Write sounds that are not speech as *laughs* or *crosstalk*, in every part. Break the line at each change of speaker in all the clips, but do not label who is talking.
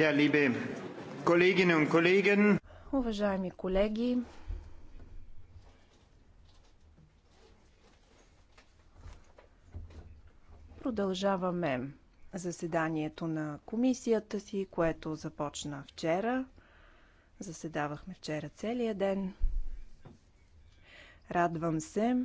Ja, liebe Kolleginnen und Kollegen.
Уважаеми колеги, продължаваме заседанието на комисията си, което започна вчера. Заседавахме вчера целия ден. Радвам се,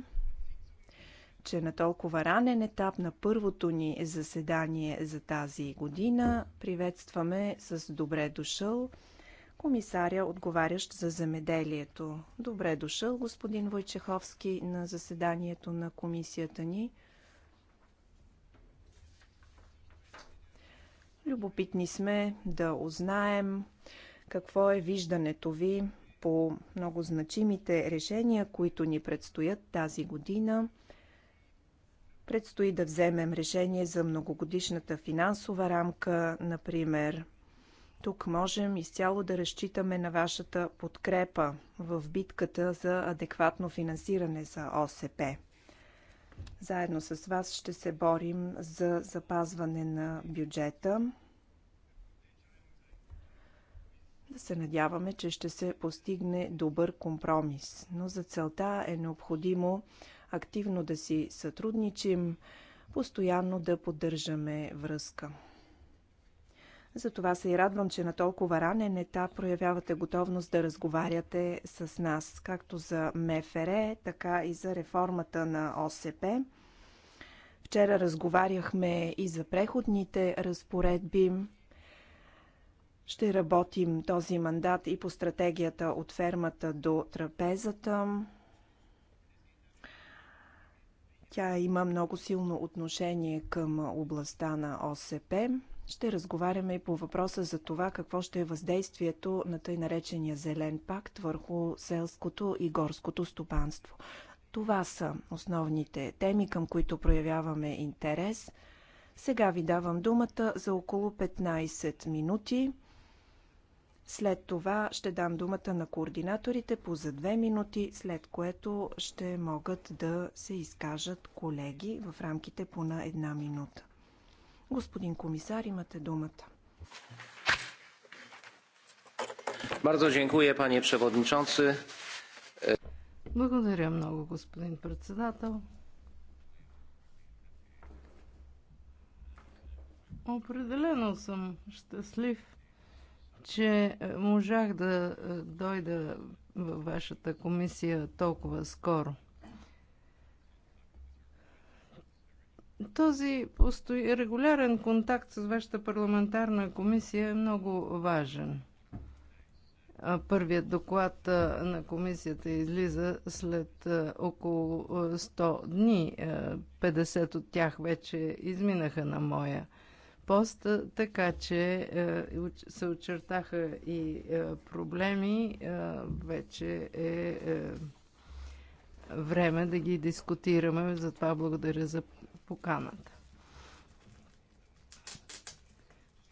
че на толкова ранен етап на първото ни заседание за тази година приветстваме с добре дошъл комисаря, отговарящ за земеделието. Добре дошъл, господин Войчеховски, на заседанието на комисията ни. Любопитни сме да узнаем какво е виждането ви по много значимите решения, които ни предстоят тази година – Предстои да вземем решение за многогодишната финансова рамка, например. Тук можем изцяло да разчитаме на вашата подкрепа в битката за адекватно финансиране за ОСП. Заедно с вас ще се борим за запазване на бюджета. Да се надяваме, че ще се постигне добър компромис, но за целта е необходимо активно да си сътрудничим, постоянно да поддържаме връзка. Затова се и радвам, че на толкова ранен етап проявявате готовност да разговаряте с нас, както за МФР, така и за реформата на ОСП. Вчера разговаряхме и за преходните разпоредби. Ще работим този мандат и по стратегията от фермата до трапезата. Тя има много силно отношение към областта на ОСП. Ще разговаряме и по въпроса за това какво ще е въздействието на тъй наречения Зелен пакт върху селското и горското стопанство. Това са основните теми, към които проявяваме интерес. Сега ви давам думата за около 15 минути. След това ще дам думата на координаторите по за две минути, след което ще могат да се изкажат колеги в рамките по на една минута. Господин комисар, имате думата.
Bardzo dziękuję, panie przewodniczący.
Благодаря много, господин председател. Определено съм щастлив че е, можах да е, дойда във вашата комисия толкова скоро. Този постои... регулярен контакт с вашата парламентарна комисия е много важен. Първият доклад на комисията излиза след около 100 дни. 50 е, от тях вече изминаха на моя пост, така че е, се очертаха и е, проблеми. Е, вече е време да ги дискутираме, затова благодаря за поканата.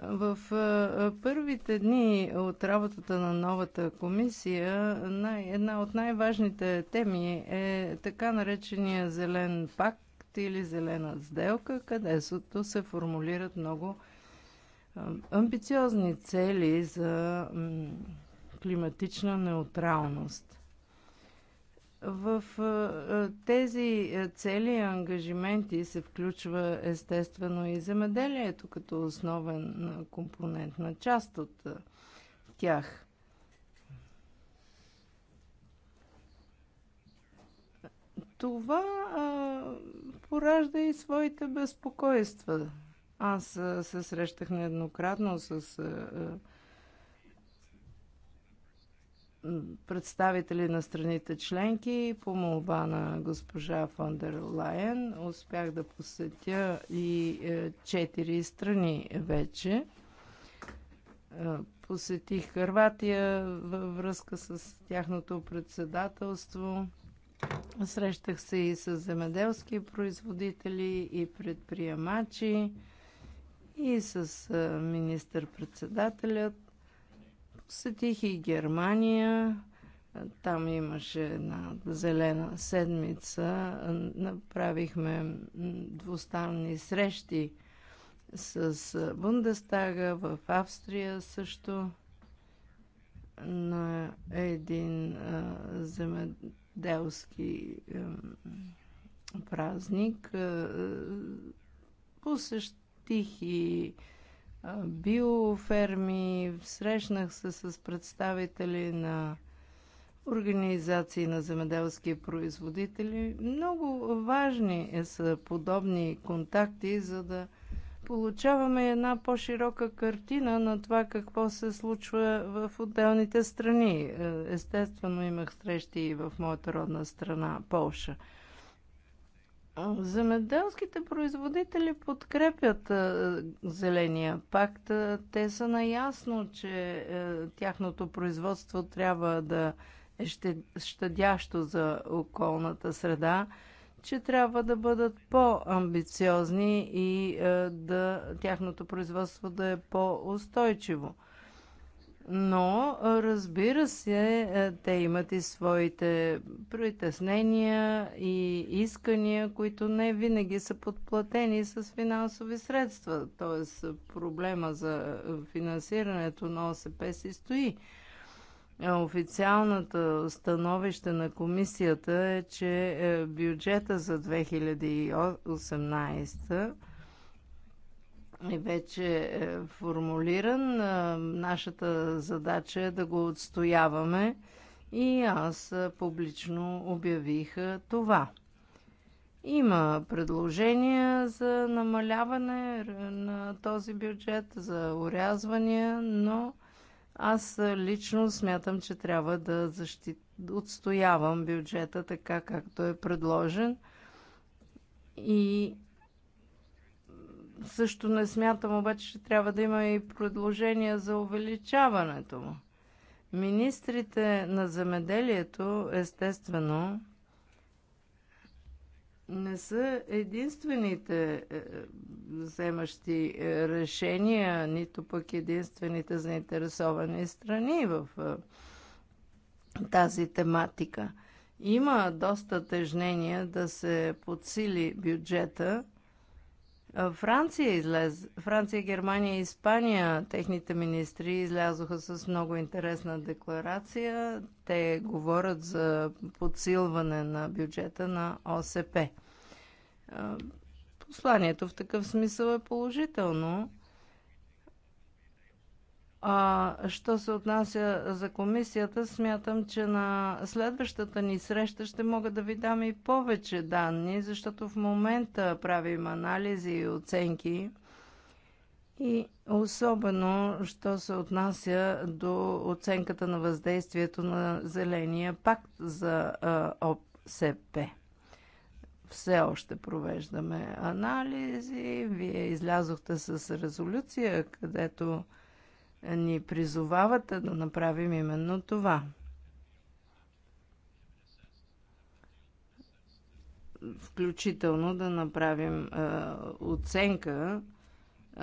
В първите дни от работата на новата комисия една от най-важните теми е така наречения зелен пак проект или зелена сделка, където се формулират много амбициозни цели за климатична неутралност. В тези цели и ангажименти се включва естествено и земеделието като основен компонент на част от тях. Това поражда и своите безпокойства. Аз се срещах нееднократно с представители на страните членки по молба на госпожа Фондер Лайен. Успях да посетя и е, четири страни вече. Е, посетих Харватия във връзка с тяхното председателство. Срещах се и с земеделски производители и предприемачи и с министър-председателят. Посетих и Германия. Там имаше една зелена седмица. Направихме двустанни срещи с Бундестага в Австрия също на един земеделски делски празник. Е, е, посещих и е, биоферми, срещнах се с представители на организации на земеделски производители. Много важни са подобни контакти, за да получаваме една по-широка картина на това какво се случва в отделните страни. Е, естествено, имах срещи и в моята родна страна, Полша. Земеделските производители подкрепят е, Зеления пакт. Е, те са наясно, че тяхното производство трябва да е щадящо за околната среда че трябва да бъдат по-амбициозни и е, да, тяхното производство да е по-устойчиво. Но, е, разбира се, е, те имат и своите притеснения и искания, които не винаги са подплатени с финансови средства. Тоест, проблема за финансирането на ОСП си стои. Е, официалното становище на комисията е, че е, бюджета за 2018 е вече е, формулиран. Нашата задача е да го отстояваме и аз публично обявих това. Има предложения за намаляване на този бюджет, за урязвания, но аз лично смятам, че трябва да защит... отстоявам бюджета така, както е предложен. И също не смятам обаче, че трябва да има и предложения за увеличаването му. Министрите на земеделието, естествено, не са единствените е, вземащи е, решения, нито пък единствените заинтересовани страни в е, тази тематика. Има доста тежнения да се подсили бюджета Франция излез, Франция, Германия и Испания, техните министри излязоха с много интересна декларация. Те говорят за подсилване на бюджета на ОСП. Посланието в такъв смисъл е положително. А, що се отнася за комисията, смятам, че на следващата ни среща ще мога да ви дам и повече данни, защото в момента правим анализи и оценки. И особено, що се отнася до оценката на въздействието на Зеления пакт за ОСП. Все още провеждаме анализи. Вие излязохте с резолюция, където ни призовават да направим именно това. Включително да направим е, оценка е,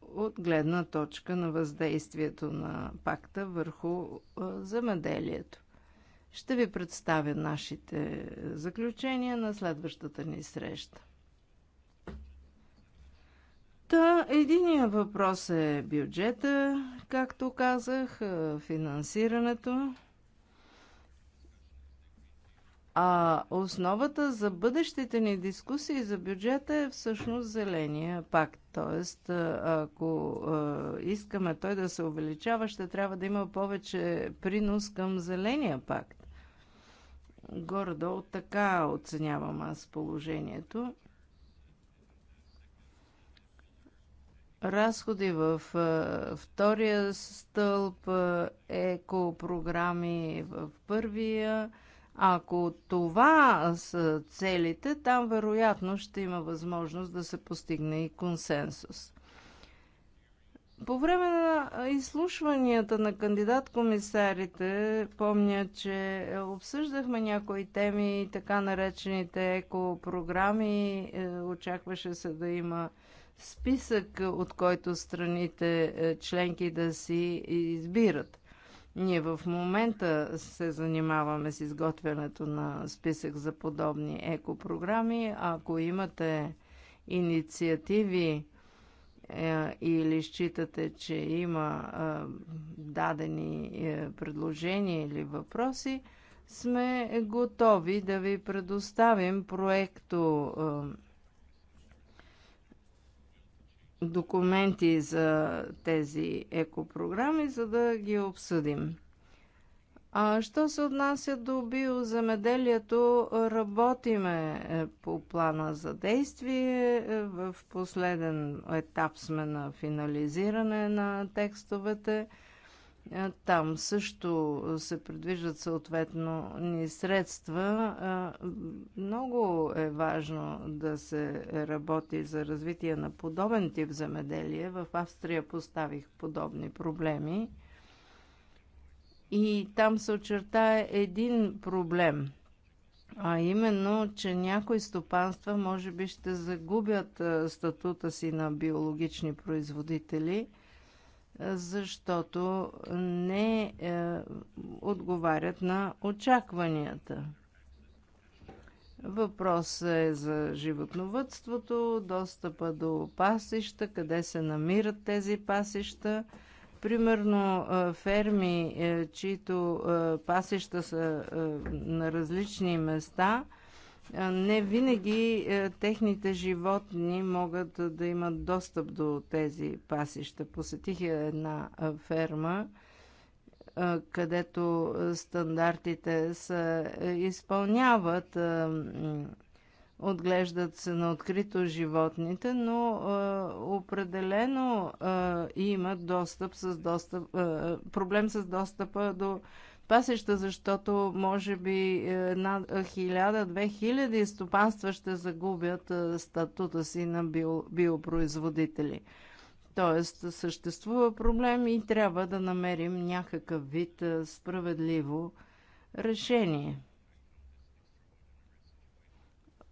от гледна точка на въздействието на пакта върху е, земеделието. Ще ви представя нашите заключения на следващата ни среща. Та, единия въпрос е бюджета, както казах, финансирането. А основата за бъдещите ни дискусии за бюджета е всъщност зеления пакт. Тоест, ако искаме той да се увеличава, ще трябва да има повече принос към зеления пакт. Горе-долу така оценявам аз положението. разходи в втория стълб, екопрограми в първия. Ако това са целите, там вероятно ще има възможност да се постигне и консенсус. По време на изслушванията на кандидат-комисарите, помня, че обсъждахме някои теми, така наречените екопрограми. Е, очакваше се да има списък, от който страните е, членки да си избират. Ние в момента се занимаваме с изготвянето на списък за подобни екопрограми. Ако имате инициативи е, или считате, че има е, дадени е, предложения или въпроси, сме готови да ви предоставим проекто е, документи за тези екопрограми, за да ги обсъдим. А що се отнася до биоземеделието, работиме е, по плана за действие. Е, в последен етап сме на финализиране на текстовете – там също се предвиждат съответно ни средства. Много е важно да се работи за развитие на подобен тип земеделие. В Австрия поставих подобни проблеми. И там се очертае един проблем, а именно, че някои стопанства може би ще загубят статута си на биологични производители – защото не е, отговарят на очакванията. Въпрос е за животновътството, достъпа до пасища, къде се намират тези пасища. Примерно е, ферми, е, чието е, пасища са на различни места – не винаги е, техните животни могат да имат достъп до тези пасища. Посетих една ферма, където стандартите се изпълняват, отглеждат се на открито животните, но определено имат достъп с достъп, проблем с достъпа до пасеща, защото може би е, над е, 1000-2000 стопанства ще загубят е, статута си на био, биопроизводители. Тоест, съществува проблем и трябва да намерим някакъв вид справедливо решение.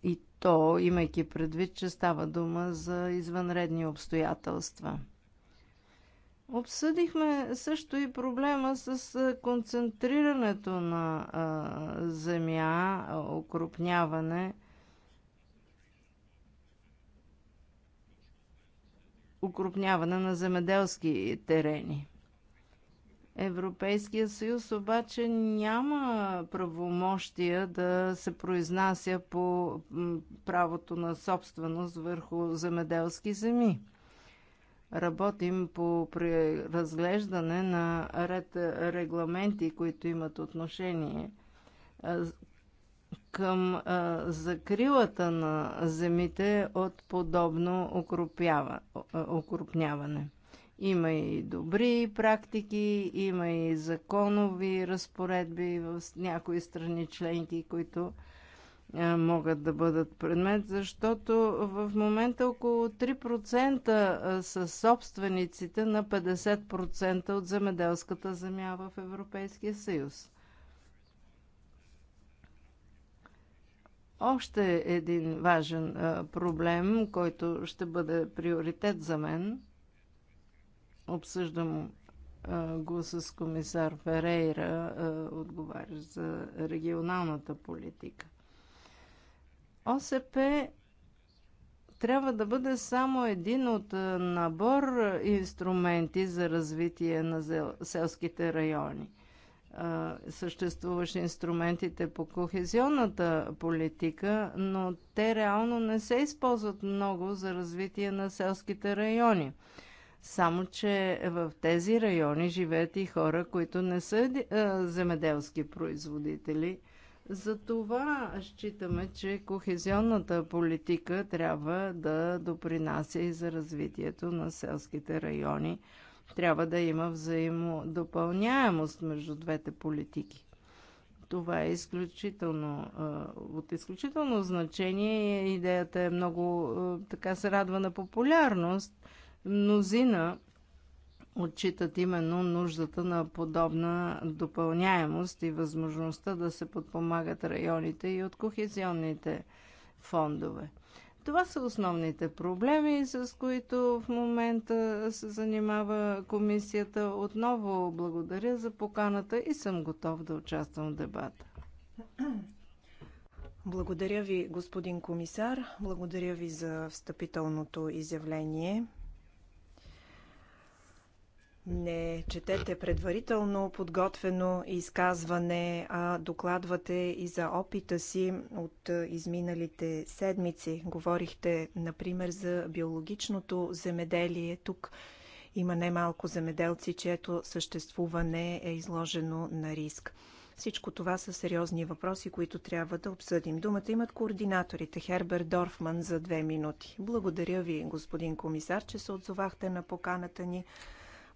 И то, имайки предвид, че става дума за извънредни обстоятелства – Обсъдихме също и проблема с концентрирането на земя, окрупняване. Укрупняване на земеделски терени. Европейския съюз обаче няма правомощия да се произнася по правото на собственост върху земеделски земи. Работим по разглеждане на ред регламенти, които имат отношение към закрилата на земите от подобно окрупняване. Има и добри практики, има и законови разпоредби в някои страни членки, които могат да бъдат предмет, защото в момента около 3% са собствениците на 50% от земеделската земя в Европейския съюз. Още един важен проблем, който ще бъде приоритет за мен, обсъждам го с комисар Ферейра, отговарящ за регионалната политика. ОСП трябва да бъде само един от набор инструменти за развитие на селските райони. Съществуваш инструментите по кохезионната политика, но те реално не се използват много за развитие на селските райони. Само, че в тези райони живеят и хора, които не са земеделски производители – за това считаме, че кохезионната политика трябва да допринася и за развитието на селските райони. Трябва да има взаимодопълняемост между двете политики. Това е изключително, от изключително значение. Идеята е много, така се радва на популярност. Мнозина отчитат именно нуждата на подобна допълняемост и възможността да се подпомагат районите и от кохезионните фондове. Това са основните проблеми, с които в момента се занимава комисията. Отново благодаря за поканата и съм готов да участвам в дебата. Благодаря ви, господин комисар. Благодаря ви за
встъпителното изявление не четете предварително подготвено изказване, а докладвате и за опита си от изминалите седмици. Говорихте, например, за биологичното земеделие. Тук има немалко земеделци, чието съществуване е изложено на риск. Всичко това са сериозни въпроси, които трябва да обсъдим. Думата имат координаторите Хербер Дорфман за две минути. Благодаря ви, господин комисар, че се отзовахте на поканата ни.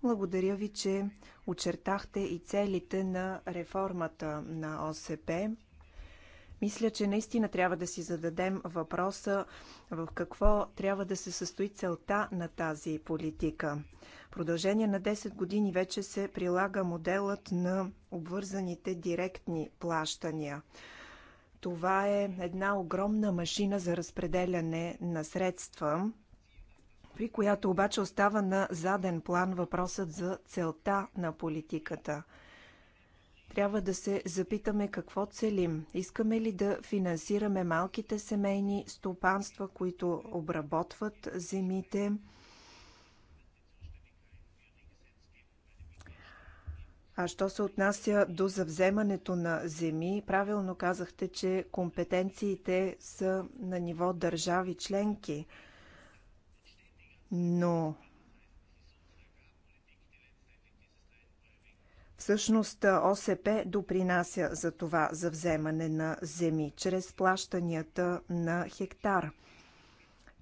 Благодаря ви, че очертахте и целите на реформата на ОСП. Мисля, че наистина трябва да си зададем въпроса в какво трябва да се състои целта на тази политика. В продължение на 10 години вече се прилага моделът на обвързаните директни плащания. Това е една огромна машина за разпределяне на средства, при която обаче остава на заден план въпросът за целта на политиката. Трябва да се запитаме какво целим. Искаме ли да финансираме малките семейни стопанства, които обработват земите? А що се отнася до завземането на земи, правилно казахте, че компетенциите са на ниво държави членки – но Всъщност ОСП допринася за това за вземане на земи чрез плащанията на хектар –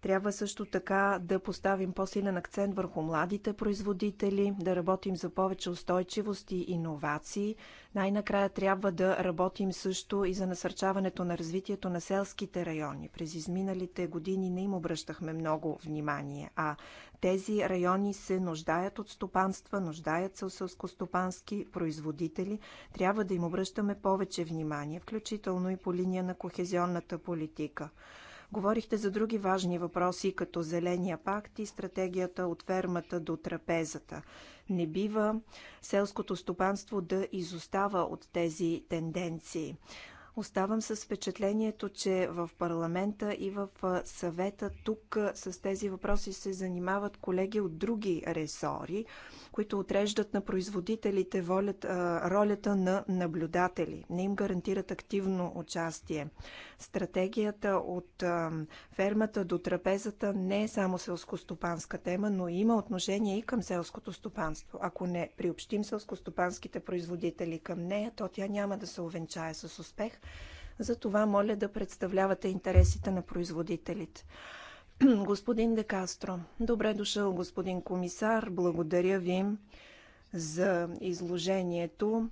трябва също така да поставим по-силен акцент върху младите производители, да работим за повече устойчивост и иновации. Най-накрая трябва да работим също и за насърчаването на развитието на селските райони. През изминалите години не им обръщахме много внимание, а тези райони се нуждаят от стопанства, нуждаят се от селскостопански производители. Трябва да им обръщаме повече внимание, включително и по линия на кохезионната политика. Говорихте за други важни въпроси, като Зеления пакт и стратегията от фермата до трапезата. Не бива селското стопанство да изостава от тези тенденции. Оставам с впечатлението, че в парламента и в съвета тук с тези въпроси се занимават колеги от други ресори които отреждат на производителите ролята на наблюдатели, не им гарантират активно участие. Стратегията от фермата до трапезата не е само селскостопанска тема, но има отношение и към селското стопанство. Ако не приобщим селскостопанските производители към нея, то тя няма да се увенчае с успех. Затова моля да представлявате интересите на производителите. *clears throat* Господин Де Кастро, добре дошъл, господин комисар. Благодаря ви за изложението.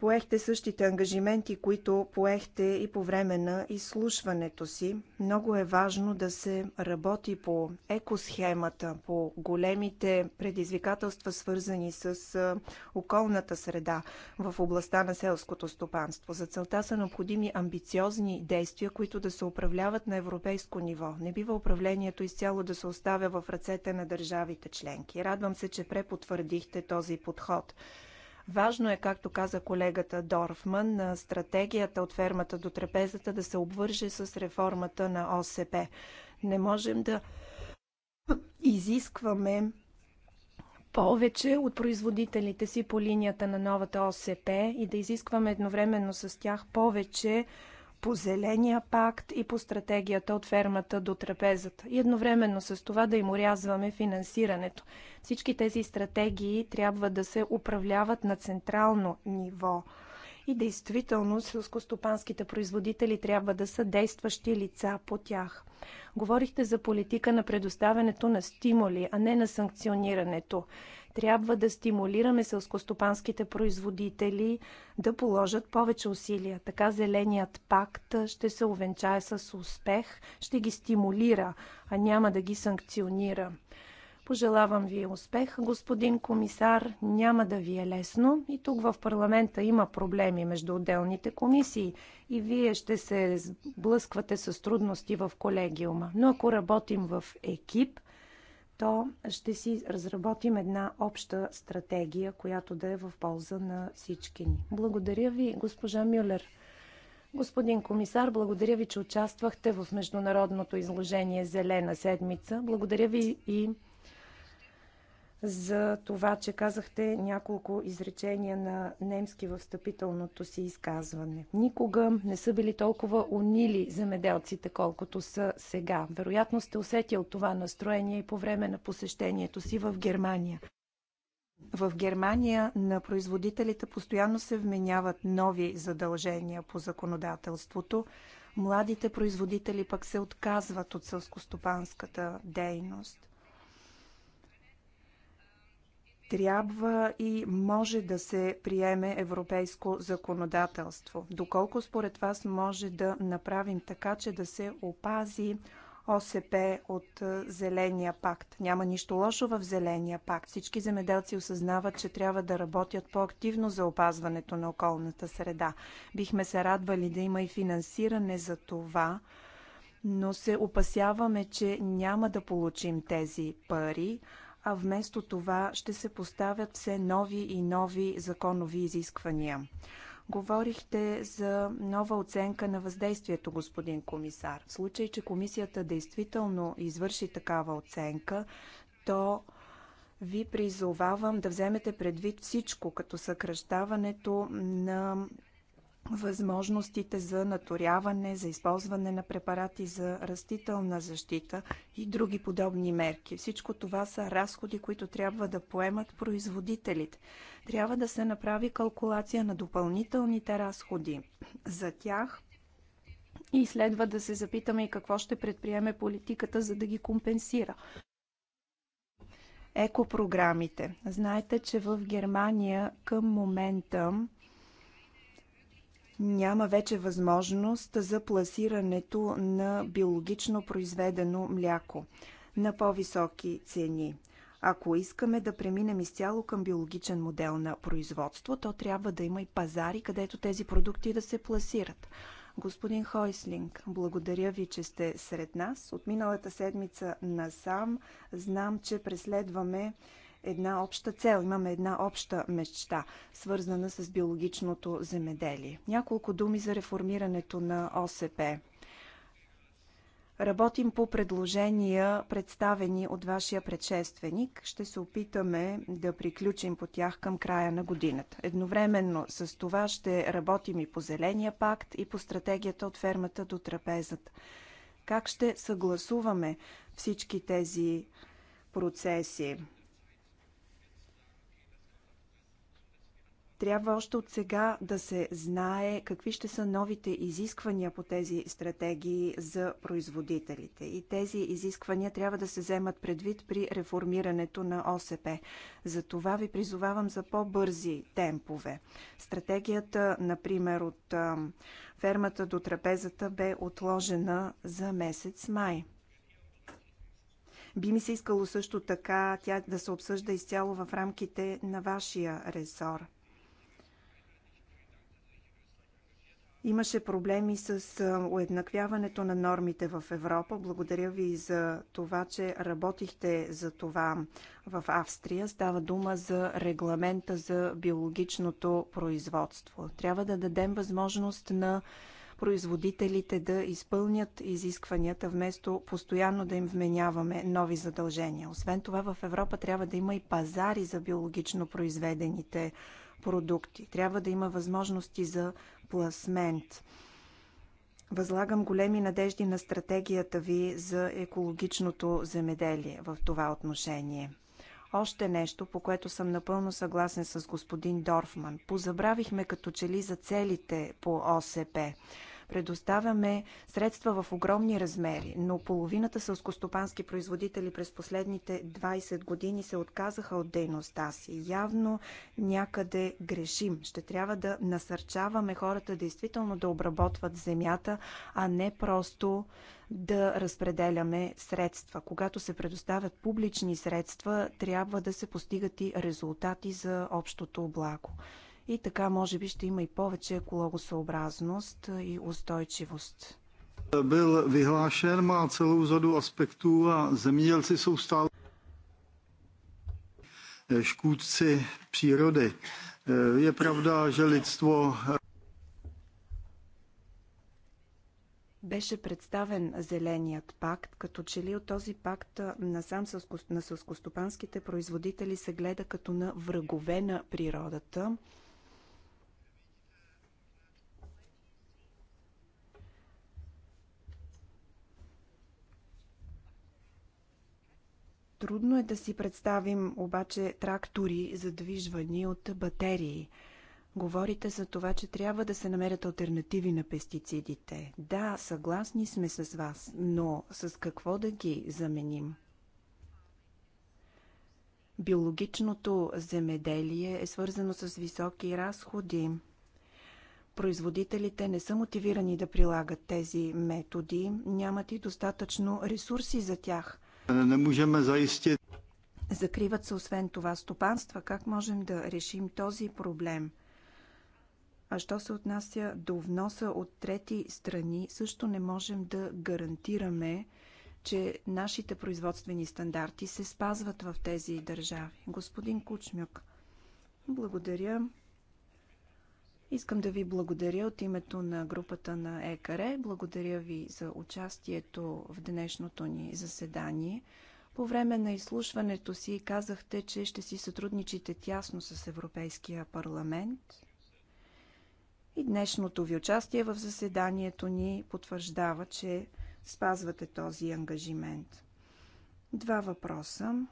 Поехте същите ангажименти, които поехте и по време на изслушването си. Много е важно да се работи по екосхемата, по големите предизвикателства, свързани с околната среда в областта на селското стопанство. За целта са необходими амбициозни действия, които да се управляват на европейско ниво. Не бива управлението изцяло да се оставя в ръцете на държавите членки. Радвам се, че препотвърдихте този подход. Важно е, както каза колегата Дорфман, стратегията от фермата до трапезата да се обвърже с реформата на ОСП. Не можем да изискваме повече от производителите си по линията на новата ОСП и да изискваме едновременно с тях повече по Зеления пакт и по стратегията от фермата до трапезата. И едновременно с това да им урязваме финансирането. Всички тези стратегии трябва да се управляват на централно ниво. И действително селскостопанските производители трябва да са действащи лица по тях. Говорихте за политика на предоставянето на стимули, а не на санкционирането. Трябва да стимулираме селскостопанските производители да положат повече усилия. Така зеленият пакт ще се увенчае с успех, ще ги стимулира, а няма да ги санкционира. Пожелавам ви успех, господин комисар. Няма да ви е лесно. И тук в парламента има проблеми между отделните комисии. И вие ще се блъсквате с трудности в колегиума. Но ако работим в екип, то ще си разработим една обща стратегия, която да е в полза на всички ни. Благодаря ви, госпожа Мюлер. Господин комисар, благодаря ви, че участвахте в Международното изложение Зелена седмица. Благодаря ви и за това, че казахте няколко изречения на немски в встъпителното си изказване. Никога не са били толкова унили земеделците, колкото са сега. Вероятно сте усетил това настроение и по време на посещението си в Германия. В Германия на производителите постоянно се вменяват нови задължения по законодателството. Младите производители пък се отказват от сълскостопанската дейност – трябва и може да се приеме европейско законодателство? Доколко според вас може да направим така, че да се опази ОСП от Зеления пакт? Няма нищо лошо в Зеления пакт. Всички земеделци осъзнават, че трябва да работят по-активно за опазването на околната среда. Бихме се радвали да има и финансиране за това, но се опасяваме, че няма да получим тези пари, а вместо това ще се поставят все нови и нови законови изисквания. Говорихте за нова оценка на въздействието, господин комисар. В случай, че комисията действително извърши такава оценка, то ви призовавам да вземете предвид всичко, като съкръщаването на възможностите за наторяване, за използване на препарати за растителна защита и други подобни мерки. Всичко това са разходи, които трябва да поемат производителите. Трябва да се направи калкулация на допълнителните разходи за тях и следва да се запитаме и какво ще предприеме политиката, за да ги компенсира екопрограмите. Знаете, че в Германия към момента няма вече възможност за пласирането на биологично произведено мляко на по-високи цени. Ако искаме да преминем изцяло към биологичен модел на производство, то трябва да има и пазари, където тези продукти да се пласират. Господин Хойслинг, благодаря ви, че сте сред нас. От миналата седмица насам знам, че преследваме една обща цел, имаме една обща мечта, свързана с биологичното земеделие. Няколко думи за реформирането на ОСП. Работим по предложения, представени от вашия предшественик. Ще се опитаме да приключим по тях към края на годината. Едновременно с това ще работим и по Зеления пакт и по стратегията от фермата до трапезата. Как ще съгласуваме всички тези процеси? трябва още от сега да се знае какви ще са новите изисквания по тези стратегии за производителите. И тези изисквания трябва да се вземат предвид при реформирането на ОСП. За това ви призовавам за по-бързи темпове. Стратегията, например, от фермата до трапезата бе отложена за месец май. Би ми се искало също така тя да се обсъжда изцяло в рамките на вашия ресор. Имаше проблеми с уеднаквяването на нормите в Европа. Благодаря ви за това, че работихте за това в Австрия. Става дума за регламента за биологичното производство. Трябва да дадем възможност на производителите да изпълнят изискванията, вместо постоянно да им вменяваме нови задължения. Освен това, в Европа трябва да има и пазари за биологично произведените продукти. Трябва да има възможности за пласмент. Възлагам големи надежди на стратегията ви за екологичното земеделие в това отношение. Още нещо, по което съм напълно съгласен с господин Дорфман. Позабравихме като че ли за целите по ОСП. Предоставяме средства в огромни размери, но половината сълскостопански производители през последните 20 години се отказаха от дейността си. Явно някъде грешим. Ще трябва да насърчаваме хората действително да обработват земята, а не просто да разпределяме средства. Когато се предоставят публични средства, трябва да се постигат и резултати за общото благо. И така, може би, ще има и повече екологосъобразност и устойчивост.
Бил виглашен, ма целу заду аспекту, а zemědělci са stále шкутци природи. Е правда, че lidstvo
беше представен Зеленият пакт, като че ли от този пакт насам на сълскостопанските производители се гледа като на врагове на природата. Трудно е да си представим обаче трактори, задвижвани от батерии. Говорите за това, че трябва да се намерят альтернативи на пестицидите. Да, съгласни сме с вас, но с какво да ги заменим? Биологичното земеделие е свързано с високи разходи. Производителите не са мотивирани да прилагат тези методи, нямат и достатъчно ресурси за тях.
Не можем заистит.
Закриват се освен това стопанства. Как можем да решим този проблем? А що се отнася до вноса от трети страни, също не можем да гарантираме, че нашите производствени стандарти се спазват в тези държави. Господин Кучмюк, благодаря. Искам да ви благодаря от името на групата на ЕКАРЕ. Благодаря ви за участието в днешното ни заседание. По време на изслушването си казахте, че ще си сътрудничите тясно с Европейския парламент. И днешното ви участие в заседанието ни потвърждава, че спазвате този ангажимент. Два въпроса.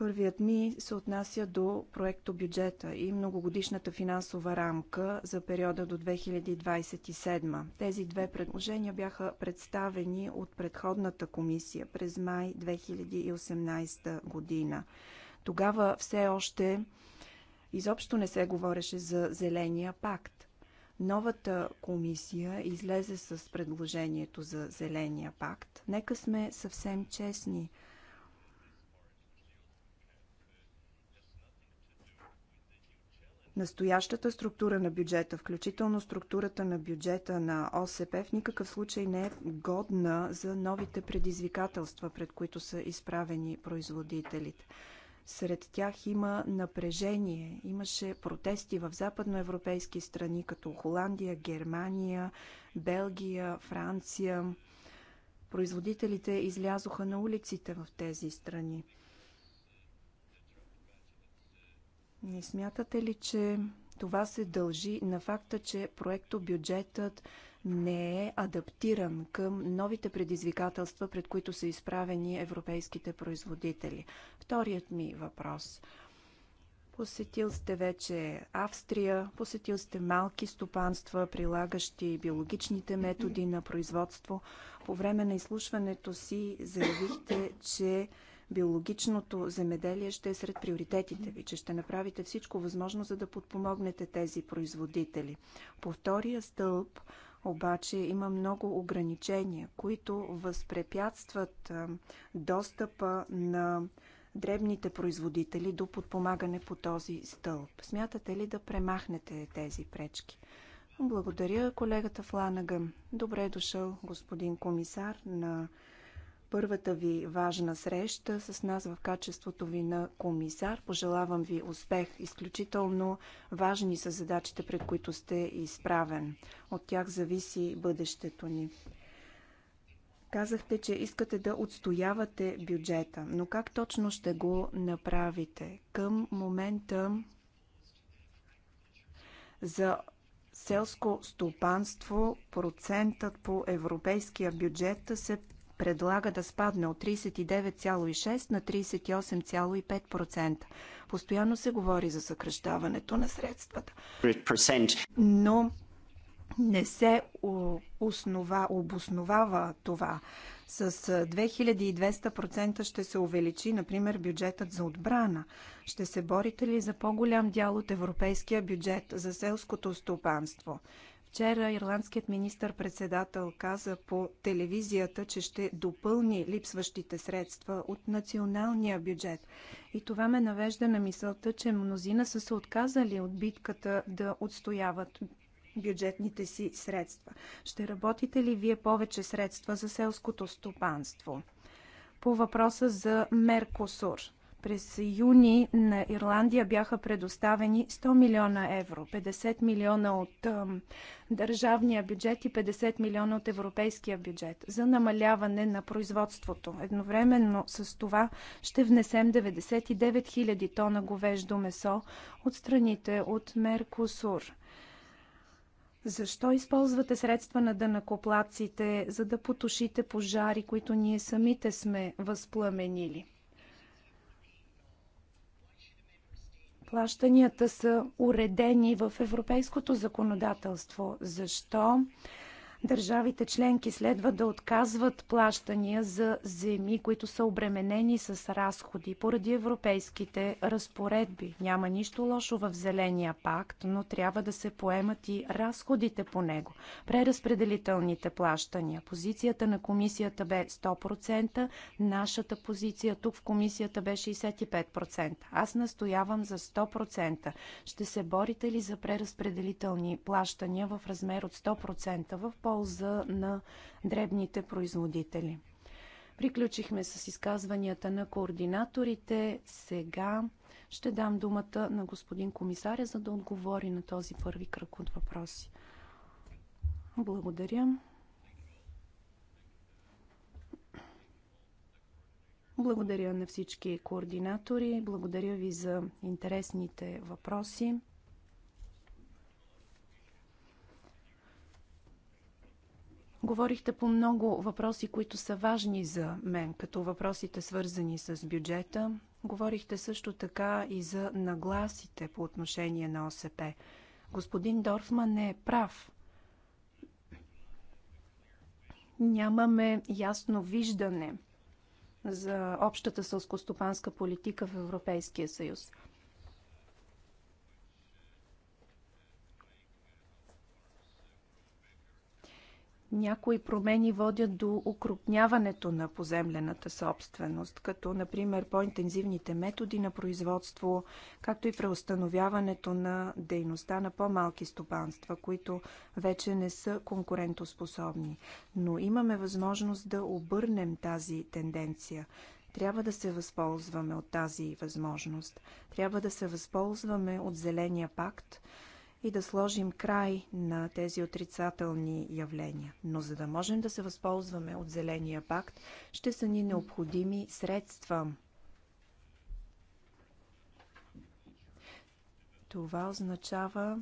Първият ми се отнася до проекто бюджета и многогодишната финансова рамка за периода до 2027. Тези две предложения бяха представени от предходната комисия през май 2018 година. Тогава все още изобщо не се говореше за Зеления пакт. Новата комисия излезе с предложението за Зеления пакт. Нека сме съвсем честни – Настоящата структура на бюджета, включително структурата на бюджета на ОСП, в никакъв случай не е годна за новите предизвикателства, пред които са изправени производителите. Сред тях има напрежение. Имаше протести в западноевропейски страни, като Холандия, Германия, Белгия, Франция. Производителите излязоха на улиците в тези страни. Не смятате ли, че това се дължи на факта, че проектобюджетът не е адаптиран към новите предизвикателства, пред които са изправени европейските производители? Вторият ми въпрос. Посетил сте вече Австрия, посетил сте малки стопанства, прилагащи биологичните методи на производство. По време на изслушването си заявихте, че биологичното земеделие ще е сред приоритетите ви, че ще направите всичко възможно, за да подпомогнете тези производители. По втория стълб обаче има много ограничения, които възпрепятстват достъпа на дребните производители до подпомагане по този стълб. Смятате ли да премахнете тези пречки? Благодаря колегата Фланагъм. Добре е дошъл господин комисар на първата ви важна среща с нас в качеството ви на комисар. Пожелавам ви успех. Изключително важни са задачите, пред които сте изправен. От тях зависи бъдещето ни. Казахте, че искате да отстоявате бюджета, но как точно ще го направите? Към момента за селско стопанство процентът по европейския бюджет се предлага да спадне от 39,6 на 38,5%. Постоянно се говори за съкръщаването на средствата. Но не се основа, обосновава това. С 2200% ще се увеличи, например, бюджетът за отбрана. Ще се борите ли за по-голям дял от европейския бюджет за селското стопанство? Вчера ирландският министър-председател каза по телевизията, че ще допълни липсващите средства от националния бюджет. И това ме навежда на мисълта, че мнозина са се отказали от битката да отстояват бюджетните си средства. Ще работите ли вие повече средства за селското стопанство? По въпроса за Меркосур. През юни на Ирландия бяха предоставени 100 милиона евро, 50 милиона от държавния бюджет и 50 милиона от европейския бюджет за намаляване на производството. Едновременно с това ще внесем 99 000 тона говеждо месо от страните от Меркосур. Защо използвате средства на дънакоплаците, за да потушите пожари, които ние самите сме възпламенили? плащанията са уредени в европейското законодателство. Защо Държавите членки следва да отказват плащания за земи, които са обременени с разходи поради европейските разпоредби. Няма нищо лошо в Зеления пакт, но трябва да се поемат и разходите по него. Преразпределителните плащания. Позицията на комисията бе 100%, нашата позиция тук в комисията бе 65%. Аз настоявам за 100%. Ще се борите ли за преразпределителни плащания в размер от 100% в по полза на дребните производители. Приключихме с изказванията на координаторите. Сега ще дам думата на господин комисаря, за да отговори на този първи кръг от въпроси. Благодаря. Благодаря на всички координатори. Благодаря ви за интересните въпроси. Говорихте по много въпроси, които са важни за мен, като въпросите свързани с бюджета. Говорихте също така и за нагласите по отношение на ОСП. Господин Дорфман е прав. Нямаме ясно виждане за общата сълскостопанска политика в Европейския съюз – Някои промени водят до укрупняването на поземлената собственост, като например по-интензивните методи на производство, както и преустановяването на дейността на по-малки стопанства, които вече не са конкурентоспособни. Но имаме възможност да обърнем тази тенденция. Трябва да се възползваме от тази възможност. Трябва да се възползваме от Зеления пакт, и да сложим край на тези отрицателни явления. Но за да можем да се възползваме от Зеления пакт, ще са ни необходими средства. Това означава,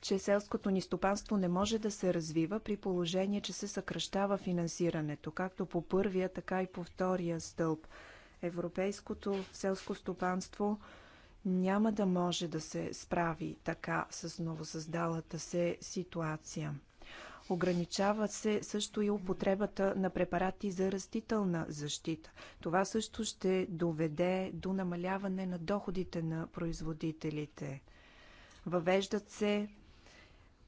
че селското ни стопанство не може да се развива при положение, че се съкръщава финансирането, както по първия, така и по втория стълб. Европейското селско стопанство – няма да може да се справи така с новосъздалата се ситуация. Ограничава се също и употребата на препарати за растителна защита. Това също ще доведе до намаляване на доходите на производителите. Въвеждат се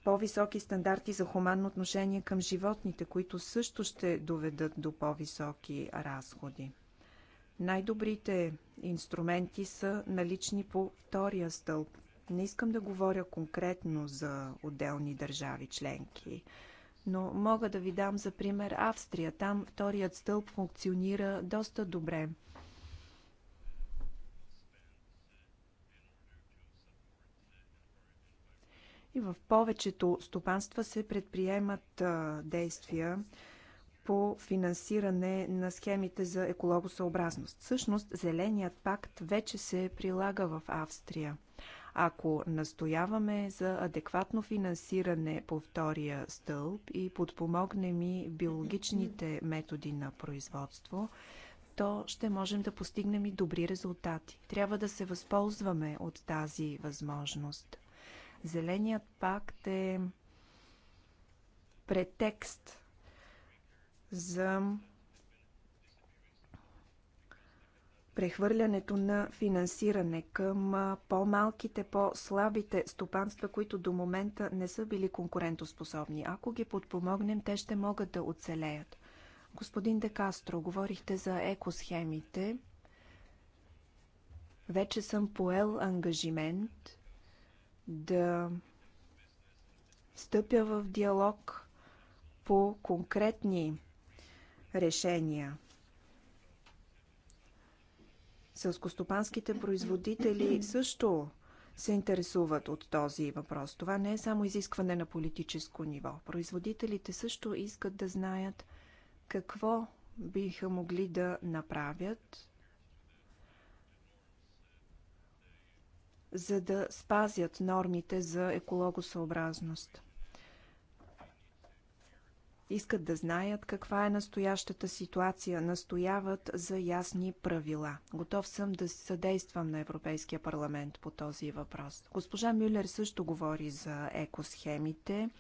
по-високи стандарти за хуманно отношение към животните, които също ще доведат до по-високи разходи. Най-добрите инструменти са налични по втория стълб. Не искам да говоря конкретно за отделни държави членки, но мога да ви дам за пример Австрия. Там вторият стълб функционира доста добре. И в повечето стопанства се предприемат действия по финансиране на схемите за екологосъобразност. Всъщност, Зеленият пакт вече се прилага в Австрия. Ако настояваме за адекватно финансиране по втория стълб и подпомогнем и биологичните методи на производство, то ще можем да постигнем и добри резултати. Трябва да се възползваме от тази възможност. Зеленият пакт е претекст за прехвърлянето на финансиране към по-малките, по-слабите стопанства, които до момента не са били конкурентоспособни. Ако ги подпомогнем, те ще могат да оцелеят. Господин Декастро, говорихте за екосхемите. Вече съм поел ангажимент да стъпя в диалог по конкретни решения. Селскостопанските производители също се интересуват от този въпрос. Това не е само изискване на политическо ниво. Производителите също искат да знаят какво биха могли да направят, за да спазят нормите за екологосъобразност искат да знаят каква е настоящата ситуация, настояват за ясни правила. Готов съм да съдействам на Европейския парламент по този въпрос. Госпожа Мюллер също говори за екосхемите.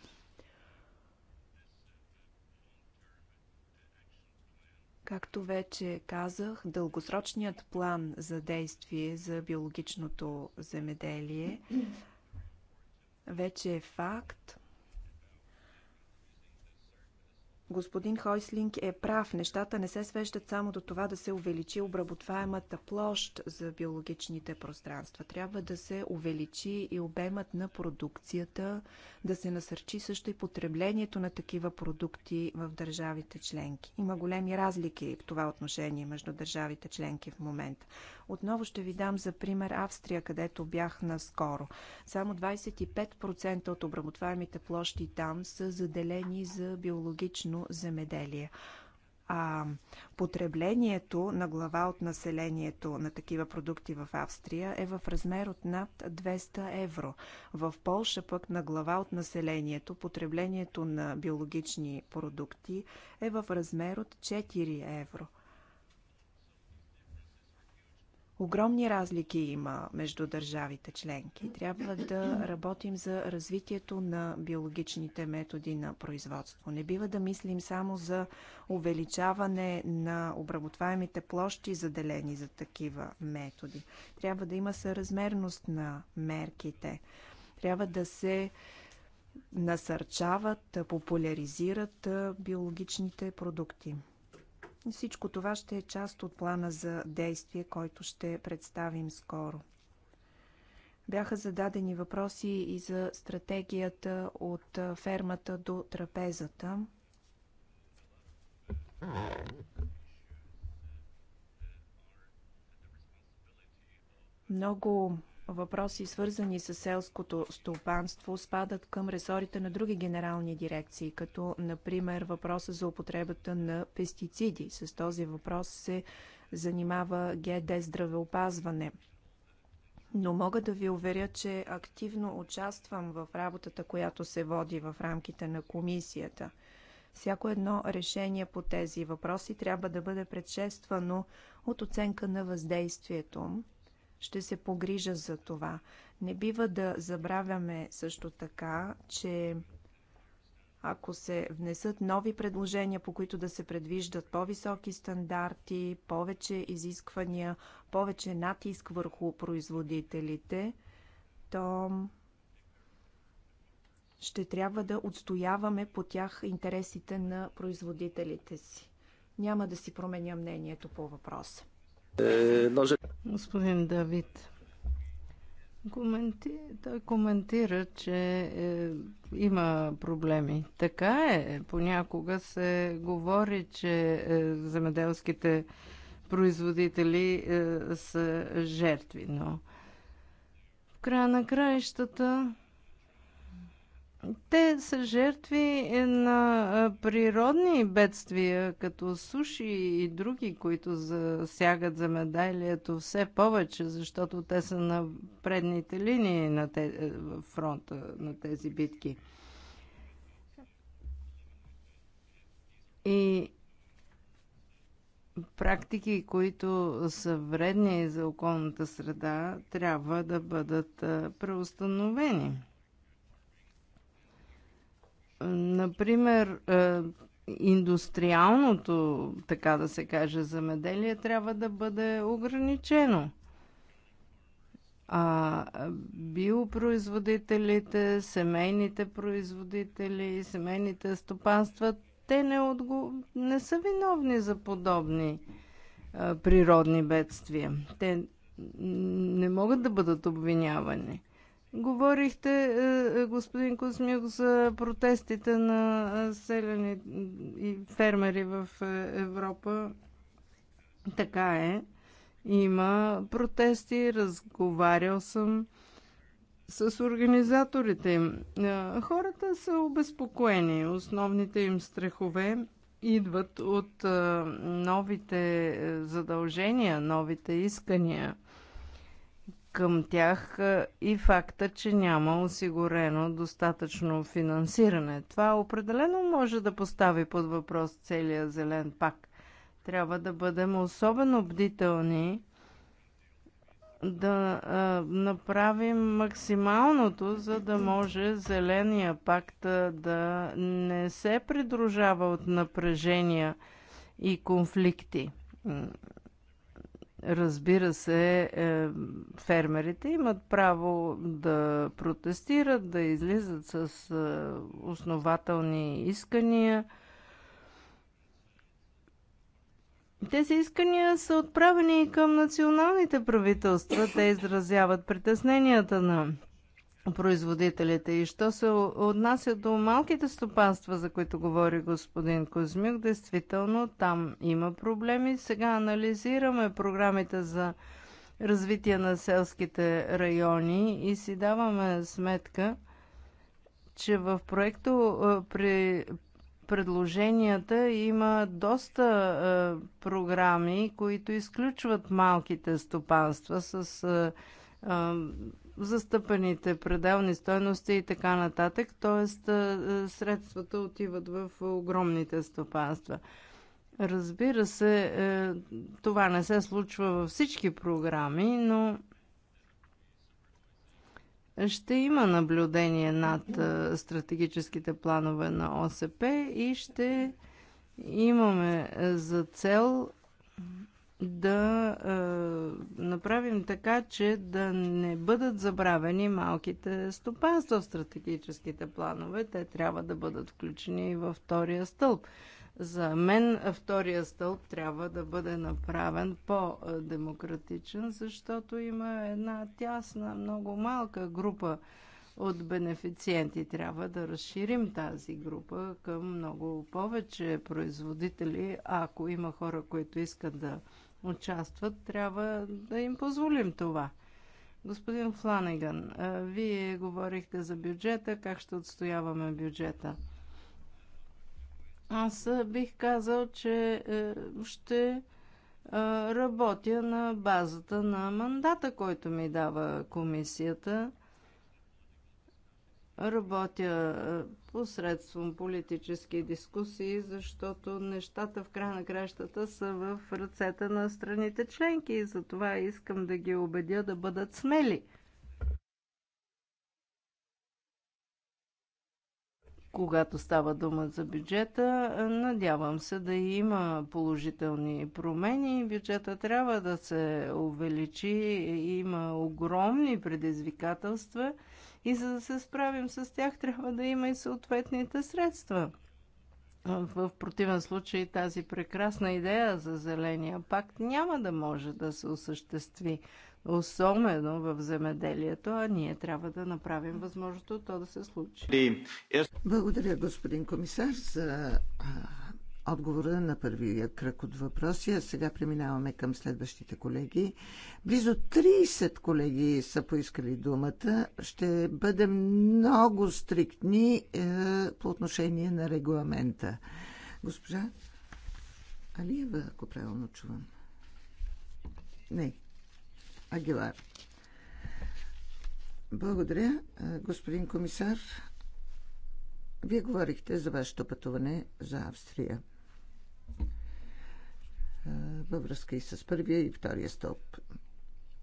Както вече казах, дългосрочният план за действие за биологичното земеделие вече е факт. Господин Хойслинг е прав. Нещата не се свеждат само до това да се увеличи обработваемата площ за биологичните пространства. Трябва да се увеличи и обемът на продукцията, да се насърчи също и потреблението на такива продукти в държавите членки. Има големи разлики в това отношение между държавите членки в момента. Отново ще ви дам за пример Австрия, където бях наскоро. Само 25% от обработваемите площи там са заделени за биологично земеделие. А потреблението на глава от населението на такива продукти в Австрия е в размер от над 200 евро. В Полша пък на глава от населението потреблението на биологични продукти е в размер от 4 евро – Огромни разлики има между държавите членки. Трябва да работим за развитието на биологичните методи на производство. Не бива да мислим само за увеличаване на обработваемите площи, заделени за такива методи. Трябва да има съразмерност на мерките. Трябва да се насърчават, популяризират биологичните продукти. Всичко това ще е част от плана за действие, който ще представим скоро. Бяха зададени въпроси и за стратегията от фермата до трапезата. Много въпроси, свързани с селското стопанство, спадат към ресорите на други генерални дирекции, като например въпроса за употребата на пестициди. С този въпрос се занимава ГД здравеопазване. Но мога да ви уверя, че активно участвам в работата, която се води в рамките на комисията. Всяко едно решение по тези въпроси трябва да бъде предшествано от оценка на въздействието ще се погрижа за това. Не бива да забравяме също така, че ако се внесат нови предложения, по които да се предвиждат по-високи стандарти, повече изисквания, повече натиск върху производителите, то ще трябва да отстояваме по тях интересите на производителите си. Няма да си променя
мнението по въпроса. Господин Давид, коменти... той коментира, че е, има проблеми. Така е. Понякога се говори, че е, земеделските производители е, са жертви, но в края на краищата те са жертви на природни бедствия, като суши и други, които засягат медалието все повече, защото те са на предните линии на те, фронта на тези битки. И практики, които са вредни за околната среда, трябва да бъдат преустановени. Например, е, индустриалното, така да се каже, замеделие трябва да бъде ограничено. А биопроизводителите, семейните производители, семейните стопанства, те не, отго... не са виновни за подобни а, е, природни бедствия. Те не могат да бъдат обвинявани. Говорихте, е, е, господин Кузмюк, за протестите на е, селени и фермери в Европа. Така е. Има протести, разговарял съм с организаторите им. Хората са обезпокоени. Основните им страхове идват от новите задължения, новите искания – към тях и факта, че няма осигурено достатъчно финансиране. Това определено може да постави под въпрос целия зелен пак. Трябва да бъдем особено бдителни да а, направим максималното, за да може зеления пакт да не се придружава от напрежения и конфликти. Разбира се, е, фермерите имат право да протестират, да излизат с е, основателни искания. Тези искания са отправени и към националните правителства. Те изразяват притесненията на производителите. И що се отнася до малките стопанства, за които говори господин Козмюк, действително там има проблеми. Сега анализираме програмите за развитие на селските райони и си даваме сметка, че в проекто при предложенията има доста програми, които изключват малките стопанства с застъпените пределни стойности и така нататък, т.е. средствата отиват в огромните стопанства. Разбира се, е, това не се случва във всички програми, но ще има наблюдение над стратегическите планове на ОСП и ще имаме е, за цел да е, направим така, че да не бъдат забравени малките стопанства в стратегическите планове. Те трябва да бъдат включени и във втория стълб. За мен втория стълб трябва да бъде направен по-демократичен, защото има една тясна, много малка група от бенефициенти. Трябва да разширим тази група към много повече производители, ако има хора, които искат да участват, трябва да им позволим това. Господин Фланеган, вие говорихте за бюджета, как ще отстояваме бюджета. Аз бих казал, че ще работя на базата на мандата, който ми дава комисията. Работя е, посредством политически дискусии, защото нещата в края на кращата са в ръцете на страните членки и затова искам да ги убедя да бъдат смели. когато става дума за бюджета. Е, надявам се да има положителни промени. Бюджета трябва да се увеличи. Има огромни предизвикателства – и за да се справим с тях, трябва да има и съответните средства. В противен случай тази прекрасна идея за зеления пакт няма да може да се осъществи, особено в земеделието, а ние трябва да направим възможното то да се случи.
Благодаря, господин комисар, за отговора на първия кръг от въпроси, а сега преминаваме към следващите колеги. Близо 30 колеги са поискали думата. Ще бъдем много стриктни е, по отношение на регламента. Госпожа Алиева, ако правилно чувам. Не, Агилар. Благодаря, е, господин комисар. Вие говорихте за вашето пътуване за Австрия във връзка и с първия и втория стоп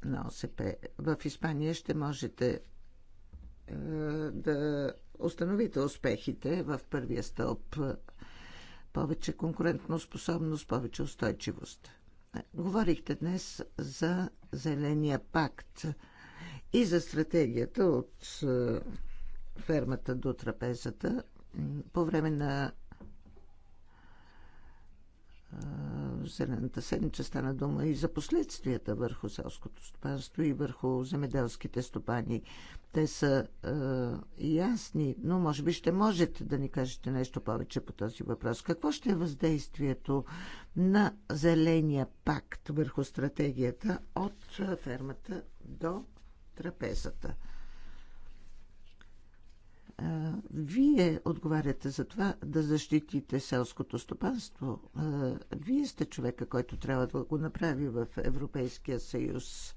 на ОСП. В Испания ще можете да установите успехите в първия стоп, Повече конкурентно способност, повече устойчивост. Говорихте днес за Зеления пакт и за стратегията от фермата до трапезата по време на Зелената седмица стана дума и за последствията върху селското стопанство и върху земеделските стопани. Те са е, ясни, но може би ще можете да ни кажете нещо повече по този въпрос. Какво ще е въздействието на Зеления пакт върху стратегията от фермата до трапезата? вие отговаряте за това да защитите селското стопанство. вие сте човека, който трябва да го направи в Европейския съюз.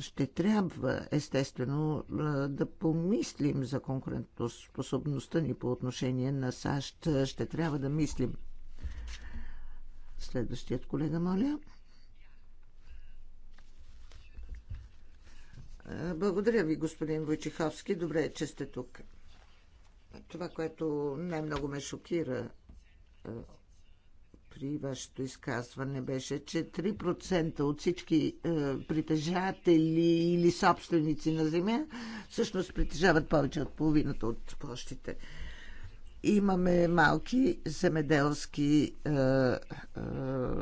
Ще трябва, естествено, да помислим за конкурентоспособността ни по отношение на САЩ. Ще трябва да мислим. Следващият колега, моля. Благодаря ви, господин Войчиховски. Добре е, че сте тук. Това, което най-много ме шокира е, при вашето изказване беше, че 3% от всички е, притежатели или собственици на земя всъщност притежават повече от половината от площите. Имаме малки земеделски е, е,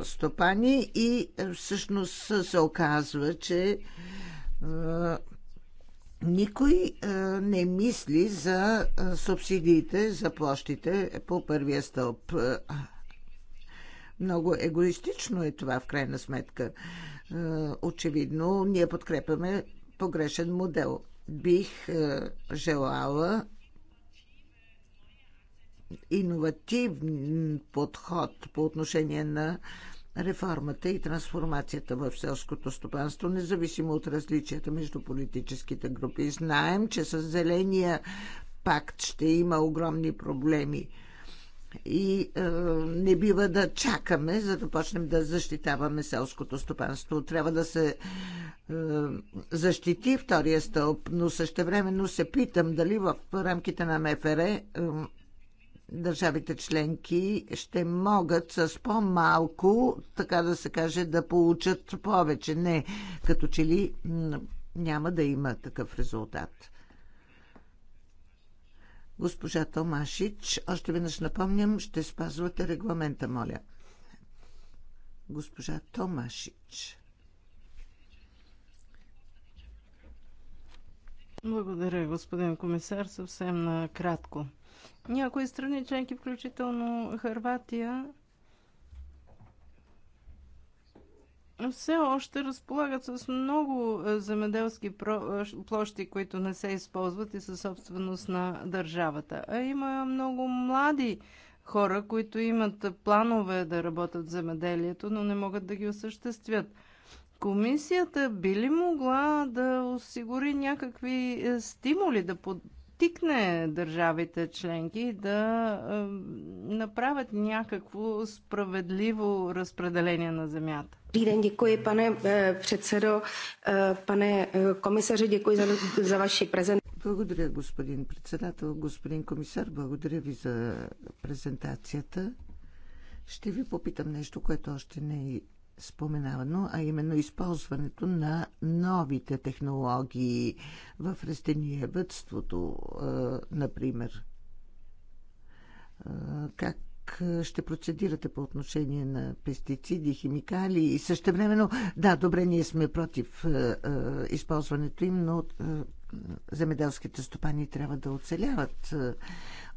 стопани и всъщност се оказва, че никой не мисли за субсидиите за площите по първия стълб. Много егоистично е това, в крайна сметка. Очевидно, ние подкрепяме погрешен модел. Бих желала иновативен подход по отношение на реформата и трансформацията в селското стопанство, независимо от различията между политическите групи. Знаем, че с зеления пакт ще има огромни проблеми и е, не бива да чакаме, за да почнем да защитаваме селското стопанство. Трябва да се е, защити втория стълб, но същевременно се питам дали в рамките на МФР е, държавите членки ще могат с по-малко, така да се каже, да получат повече. Не, като че ли няма да има такъв резултат. Госпожа Томашич, още веднъж напомням, ще спазвате регламента, моля. Госпожа Томашич.
Благодаря, господин комисар. Съвсем накратко. Някои страни членки, включително Харватия, все още разполагат с много е, земеделски е, площи, които не се използват и са собственост на държавата. А има много млади хора, които имат планове да работят в земеделието, но не могат да ги осъществят. Комисията би ли могла да осигури някакви е, стимули, да подтикне държавите членки да направят някакво справедливо разпределение на земята. Dobrý den, děkuji pane е, předsedo, е, pane
е, komisaři, děkuji za, za vaši prezentaci. Благодаря, господин председател, господин комисар, благодаря ви за презентацията. Ще ви попитам нещо, което още не е споменавано, а именно използването на новите технологии в растениевътството, например. Как ще процедирате по отношение на пестициди, химикали и същевременно, да, добре, ние сме против използването им, но земеделските стопани трябва да оцеляват.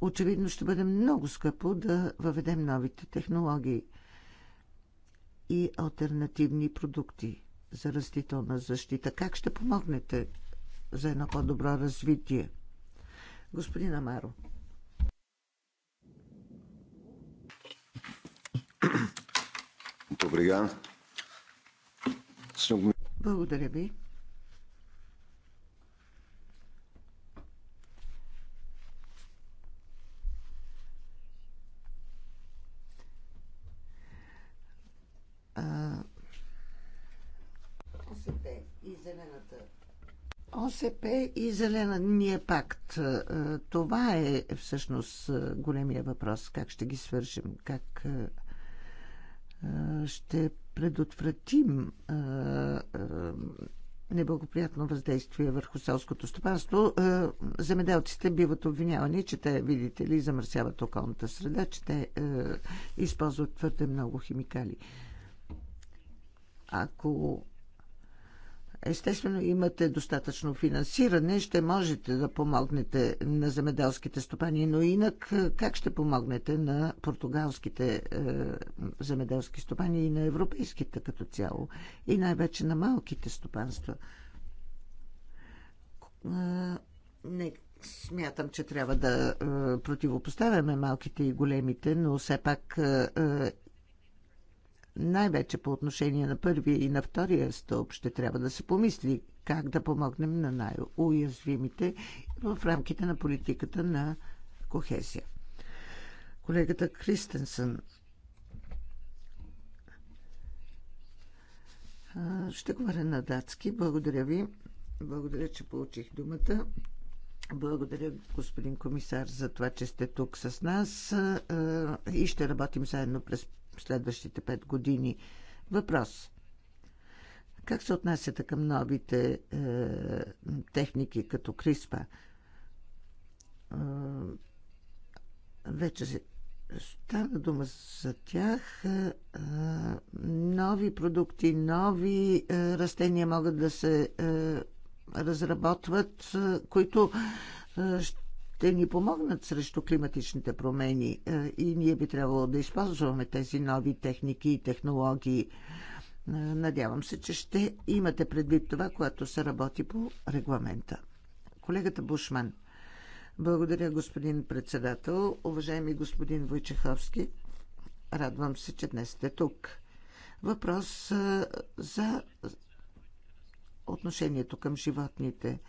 Очевидно ще бъде много скъпо да въведем новите технологии и альтернативни продукти за растителна защита. Как ще помогнете за едно по-добро развитие? Господин Амаро. Добре. Благодаря ви. ОСП и Зеления пакт. Е, това е всъщност е, големия въпрос. Как ще ги свършим? Как е, ще предотвратим неблагоприятно въздействие върху селското стопанство. Земеделците биват обвинявани, че те, видите ли, замърсяват околната среда, че те използват твърде много химикали. Ако Естествено, имате достатъчно финансиране, ще можете да помогнете на земеделските стопани, но инак е, как ще помогнете на португалските е, земеделски стопани и на европейските като цяло и най-вече на малките стопанства? Е, не смятам, че трябва да е, противопоставяме малките и големите, но все пак най-вече по отношение на първия и на втория стълб ще трябва да се помисли как да помогнем на най-уязвимите в рамките на политиката на кохезия. Колегата Кристенсън ще говоря на датски. Благодаря ви. Благодаря, че получих думата. Благодаря, господин комисар, за това, че сте тук с нас и ще работим заедно през следващите пет години. Въпрос. Как се отнасяте към новите е, техники като Криспа? Е, вече се стана дума за тях. Е, е нови продукти, нови е, растения могат да се е, разработват, е, които е, те ни помогнат срещу климатичните промени е, и ние би трябвало да използваме тези нови техники и технологии. Е, надявам се, че ще имате предвид това, което се работи по регламента. Колегата Бушман. Благодаря, господин председател. Уважаеми господин Войчеховски, радвам се, че днес сте тук. Въпрос е, за отношението към животните.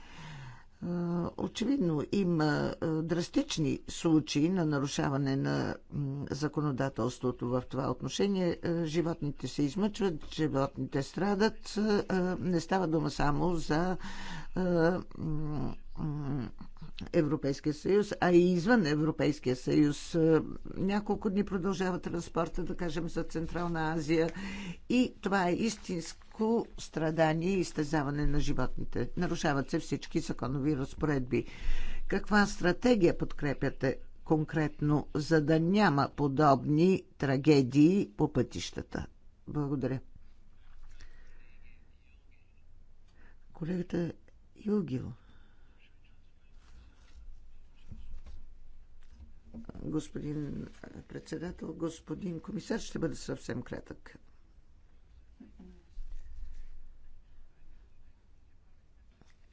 Очевидно има драстични случаи на нарушаване на законодателството в това отношение. Животните се измъчват, животните страдат. Не става дума само за Европейския съюз, а и извън Европейския съюз. Няколко дни продължава транспорта, да кажем, за Централна Азия. И това е истинско страдание и изтезаване на животните. Нарушават се всички законови разпоредби. Каква стратегия подкрепяте конкретно, за да няма подобни трагедии по пътищата? Благодаря. Колегата Югил. господин председател, господин комисар, ще бъде съвсем кратък.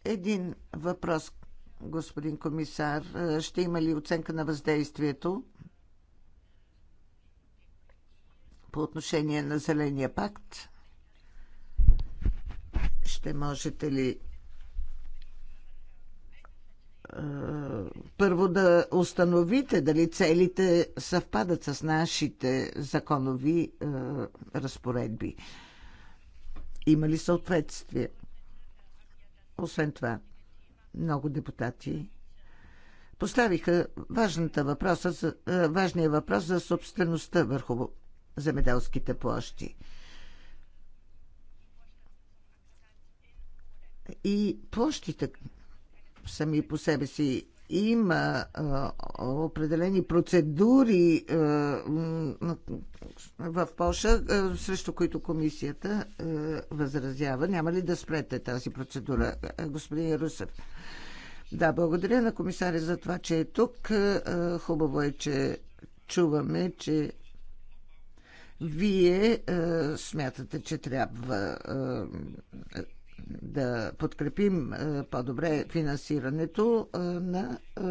Един въпрос, господин комисар. Ще има ли оценка на въздействието по отношение на Зеления пакт? Ще можете ли е, първо да установите дали целите съвпадат с нашите законови е, разпоредби. Има ли съответствие? Освен това, много депутати поставиха важната въпроса, за, е, важния въпрос за собствеността върху земеделските площи. И площите, сами по себе си има а, определени процедури а, в Польша, а, срещу които комисията а, възразява. Няма ли да спрете тази процедура, господин Русев? Да, благодаря на комисаря за това, че е тук. А, хубаво е, че чуваме, че вие а, смятате, че трябва да подкрепим е, по-добре финансирането е, на е,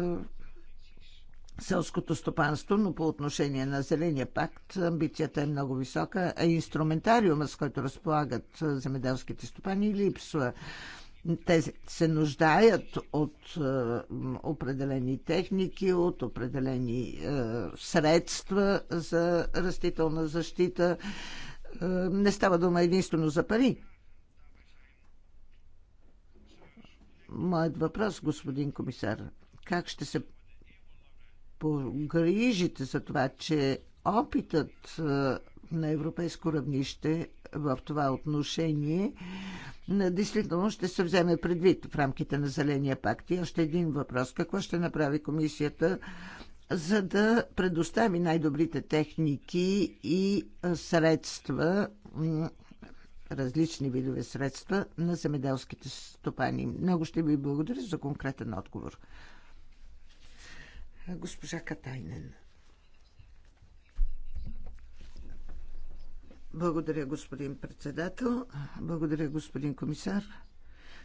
селското стопанство, но по отношение на Зеления пакт амбицията е много висока, а инструментариума, с който разполагат земеделските стопани, липсва. Те се нуждаят от определени техники, от определени средства за растителна защита. не става дума единствено за пари моят въпрос, господин комисар. Как ще се погрижите за това, че опитът на европейско равнище в това отношение действително ще се вземе предвид в рамките на Зеления пакт. И още един въпрос. Какво ще направи комисията за да предостави най-добрите техники и средства различни видове средства на земеделските стопани. Много ще ви благодаря за конкретен отговор. Госпожа Катайнен. Благодаря, господин председател. Благодаря, господин комисар.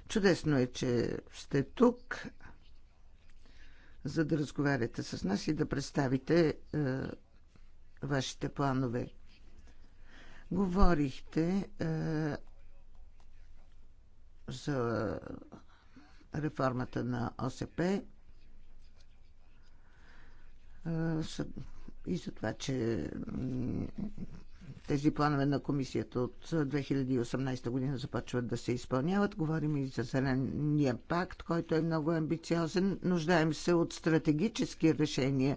Чудесно е, че сте тук, за да разговаряте с нас и да представите е, вашите планове. Говорихте е, за реформата на ОСП е, и за това, че тези планове на комисията от 2018 година започват да се изпълняват. Говорим и за Зеления пакт, който е много амбициозен. Нуждаем се от стратегически решения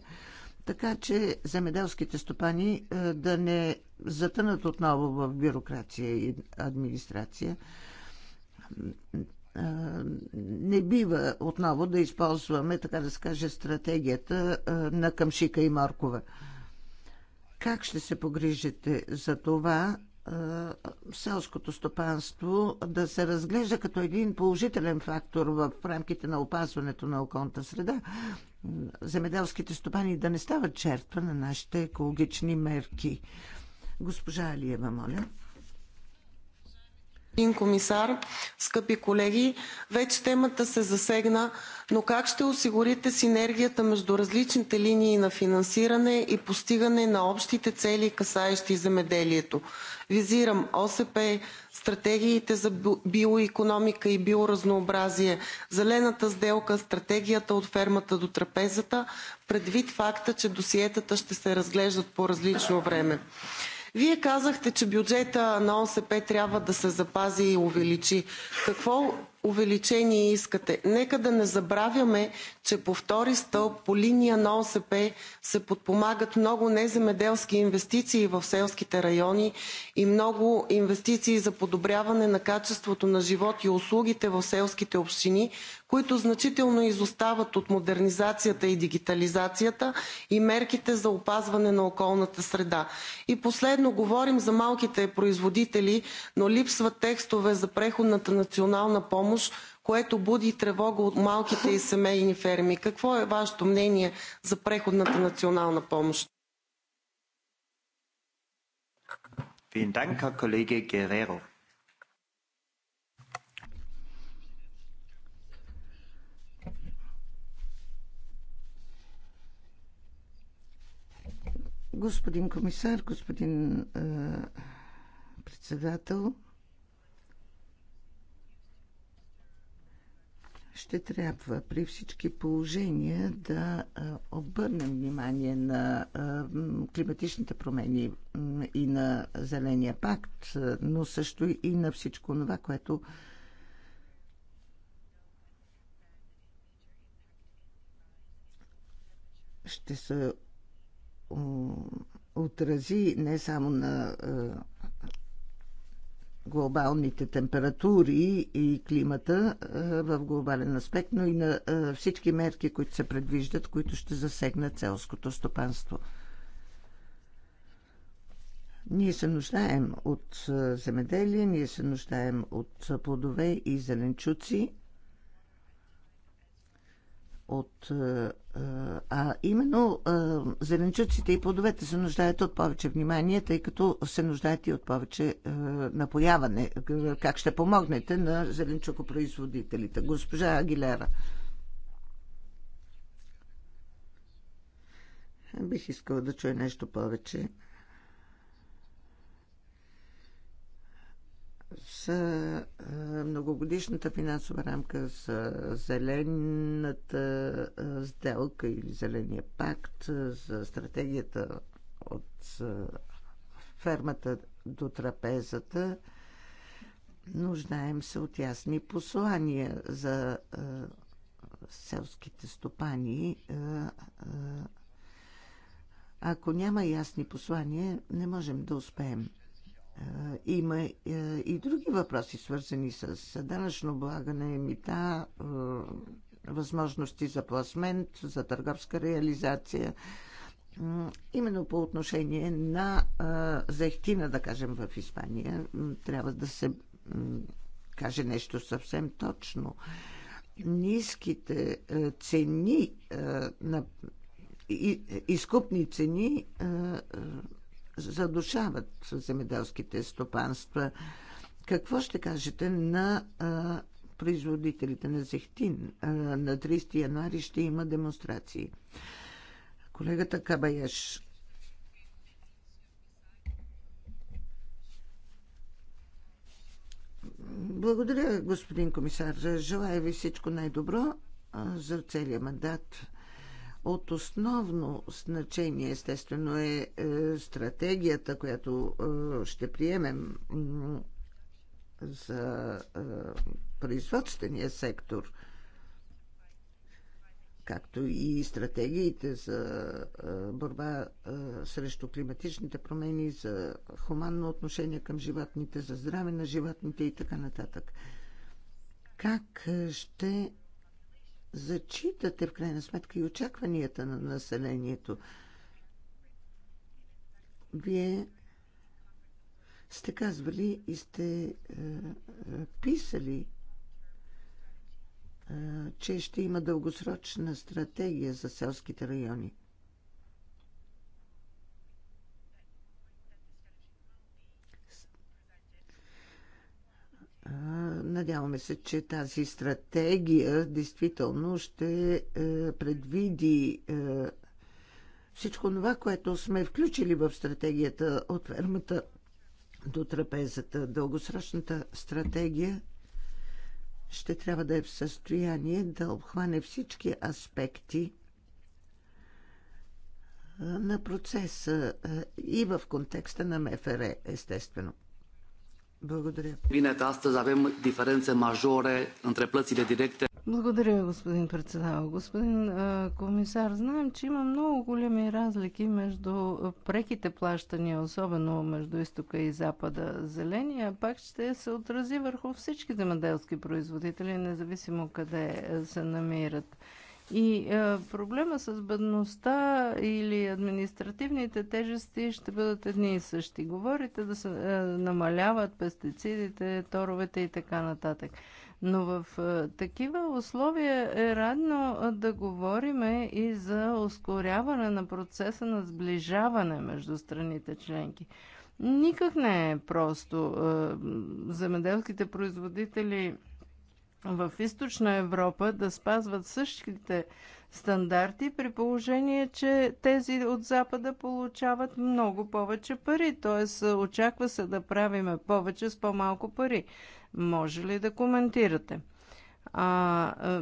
така че земеделските стопани е, да не затънат отново в бюрокрация и администрация. Е, не бива отново да използваме, така да се каже, стратегията е, на Камшика и Моркова. Как ще се погрижите за това селското стопанство да се разглежда като един положителен фактор в рамките на опазването на околната среда, земеделските стопани да не стават жертва на нашите екологични мерки. Госпожа Алиева, моля.
Господин комисар, скъпи колеги, вече темата се засегна, но как ще осигурите синергията между различните линии на финансиране и постигане на общите цели, касаещи земеделието? Визирам ОСП, стратегиите за биоекономика и биоразнообразие, зелената сделка, стратегията от фермата до трапезата, предвид факта, че досиетата ще се разглеждат по различно време. Вие казахте, че бюджета на ОСП трябва да се запази и увеличи. Какво увеличение искате? Нека да не забравяме, че по втори стълб, по линия на ОСП се подпомагат много неземеделски инвестиции в селските райони и много инвестиции за подобряване на качеството на живот и услугите в селските общини, които значително изостават от модернизацията и дигитализацията и мерките за опазване на околната среда. И последно, говорим за малките производители, но липсват текстове за преходната национална помощ, което буди тревога от малките и семейни ферми. Какво е вашето мнение за преходната национална помощ? Vielen Dank, Herr Kollege Guerrero.
Господин комисар, господин е, председател, ще трябва при всички положения да е, обърнем внимание на е, климатичните промени и на Зеления пакт, е, но също и на всичко това, което ще се отрази не само на е, глобалните температури и климата е, в глобален аспект, но и на е, всички мерки, които се предвиждат, които ще засегнат селското стопанство. Ние се нуждаем от земеделие, ние се нуждаем от плодове и зеленчуци, от а именно зеленчуците и плодовете се нуждаят от повече внимание, тъй като се нуждаят и от повече напояване. Как ще помогнете на зеленчукопроизводителите? Госпожа Агилера. Бих искала да чуя нещо повече за е, многогодишната финансова рамка, за зелената е, сделка или зеления пакт, е, за стратегията от фермата до трапезата. Нуждаем се от ясни послания за селските стопани. Ако няма ясни послания, не можем да успеем. Е, има е, и други въпроси, свързани с данъчно облагане, мита, е, възможности за пласмент, за търговска реализация. Именно по отношение на заехтина, да кажем, в Испания, трябва да се каже нещо съвсем точно. Ниските цени на изкупни цени задушават земеделските стопанства. Какво ще кажете на а, производителите на зехтин? А, на 30 януари ще има демонстрации. Колегата Кабаяш. Благодаря, господин комисар. Желая ви всичко най-добро за целия мандат. От основно значение, естествено, е, е стратегията, която е, ще приемем за е, производствения сектор, както и стратегиите за борба срещу климатичните промени, за хуманно отношение към животните, за здраве на животните и така нататък. Как ще зачитате в крайна сметка и очакванията на населението. Вие сте казвали и сте е, е писали, е, че ще има дългосрочна стратегия за селските райони. Надяваме се, че тази стратегия действително ще е, предвиди е, всичко това, което сме включили в стратегията от фермата до трапезата. Дългосрочната стратегия ще трябва да е в състояние да обхване всички аспекти е, на процеса и в контекста на МФР, естествено.
Благодаря.
Bine că avem diferențe majore între plățile directe.
Благодаря, господин председател. Господин а, комисар, знаем, че има много големи разлики между преките плащания, особено между изтока и запада. Зеления пак ще се отрази върху всички земеделски производители, независимо къде се намират. И е, проблема с бедността или административните тежести ще бъдат едни и същи. Говорите да се е, намаляват пестицидите, торовете и така нататък. Но в е, такива условия е радно е, да говориме и за ускоряване на процеса на сближаване между страните членки. Никак не е просто. Е, земеделските производители в източна Европа да спазват същите стандарти, при положение, че тези от Запада получават много повече пари, т.е. очаква се да правиме повече с по-малко пари. Може ли да коментирате? А,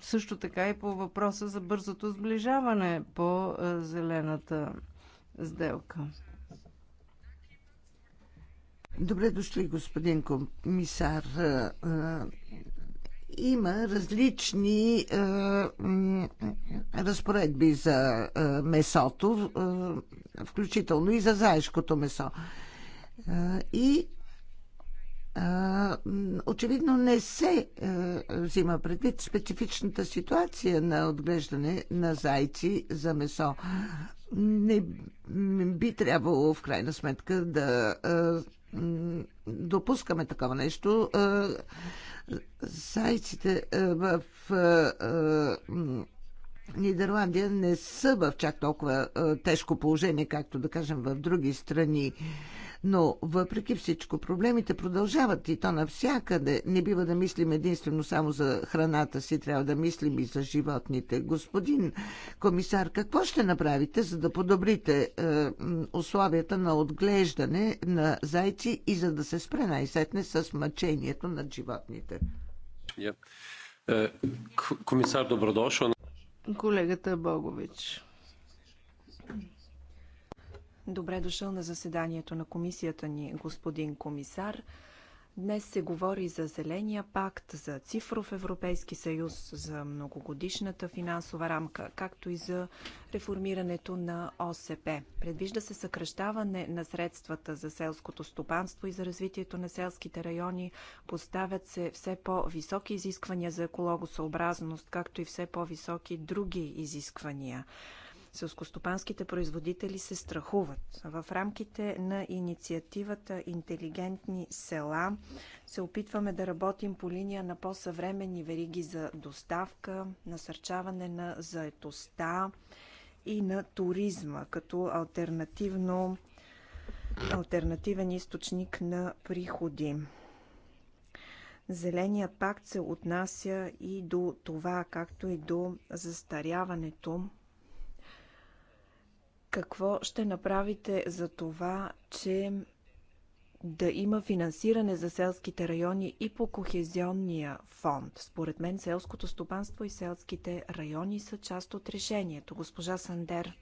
също така и по въпроса за бързото сближаване по зелената сделка.
Добре дошли, господин комисар. Е, е, има различни е, разпоредби за месото, включително и за заешкото месо. и очевидно не се взима предвид специфичната ситуация на отглеждане на зайци за месо. Не би трябвало в крайна сметка да допускаме такова нещо. Зайците е, е, в е, Нидерландия не са в чак толкова тежко положение, както да кажем в други страни. Но въпреки всичко, проблемите продължават и то навсякъде. Не бива да мислим единствено само за храната си, трябва да мислим и за животните. Господин комисар, какво ще направите, за да подобрите е, условията на отглеждане на зайци и за да се спре най-сетне с мъчението над животните?
Yeah. Е, е, комисар, добродошъл.
Колегата
Богович. Добре дошъл на заседанието
на комисията ни, господин комисар. Днес се говори за Зеления пакт, за цифров Европейски съюз, за многогодишната финансова рамка, както и за реформирането на ОСП. Предвижда се съкръщаване на средствата за селското стопанство и за развитието на селските райони. Поставят се все по-високи изисквания за екологосъобразност, както и все по-високи други изисквания. Селскостопанските производители се страхуват. В рамките на инициативата Интелигентни села се опитваме да работим по линия на по-съвремени вериги за доставка, насърчаване на заетостта и на туризма като альтернативно альтернативен източник на приходи. Зеленият пакт се отнася и до това, както и до застаряването какво ще направите за това, че да има финансиране за селските райони и по кохезионния фонд. Според мен селското стопанство и селските райони са част от решението. Госпожа Сандер.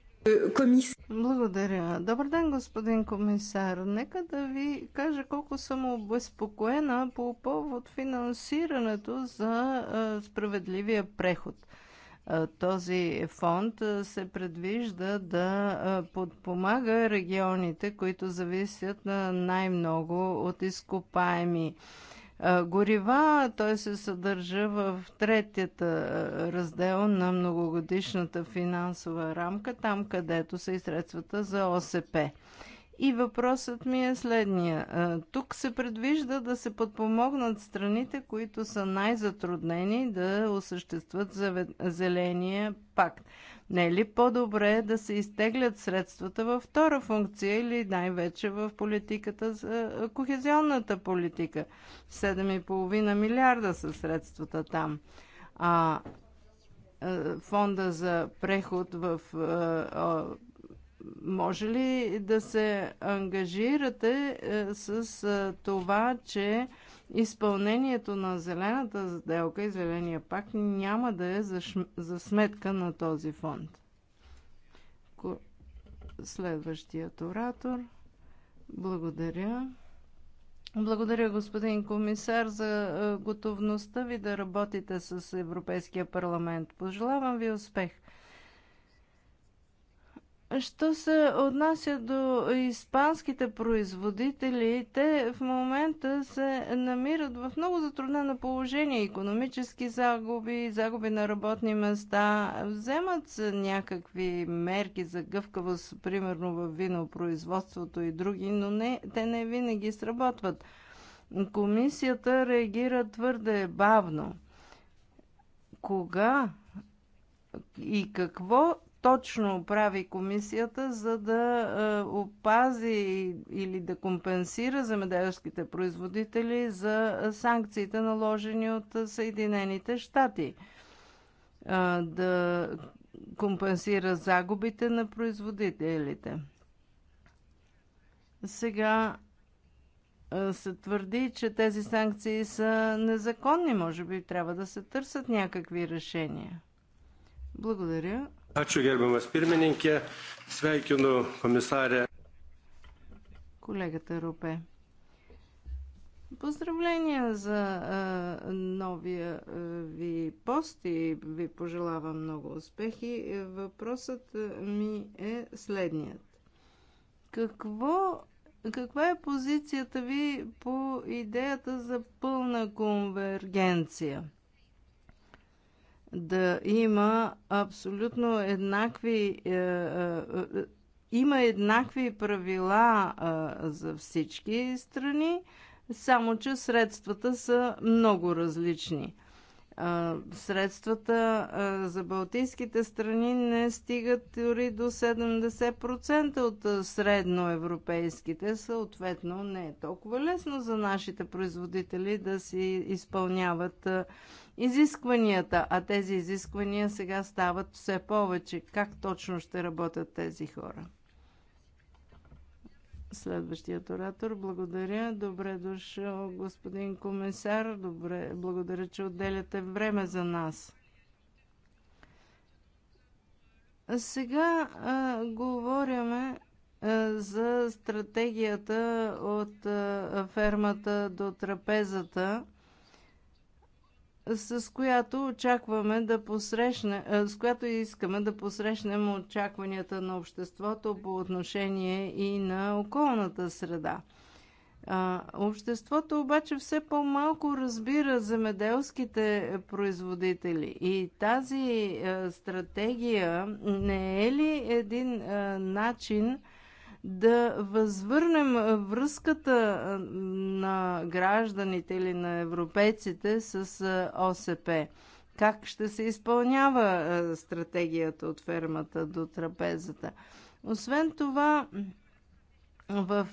Комис... Благодаря. Добър ден, господин комисар. Нека да ви кажа колко съм обезпокоена по повод финансирането за справедливия преход. Е, този фонд е, се предвижда да е, подпомага регионите, които зависят на най-много от изкопаеми горива. Той се съдържа в третията раздел на многогодишната финансова рамка, там където са и средствата за ОСП. И въпросът ми е следния. Тук се предвижда да се подпомогнат страните, които са най-затруднени да осъществят зеления пакт. Не е ли по-добре да се изтеглят средствата във втора функция или най-вече в политиката за кохезионната политика? 7,5 милиарда са средствата там. А фонда за преход в може ли да се ангажирате е, с е, това, че изпълнението на зелената сделка и зеления пак няма да е за, за сметка на този фонд? Следващият оратор. Благодаря. Благодаря, господин комисар, за е, готовността ви да работите с Европейския парламент. Пожелавам ви успех. Що се отнася до испанските производители, те в момента се намират в много затруднено положение. Економически загуби, загуби на работни места, вземат се някакви мерки за гъвкавост, примерно в винопроизводството и други, но не, те не винаги сработват. Комисията реагира твърде бавно. Кога и какво точно прави комисията, за да е, опази или да компенсира земеделските производители за санкциите, наложени от Съединените щати? Е, да компенсира загубите на производителите. Сега е, се твърди, че тези санкции са незаконни. Може би трябва да се търсят някакви решения. Благодаря.
Ačiū gerbiamas pirmininkė, sveikinu
Колегата Рупе. Поздравления за а, новия а, ви пост и ви пожелавам много успехи. Въпросът ми е следният. Какво, каква е позицията ви по идеята за пълна конвергенция? да има абсолютно еднакви. Е, е, е, има еднакви правила за всички страни, само че средствата са много различни. Средствата за балтийските страни не стигат дори до 70% от средноевропейските. Съответно, не е толкова лесно за нашите производители да си изпълняват изискванията. А тези изисквания сега стават все повече. Как точно ще работят тези хора? Следващият оратор. Благодаря. Добре дошъл, господин комисар. Добре, благодаря, че отделяте време за нас. Сега а, говоряме а, за стратегията от а, фермата до трапезата с която очакваме да посрещне, с която искаме да посрещнем очакванията на обществото по отношение и на околната среда. А, обществото обаче все по-малко разбира земеделските производители и тази а, стратегия не е ли един а, начин да възвърнем връзката на гражданите или на европейците с ОСП. Как ще се изпълнява стратегията от фермата до трапезата? Освен това, в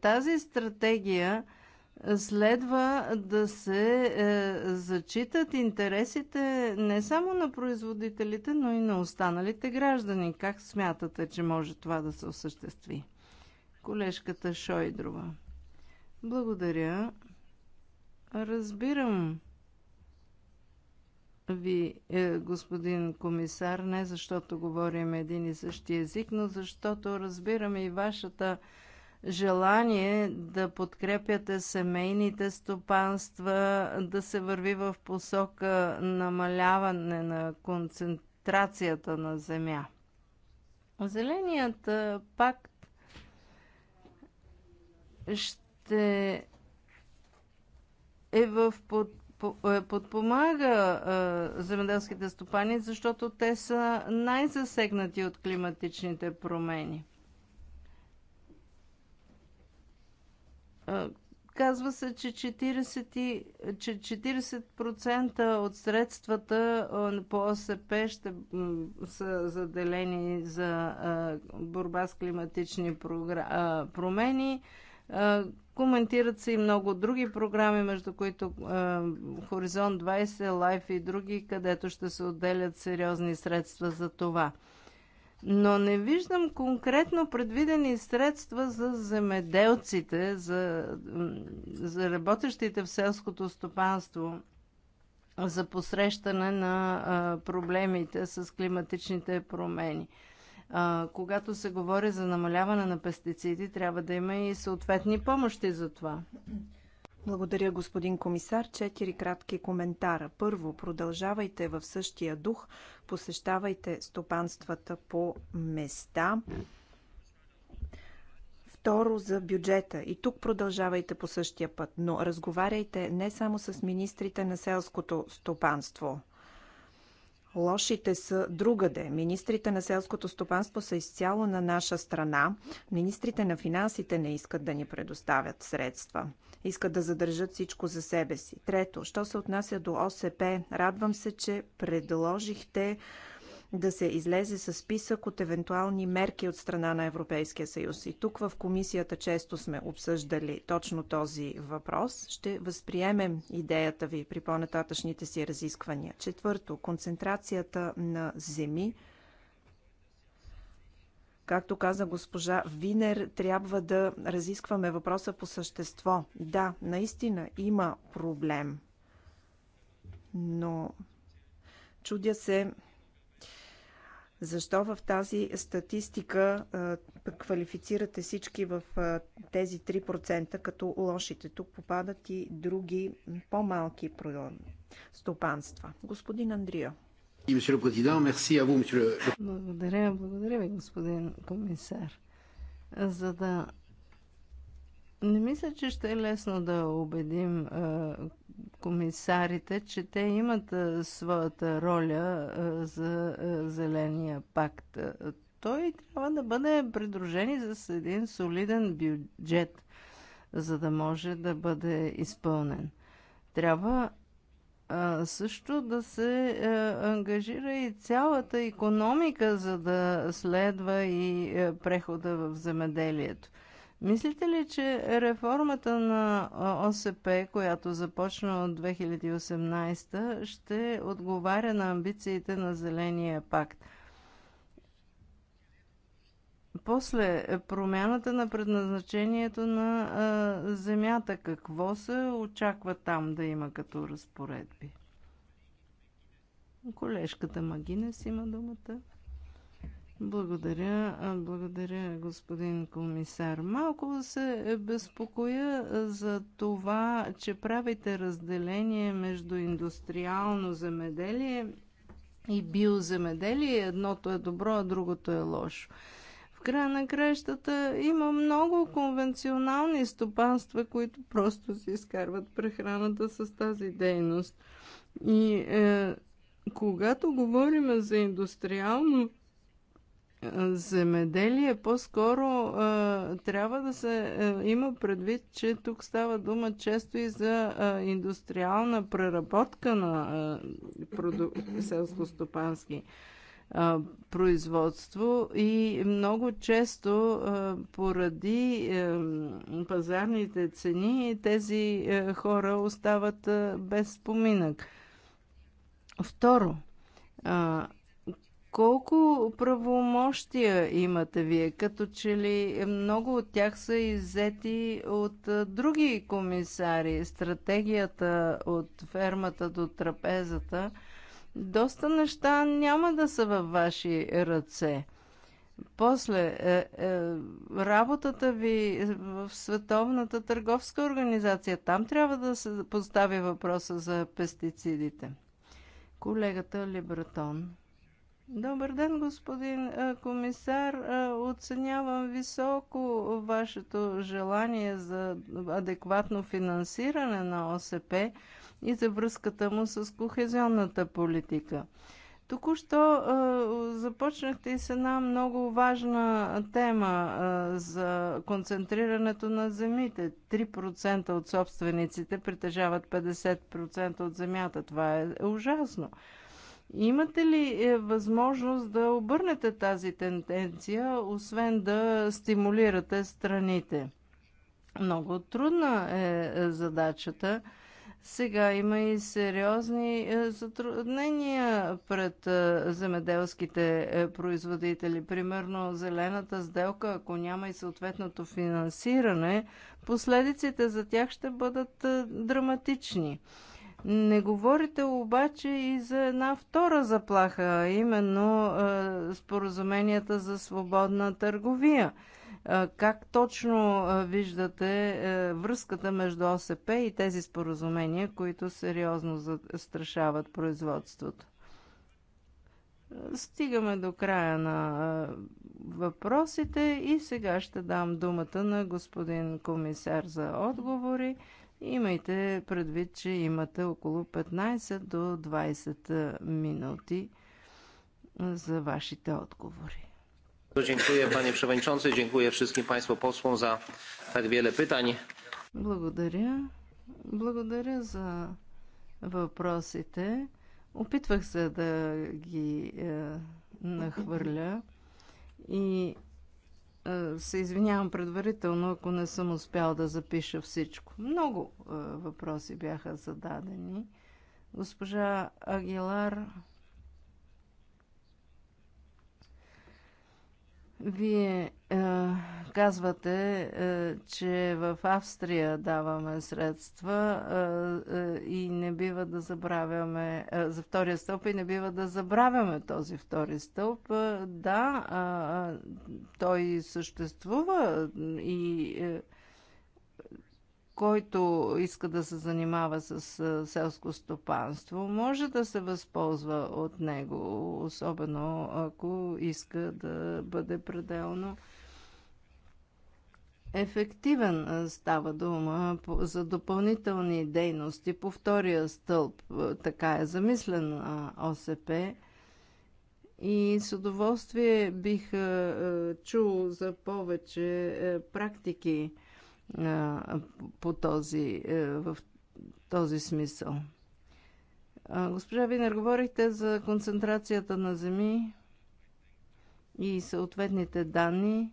тази стратегия следва да се е, зачитат интересите не само на производителите, но и на останалите граждани. Как смятате, че може това да се осъществи? Колежката Шойдрова. Благодаря. Разбирам ви, е, господин комисар, не защото говорим един и същи език, но защото разбираме и вашата желание да подкрепяте семейните стопанства, да се върви в посока намаляване на концентрацията на земя. Зеленият пакт ще е в под е, подпомага е, земеделските стопани, защото те са най-засегнати от климатичните промени. Казва се, че 40%, че 40% от средствата по ОСП ще са заделени за борба с климатични промени. Коментират се и много други програми, между които Хоризонт 20, Лайф и други, където ще се отделят сериозни средства за това но не виждам конкретно предвидени средства за земеделците, за, за работещите в селското стопанство, за посрещане на а, проблемите с климатичните промени. А, когато се говори за намаляване на пестициди, трябва да има и съответни помощи за това. Благодаря, господин комисар. Четири кратки
коментара. Първо, продължавайте в същия дух, посещавайте стопанствата по места. Второ, за бюджета. И тук продължавайте по същия път, но разговаряйте не само с министрите на селското стопанство. Лошите са другаде. Министрите на селското стопанство са изцяло на наша страна. Министрите на финансите не искат да ни предоставят средства искат да задържат всичко за себе си. Трето, що се отнася до ОСП, радвам се, че предложихте да се излезе с списък от евентуални мерки от страна на Европейския съюз. И тук в комисията често сме обсъждали точно този въпрос. Ще възприемем идеята ви при по-нататъчните си разисквания. Четвърто, концентрацията на земи Както каза госпожа Винер, трябва да разискваме въпроса по същество. Да, наистина има проблем. Но чудя се защо в тази статистика квалифицирате всички в тези 3% като лошите? Тук попадат и други по-малки
стопанства. Господин Андрия. Благодаря, благодаря ви, господин комисар, за да не мисля, че ще е лесно да убедим комисарите, че те имат своята роля за Зеления пакт. Той трябва да бъде придружен с един солиден бюджет, за да може да бъде изпълнен. Трябва а, също да се а, е, ангажира и цялата економика, за да следва и а, е, прехода в земеделието. Мислите ли, че реформата на ОСП, която започна от 2018, ще отговаря на амбициите на Зеления пакт? После е, промяната на предназначението на а, е, земята. Какво се очаква там да има като разпоредби? Колежката Магинес има думата. Благодаря, е, благодаря, господин комисар. Малко се безпокоя за това, че правите разделение между индустриално земеделие и биоземеделие. Едното е добро, а другото е лошо края на крещата има много конвенционални стопанства, които просто си изкарват прехраната с тази дейност. И е, когато говорим за индустриално е, земеделие, по-скоро е, трябва да се е, има предвид, че тук става дума често и за е, индустриална преработка на е, селско-стопански производство и много често поради е, пазарните цени тези е, хора остават е, без споминък. Второ, колко правомощия имате вие? Като че ли много от тях са иззети от други комисари. Стратегията от фермата до трапезата – доста неща няма да са във ваши ръце. После, е, е, работата ви в Световната търговска организация, там трябва да се постави въпроса за пестицидите. Колегата Либратон. Добър ден, господин е, комисар. Е, оценявам високо вашето желание за адекватно финансиране на ОСП и за връзката му с кохезионната политика. Току-що е, започнахте и с една много важна тема а, за концентрирането на земите. 3% от собствениците притежават 50% от земята. Това е, е ужасно. Имате ли е, възможност да обърнете тази тенденция, освен да стимулирате страните? Много трудна е, е задачата. Сега има и сериозни е, затруднения пред е, земеделските е, производители. Примерно зелената сделка, ако няма и съответното финансиране, последиците за тях ще бъдат драматични. Не говорите обаче и за една втора заплаха, именно споразуменията за свободна търговия. Как точно виждате е, връзката между ОСП и тези споразумения, които сериозно застрашават производството? Стигаме до края на въпросите и сега ще дам думата на господин комисар за отговори. Имайте предвид, че имате около 15 до 20 минути за вашите
отговори. Bardzo Dziękuję panie przewodniczący, dziękuję wszystkim państwu posłom za tak wiele pytań.
Благодаря. Благодаря за въпросите. Опитвах се да ги е, нахвърля и е, се извинявам предварително, ако не съм успял да запиша всичко. Много е, въпроси бяха зададени. Госпожа Агилар. Вие е, казвате, е, че в Австрия даваме средства е, е, и не бива да забравяме е, за втория стълб и не бива да забравяме този втори стълб. Е, да, е, е, той съществува и е, който иска да се занимава с селско стопанство, може да се възползва от него, особено ако иска да бъде пределно ефективен. Става дума за допълнителни дейности по втория стълб. Така е замислен ОСП. И с удоволствие бих чул за повече практики по този, е, в този смисъл. Госпожа Винер, говорихте за концентрацията на земи и съответните данни.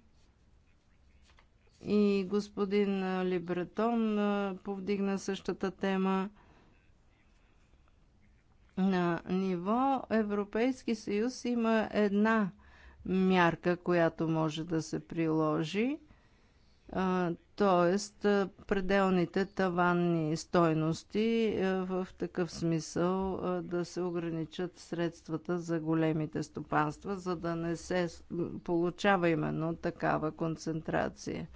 И господин Либретон повдигна същата тема на ниво Европейски съюз има една мярка, която може да се приложи т.е. пределните таванни стойности в такъв смисъл да се ограничат средствата за големите стопанства, за да не се получава именно такава концентрация.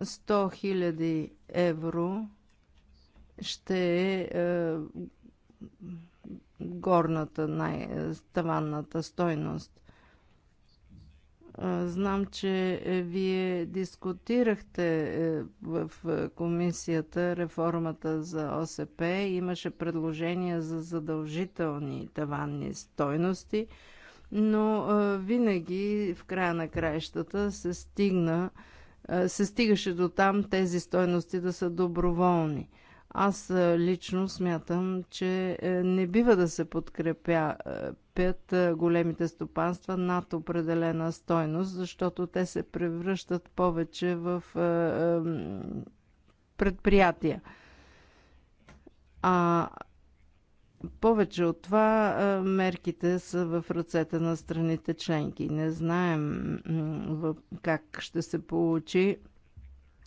100 000 евро ще е, е горната, най-таванната стойност – Знам, че е, вие дискутирахте е, в комисията реформата за ОСП. Имаше предложения за задължителни таванни стойности, но винаги в края на краищата се стигна се стигаше до там тези стойности да са доброволни. Аз лично смятам, че е, не бива да се подкрепя закупят големите стопанства над определена стойност, защото те се превръщат повече в предприятия. А повече от това мерките са в ръцете на страните членки. Не знаем как ще се получи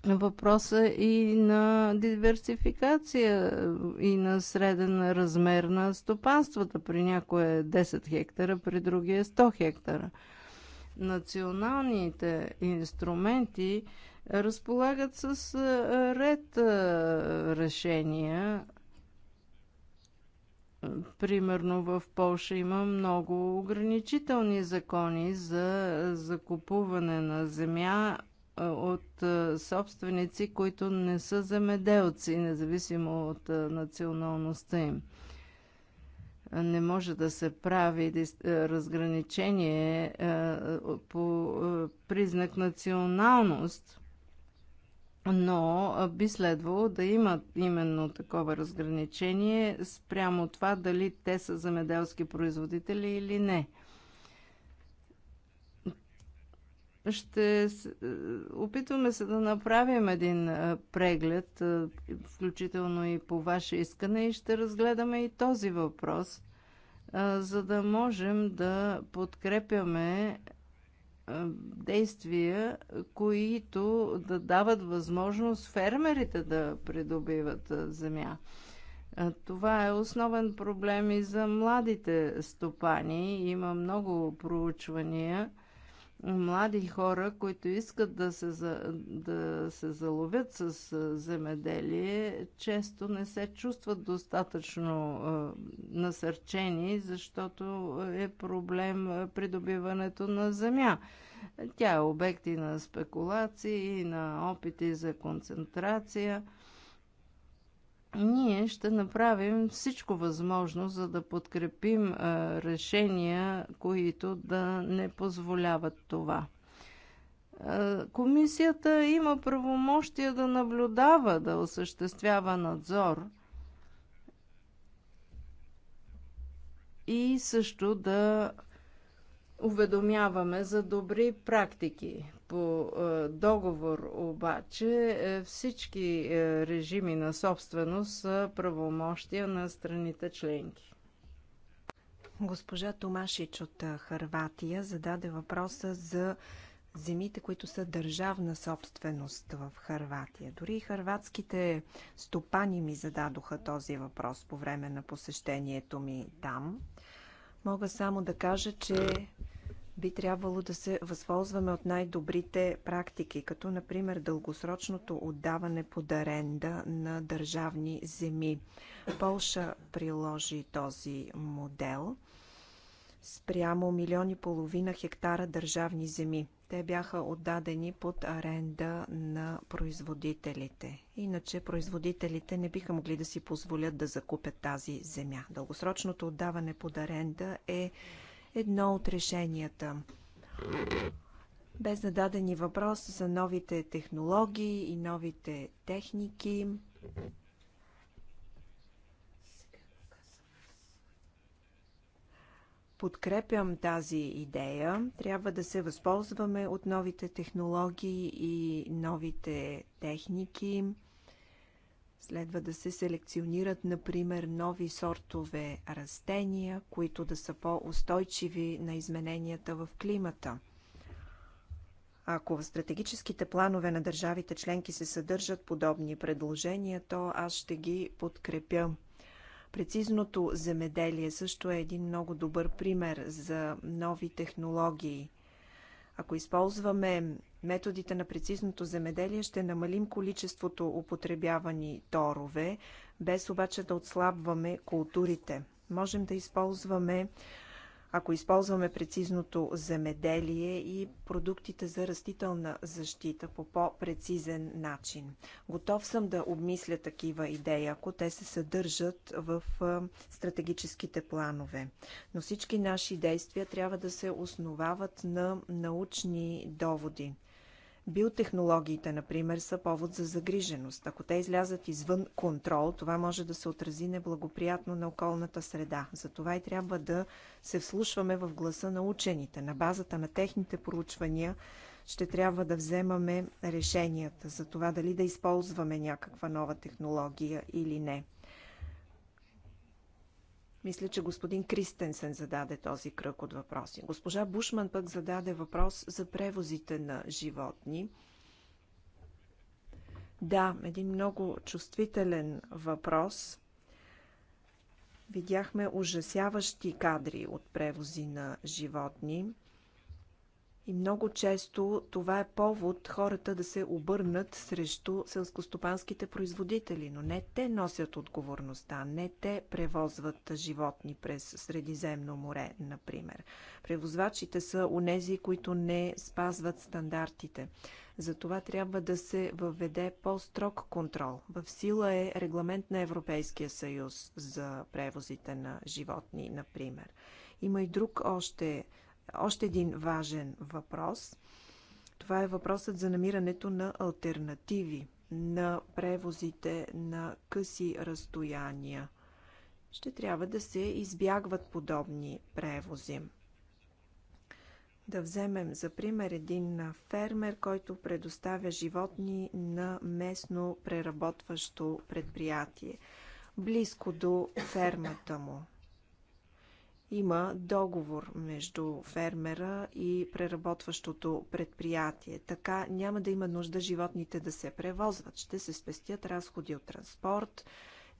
въпроса и на диверсификация и на среден размер на стопанствата. При някои е 10 хектара, при други е 100 хектара. Националните инструменти разполагат с ред решения. Примерно в Польша има много ограничителни закони за закупуване на земя от собственици, които не са земеделци, независимо от националността им. Не може да се прави разграничение по признак националност, но би следвало да има именно такова разграничение спрямо това дали те са земеделски производители или не – ще е, опитваме се да направим един е, преглед, е, включително и по ваше искане, и ще разгледаме и този въпрос, за да можем да подкрепяме действия, които да дават възможност фермерите да придобиват земя. Това е основен проблем и за младите стопани. Има много проучвания – млади хора, които искат да се, да се заловят с земеделие, често не се чувстват достатъчно насърчени, защото е проблем придобиването на земя. Тя е обекти на спекулации, на опити за концентрация – ние ще направим всичко възможно, за да подкрепим решения, които да не позволяват това. Комисията има правомощия да наблюдава, да осъществява надзор и също да уведомяваме за добри практики по е, договор обаче е, всички е, режими на собственост са правомощия на страните членки. Госпожа Томашич от
Харватия зададе въпроса за земите, които са държавна собственост в Харватия. Дори и харватските стопани ми зададоха този въпрос по време на посещението ми там. Мога само да кажа, че би трябвало да се възползваме от най-добрите практики, като например дългосрочното отдаване под аренда на държавни земи. Полша приложи този модел спрямо милион и половина хектара държавни земи. Те бяха отдадени под аренда на производителите. Иначе производителите не биха могли да си позволят да закупят тази земя. Дългосрочното отдаване под аренда е едно от решенията. Без зададени въпрос за новите технологии и новите техники. подкрепям тази идея. Трябва да се възползваме от новите технологии и новите техники. Следва да се селекционират, например, нови сортове растения, които да са по-устойчиви на измененията в климата. Ако в стратегическите планове на държавите членки се съдържат подобни предложения, то аз ще ги подкрепя. Прецизното земеделие също е един много добър пример за нови технологии – ако използваме методите на прецизното земеделие, ще намалим количеството употребявани торове, без обаче да отслабваме културите. Можем да използваме ако използваме прецизното земеделие и продуктите за растителна защита по по-прецизен начин. Готов съм да обмисля такива идеи, ако те се съдържат в стратегическите планове. Но всички наши действия трябва да се основават на научни доводи. Биотехнологиите, например, са повод за загриженост. Ако те излязат извън контрол, това може да се отрази неблагоприятно на околната среда. Затова и трябва да се вслушваме в гласа на учените. На базата на техните проучвания ще трябва да вземаме решенията за това дали да използваме някаква нова технология или не. Мисля, че господин Кристенсен зададе този кръг от въпроси. Госпожа Бушман пък зададе въпрос за превозите на животни. Да, един много чувствителен въпрос. Видяхме ужасяващи кадри от превози на животни. И много често това е повод хората да се обърнат срещу селскостопанските производители, но не те носят отговорността, не те превозват животни през Средиземно море, например. Превозвачите са онези, които не спазват стандартите. това трябва да се въведе по-строг контрол. В сила е регламент на Европейския съюз за превозите на животни, например. Има и друг още още един важен въпрос. Това е въпросът за намирането на альтернативи на превозите на къси разстояния. Ще трябва да се избягват подобни превози. Да вземем за пример един фермер, който предоставя животни на местно преработващо предприятие, близко до фермата му има договор между фермера и преработващото предприятие. Така няма да има нужда животните да се превозват. Ще се спестят разходи от транспорт,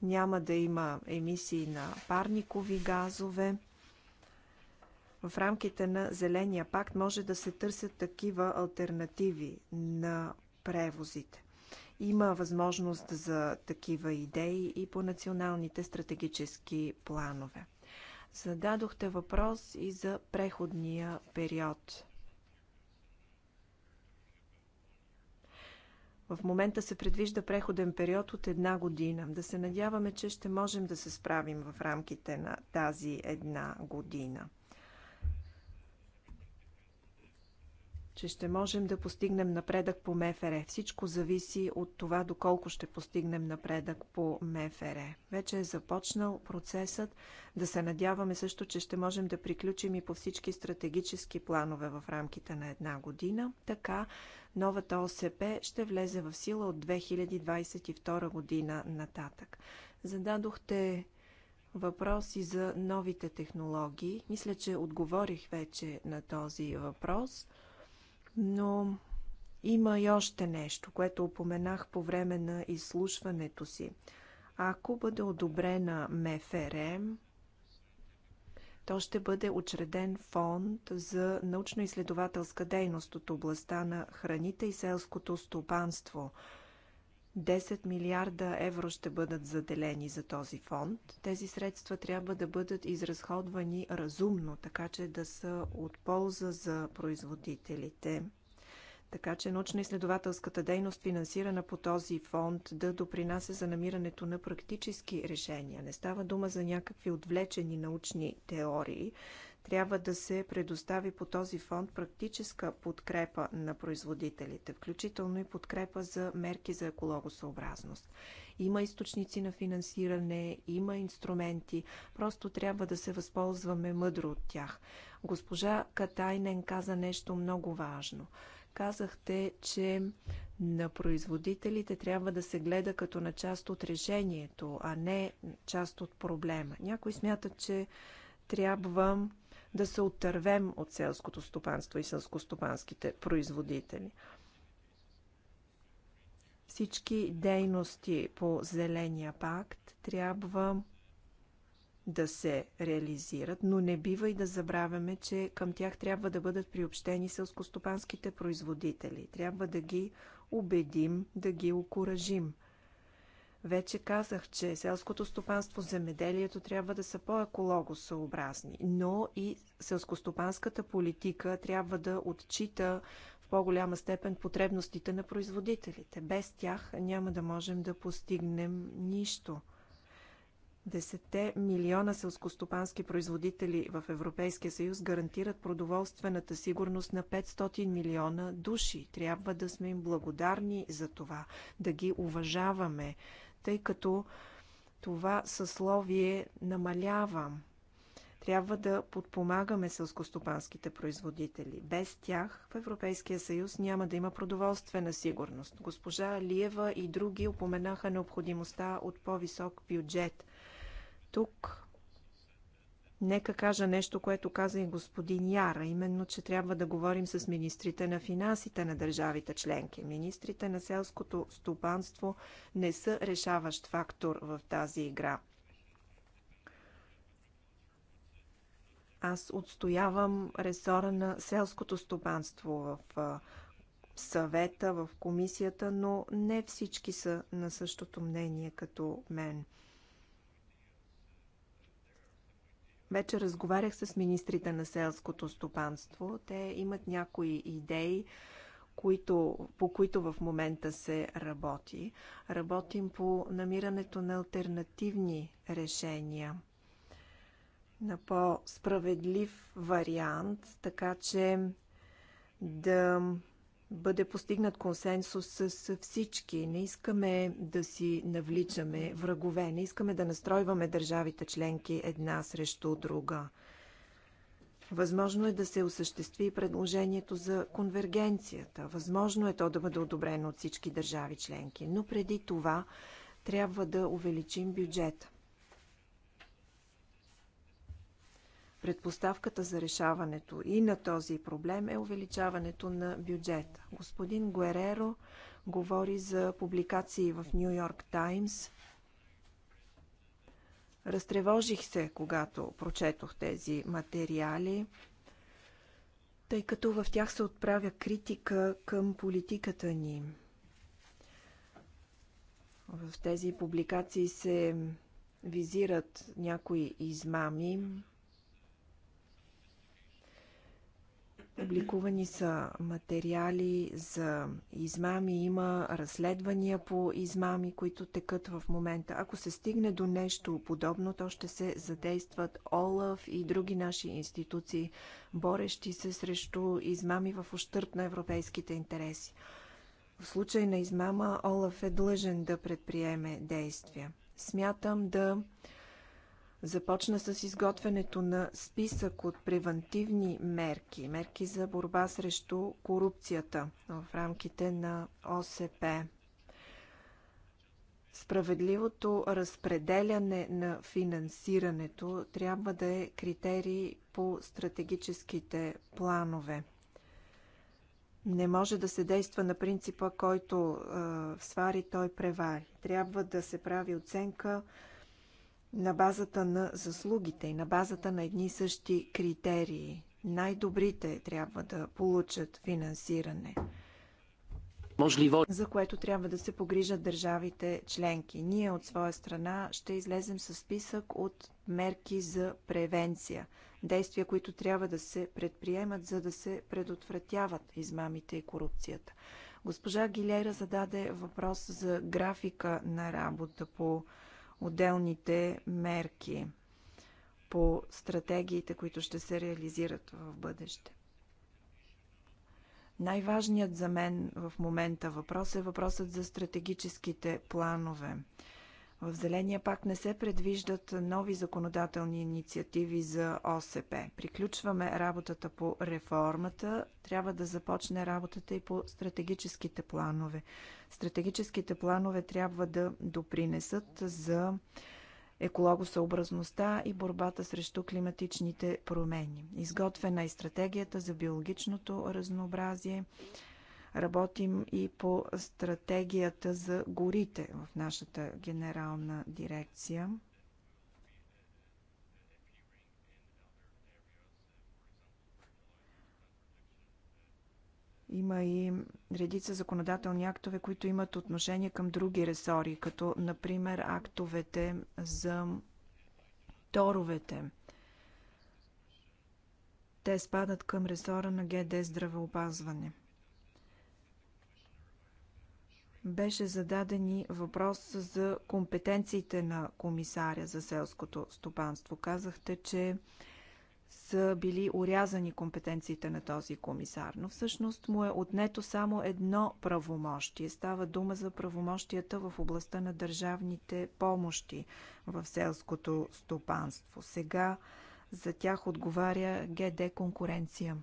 няма да има емисии на парникови газове. В рамките на Зеления пакт може да се търсят такива альтернативи на превозите. Има възможност за такива идеи и по националните стратегически планове. Зададохте въпрос и за преходния период. В момента се предвижда преходен период от една година. Да се надяваме, че ще можем да се справим в рамките на тази една година. че ще можем да постигнем напредък по МФР. Всичко зависи от това доколко ще постигнем напредък по МФР. Вече е започнал процесът. Да се надяваме също, че ще можем да приключим и по всички стратегически планове в рамките на една година. Така новата ОСП ще влезе в сила от 2022 година нататък. Зададохте въпроси за новите технологии. Мисля, че отговорих вече на този въпрос – но има и още нещо, което упоменах по време на изслушването си. Ако бъде одобрена МФРМ, то ще бъде учреден фонд за научно-изследователска дейност от областта на храните и селското стопанство – 10 милиарда евро ще бъдат заделени за този фонд. Тези средства трябва да бъдат изразходвани разумно, така че да са от полза за производителите. Така че научно-изследователската дейност, финансирана по този фонд, да допринася за намирането на практически решения. Не става дума за някакви отвлечени научни теории, трябва да се предостави по този фонд практическа подкрепа на производителите, включително и подкрепа за мерки за екологосъобразност. Има източници на финансиране, има инструменти, просто трябва да се възползваме мъдро от тях. Госпожа Катайнен каза нещо много важно казахте, че на производителите трябва да се гледа като на част от решението, а не част от проблема. Някои смятат, че трябва да се отървем от селското стопанство и селскостопанските производители. Всички дейности по Зеления пакт трябва да се реализират, но не бива и да забравяме, че към тях трябва да бъдат приобщени селскостопанските производители. Трябва да ги убедим, да ги окоръжим – вече казах, че селското стопанство, земеделието трябва да са по-екологосъобразни, но и селскостопанската политика трябва да отчита в по-голяма степен потребностите на производителите. Без тях няма да можем да постигнем нищо. Десетте милиона селскостопански производители в Европейския съюз гарантират продоволствената сигурност на 500 милиона души. Трябва да сме им благодарни за това, да ги уважаваме, тъй като това съсловие намалява. Трябва да подпомагаме сълскостопанските производители. Без тях в Европейския съюз няма да има продоволствена сигурност. Госпожа Алиева и други упоменаха необходимостта от по-висок бюджет. Тук Нека кажа нещо, което каза и господин Яра, именно, че трябва да говорим с министрите на финансите на държавите членки. Министрите на селското стопанство не са решаващ фактор в тази игра. Аз отстоявам ресора на селското стопанство в съвета, в комисията, но не всички са на същото мнение като мен – Вече разговарях с министрите на селското стопанство. Те имат някои идеи, които, по които в момента се работи. Работим по намирането на альтернативни решения, на по-справедлив вариант, така че да бъде постигнат консенсус с всички. Не искаме да си навличаме врагове, не искаме да настройваме държавите членки една срещу друга. Възможно е да се осъществи предложението за конвергенцията. Възможно е то да бъде одобрено от всички държави членки. Но преди това трябва да увеличим бюджета. Предпоставката за решаването и на този проблем е увеличаването на бюджета. Господин Гуереро говори за публикации в Нью Йорк Таймс. Разтревожих се, когато прочетох тези материали, тъй като в тях се отправя критика към политиката ни. В тези публикации се визират някои измами, Публикувани са материали за измами, има разследвания по измами, които текат в момента. Ако се стигне до нещо подобно, то ще се задействат ОЛАФ и други наши институции, борещи се срещу измами в ущърп на европейските интереси. В случай на измама ОЛАФ е длъжен да предприеме действия. Смятам да Започна с изготвянето на списък от превентивни мерки, мерки за борба срещу корупцията в рамките на ОСП. Справедливото разпределяне на финансирането трябва да е критерий по стратегическите планове. Не може да се действа на принципа, който е, свари, той превари. Трябва да се прави оценка на базата на заслугите и на базата на едни и същи критерии. Най-добрите трябва да получат финансиране, за което трябва да се погрижат държавите членки. Ние от своя страна ще излезем с списък от мерки за превенция, действия, които трябва да се предприемат, за да се предотвратяват измамите и корупцията. Госпожа Гилера зададе въпрос за графика на работа по отделните мерки по стратегиите, които ще се реализират в бъдеще. Най-важният за мен в момента въпрос е въпросът за стратегическите планове. В Зеления пак не се предвиждат нови законодателни инициативи за ОСП. Приключваме работата по реформата. Трябва да започне работата и по стратегическите планове. Стратегическите планове трябва да допринесат за екологосъобразността и борбата срещу климатичните промени. Изготвена е стратегията за биологичното разнообразие Работим и по стратегията за горите в нашата генерална дирекция. Има и редица законодателни актове, които имат отношение към други ресори, като например актовете за торовете. Те спадат към ресора на ГД здравеопазване беше зададен и въпрос за компетенциите на комисаря за селското стопанство. Казахте, че са били урязани компетенциите на този комисар, но всъщност му е отнето само едно правомощие. Става дума за правомощията в областта на държавните помощи в селското стопанство. Сега за тях отговаря ГД конкуренция.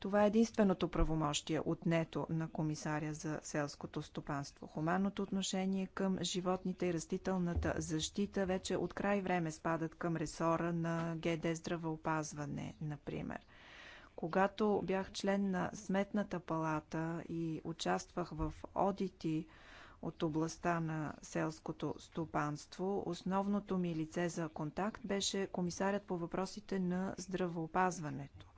Това е единственото правомощие отнето на комисаря за селското стопанство. Хуманното отношение към животните и растителната защита вече от край време спадат към ресора на ГД здравеопазване, например. Когато бях член на Сметната палата и участвах в одити от областта на селското стопанство, основното ми лице за контакт беше комисарят по въпросите на здравеопазването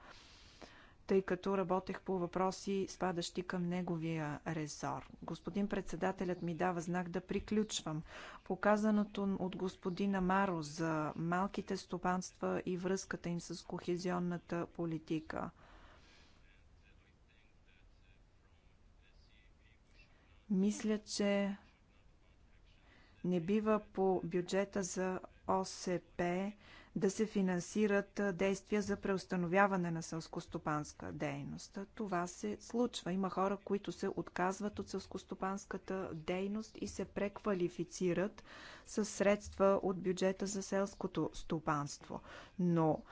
тъй като работех по въпроси, спадащи към неговия резор. Господин председателят ми дава знак да приключвам. Показаното от господина Маро за малките стопанства и връзката им с кохезионната политика. Мисля, че не бива по бюджета за ОСП да се финансират действия за преустановяване на селскостопанска дейност. Това се случва. Има хора, които се отказват от селскостопанската дейност и се преквалифицират с средства от бюджета за селското стопанство. Но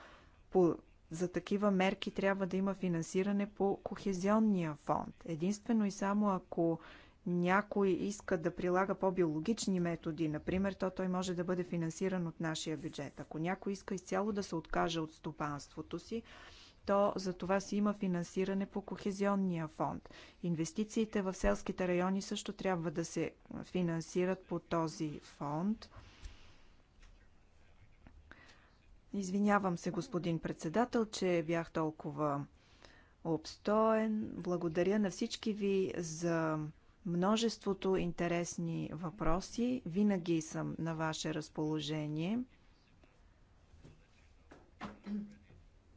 по за такива мерки трябва да има финансиране по Кохезионния фонд. Единствено и само ако някой иска да прилага по-биологични методи, например, то той може да бъде финансиран от нашия бюджет. Ако някой иска изцяло да се откаже от стопанството си, то за това си има финансиране по Кохезионния фонд. Инвестициите в селските райони също трябва да се финансират по този фонд. Извинявам се, господин председател, че бях толкова обстоен. Благодаря на всички ви за множеството интересни въпроси. Винаги съм на ваше разположение.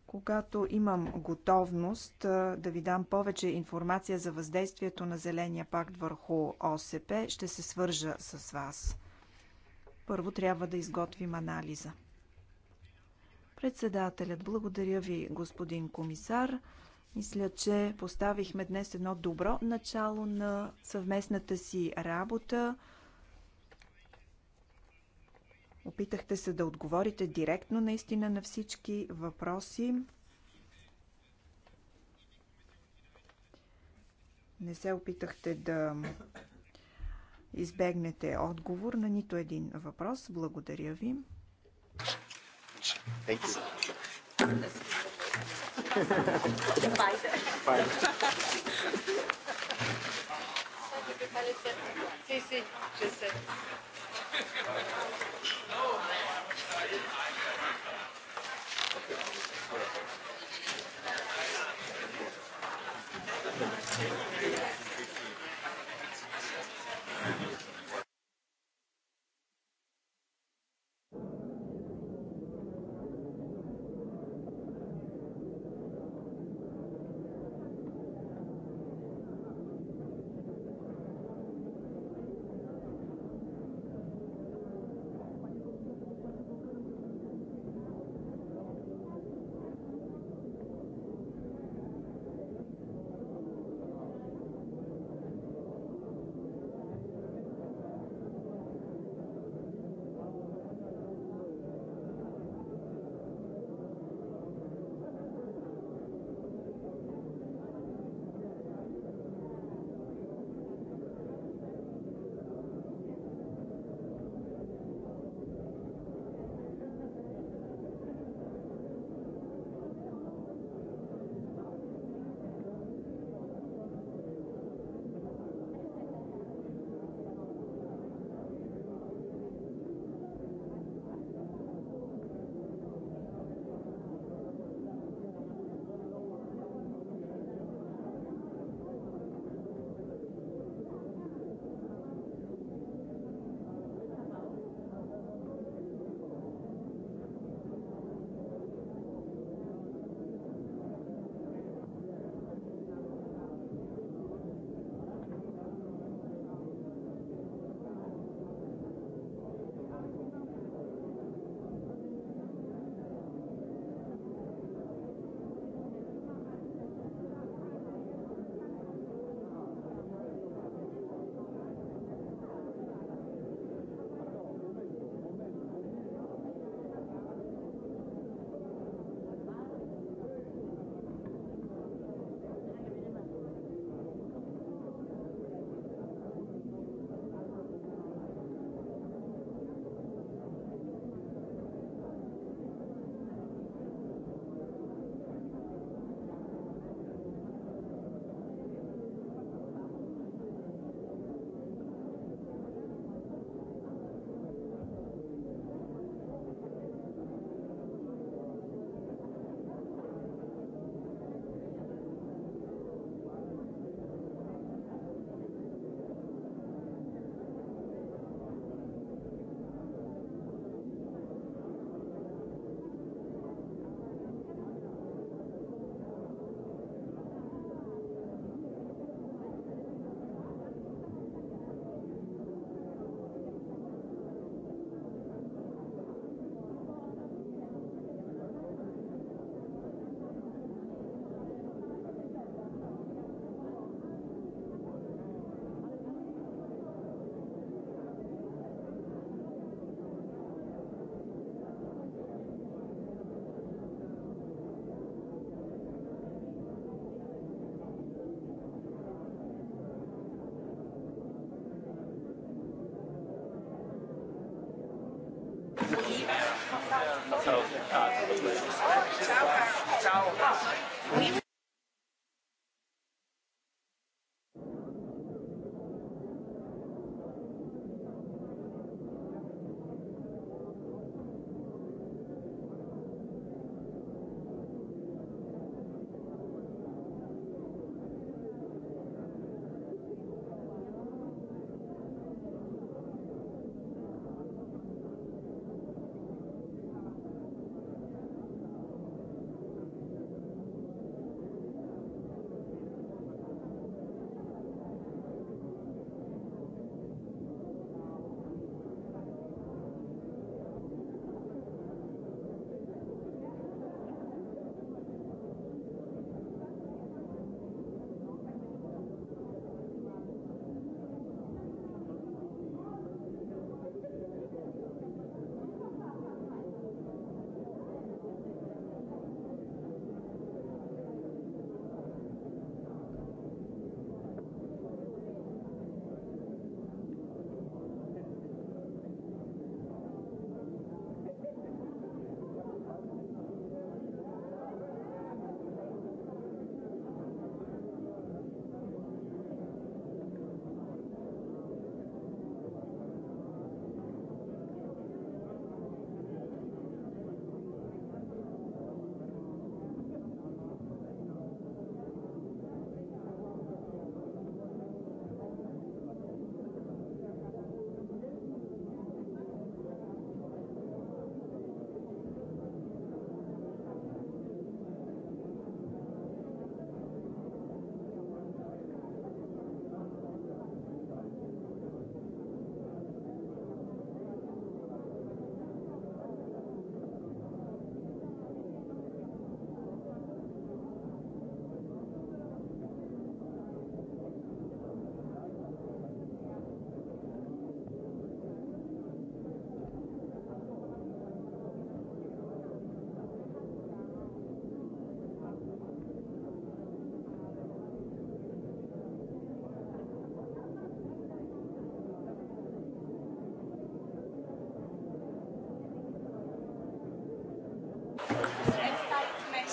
Когато имам готовност да ви дам повече информация за въздействието на Зеления пакт върху ОСП, ще се свържа с вас. Първо трябва да изготвим анализа. Председателят, благодаря ви, господин комисар. Мисля, че поставихме днес едно добро начало на съвместната си работа. Опитахте се да отговорите директно наистина на всички въпроси. Не се опитахте да избегнете отговор на нито един въпрос. Благодаря ви.
Thank you. Beide. Beide. Ça, je ne
peux pas le faire. Si,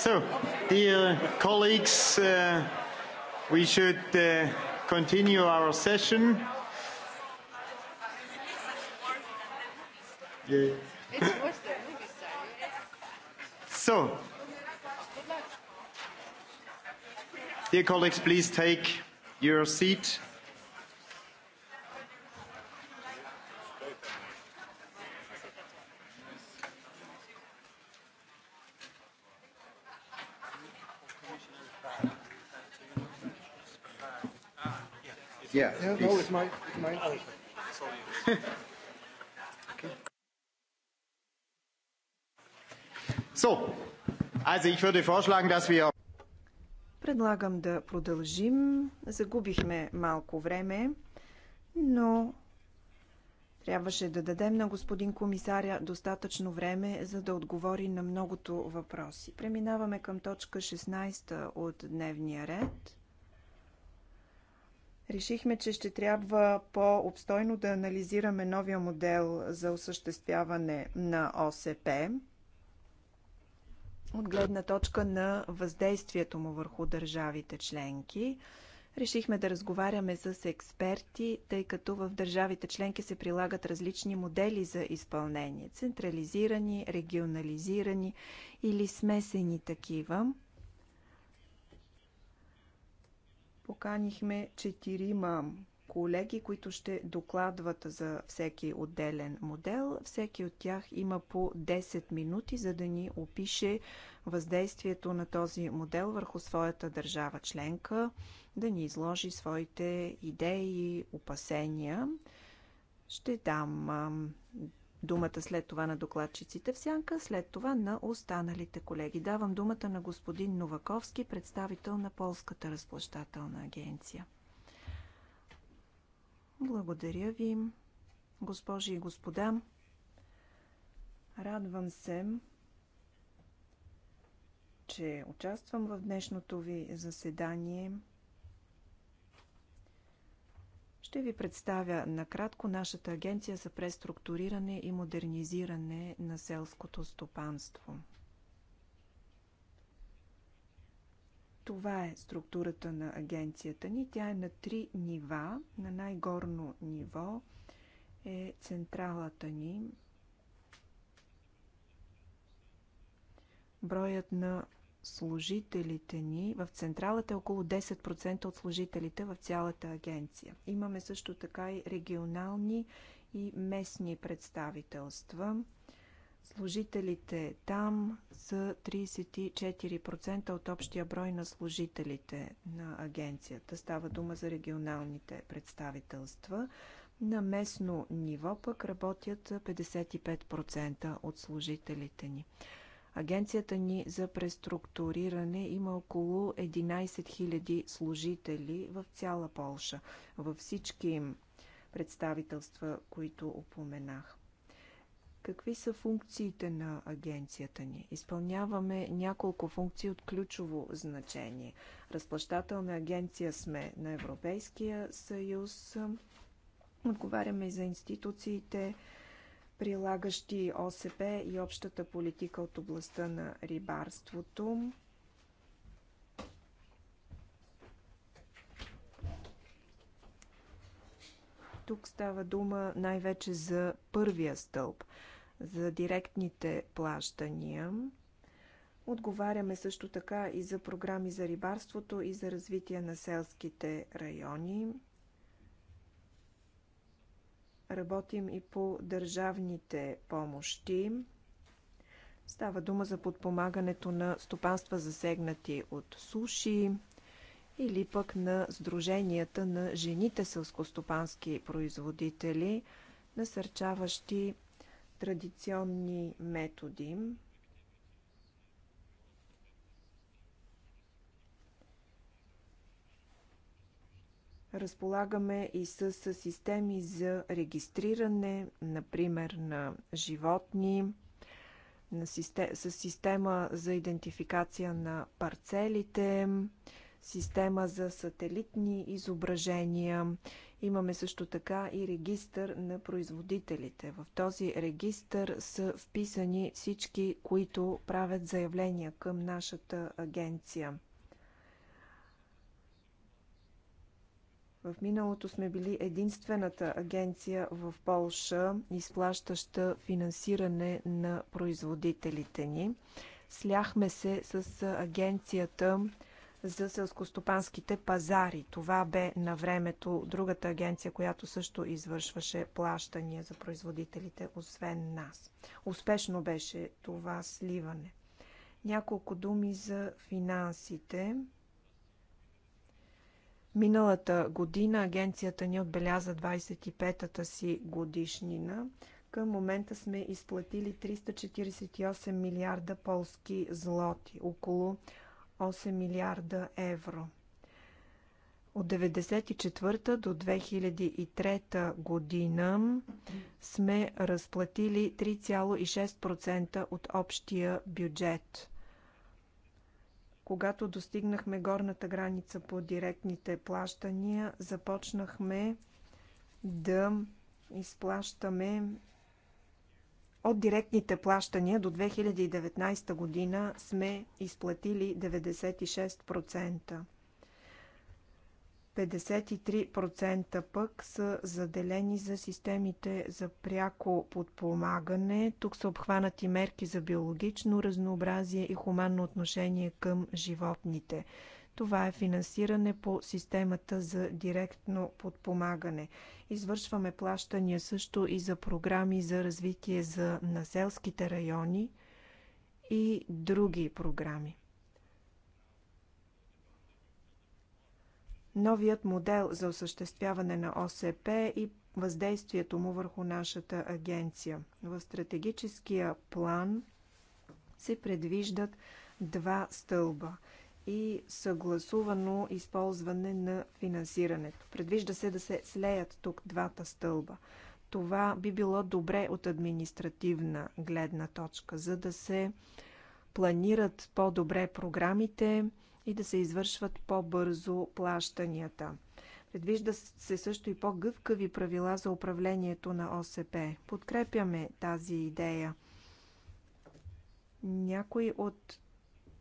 So, dear colleagues, uh, we should uh, continue our session. Yeah. so, dear colleagues, please take your seat. Yeah, no, it's my, it's my. So, also ich würde vorschlagen, dass wir...
Предлагам да продължим. Загубихме малко време, но трябваше да дадем на господин комисаря достатъчно време, за да отговори на многото въпроси. Преминаваме към точка 16 от дневния ред. Решихме, че ще трябва по-обстойно да анализираме новия модел за осъществяване на ОСП от гледна точка на въздействието му върху държавите членки. Решихме да разговаряме с експерти, тъй като в държавите членки се прилагат различни модели за изпълнение централизирани, регионализирани или смесени такива. Поканихме четирима колеги, които ще докладват за всеки отделен модел. Всеки от тях има по 10 минути, за да ни опише въздействието на този модел върху своята държава членка, да ни изложи своите идеи и опасения. Ще дам думата след това на докладчиците в сянка, след това на останалите колеги. Давам думата на господин Новаковски, представител на Полската разплащателна агенция. Благодаря ви, госпожи и господа. Радвам се, че участвам в днешното ви заседание – ще ви представя накратко нашата агенция за преструктуриране и модернизиране на селското стопанство. Това е структурата на агенцията ни. Тя е на три нива. На най-горно ниво е централата ни. Броят на служителите ни в централата е около 10% от служителите в цялата агенция. Имаме също така и регионални и местни представителства. Служителите там са 34% от общия брой на служителите на агенцията. Става дума за регионалните представителства. На местно ниво пък работят 55% от служителите ни. Агенцията ни за преструктуриране има около 11 000 служители в цяла Полша, във всички представителства, които упоменах. Какви са функциите на агенцията ни? Изпълняваме няколко функции от ключово значение. Разплащателна агенция сме на Европейския съюз. Отговаряме и за институциите, прилагащи ОСП и общата политика от областта на рибарството. Тук става дума най-вече за първия стълб, за директните плащания. Отговаряме също така и за програми за рибарството и за развитие на селските райони. Работим и по държавните помощи. Става дума за подпомагането на стопанства засегнати от суши или пък на сдруженията на жените сълскостопански производители, насърчаващи традиционни методи, Разполагаме и с системи за регистриране, например на животни, на систем, с система за идентификация на парцелите, система за сателитни изображения. Имаме също така и регистър на производителите. В този регистър са вписани всички, които правят заявления към нашата агенция. В миналото сме били единствената агенция в Полша, изплащаща финансиране на производителите ни. Сляхме се с агенцията за селскостопанските пазари. Това бе на времето другата агенция, която също извършваше плащания за производителите, освен нас. Успешно беше това сливане. Няколко думи за финансите. Миналата година агенцията ни отбеляза 25-та си годишнина. Към момента сме изплатили 348 милиарда полски злоти, около 8 милиарда евро. От 1994 до 2003 година сме разплатили 3,6% от общия бюджет. Когато достигнахме горната граница по директните плащания, започнахме да изплащаме от директните плащания до 2019 година сме изплатили 96%. 53% пък са заделени за системите за пряко подпомагане. Тук са обхванати мерки за биологично разнообразие и хуманно отношение към животните. Това е финансиране по системата за директно подпомагане. Извършваме плащания също и за програми за развитие за населските райони и други програми. новият модел за осъществяване на ОСП и въздействието му върху нашата агенция. В стратегическия план се предвиждат два стълба и съгласувано използване на финансирането. Предвижда се да се слеят тук двата стълба. Това би било добре от административна гледна точка, за да се планират по-добре програмите, и да се извършват по-бързо плащанията. Предвижда се също и по-гъвкави правила за управлението на ОСП. Подкрепяме тази идея. Някои от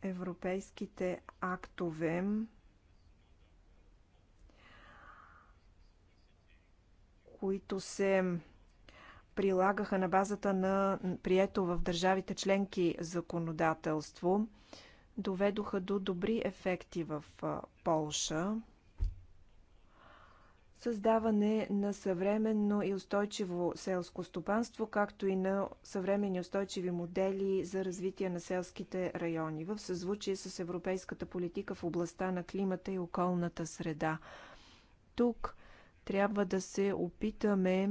европейските актове които се прилагаха на базата на прието в държавите членки законодателство, доведоха до добри ефекти в Полша. Създаване на съвременно и устойчиво селско стопанство, както и на съвременни устойчиви модели за развитие на селските райони в съзвучие с европейската политика в областта на климата и околната среда. Тук трябва да се опитаме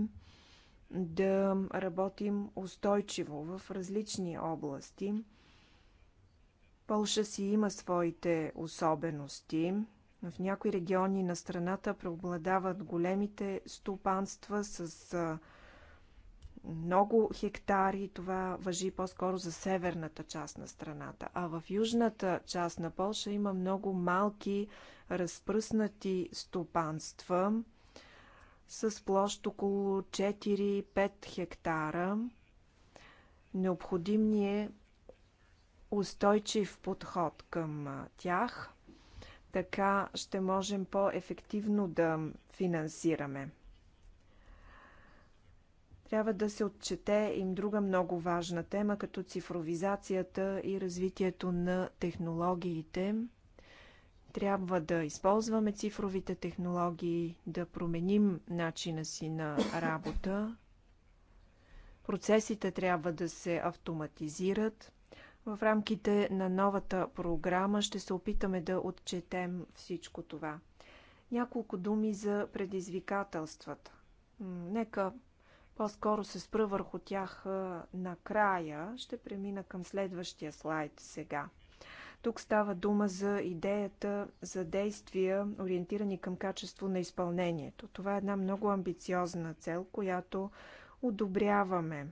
да работим устойчиво в различни области – Полша си има своите особености. В някои региони на страната преобладават големите стопанства с много хектари. Това въжи по-скоро за северната част на страната. А в южната част на Полша има много малки разпръснати стопанства с площ около 4-5 хектара. Необходим ни е устойчив подход към тях. Така ще можем по-ефективно да финансираме. Трябва да се отчете им друга много важна тема, като цифровизацията и развитието на технологиите трябва да използваме цифровите технологии, да променим начина си на работа. Процесите трябва да се автоматизират. В рамките на новата програма ще се опитаме да отчетем всичко това. Няколко думи за предизвикателствата. Нека по-скоро се спра върху тях накрая. Ще премина към следващия слайд сега. Тук става дума за идеята за действия, ориентирани към качество на изпълнението. Това е една много амбициозна цел, която одобряваме.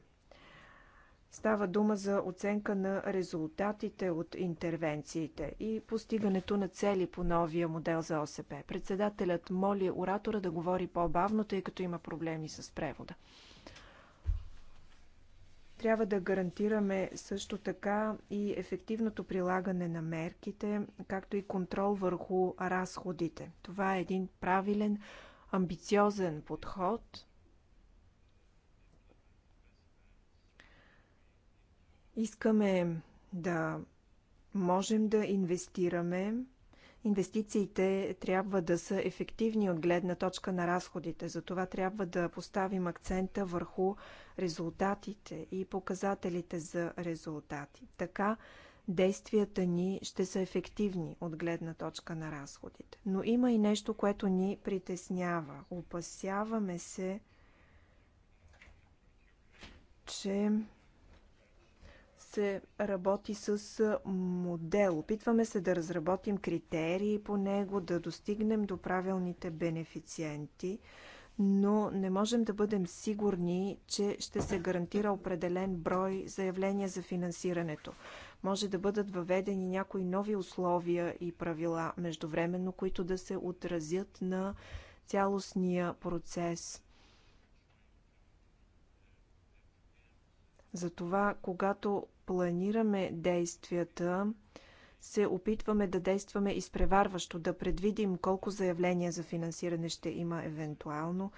Става дума за оценка на резултатите от интервенциите и постигането на цели по новия модел за ОСП. Председателят моли оратора да говори по-бавно, тъй като има проблеми с превода. Трябва да гарантираме също така и ефективното прилагане на мерките, както и контрол върху разходите. Това е един правилен, амбициозен подход – Искаме да можем да инвестираме. Инвестициите трябва да са ефективни от гледна точка на разходите. Затова трябва да поставим акцента върху резултатите и показателите за резултати. Така действията ни ще са ефективни от гледна точка на разходите. Но има и нещо, което ни притеснява. Опасяваме се, че се работи с модел. Опитваме се да разработим критерии по него, да достигнем до правилните бенефициенти, но не можем да бъдем сигурни, че ще се гарантира определен брой заявления за финансирането. Може да бъдат въведени някои нови условия и правила междувременно, които да се отразят на цялостния процес. Затова, когато планираме действията, се опитваме да действаме изпреварващо, да предвидим колко заявления за финансиране ще има евентуално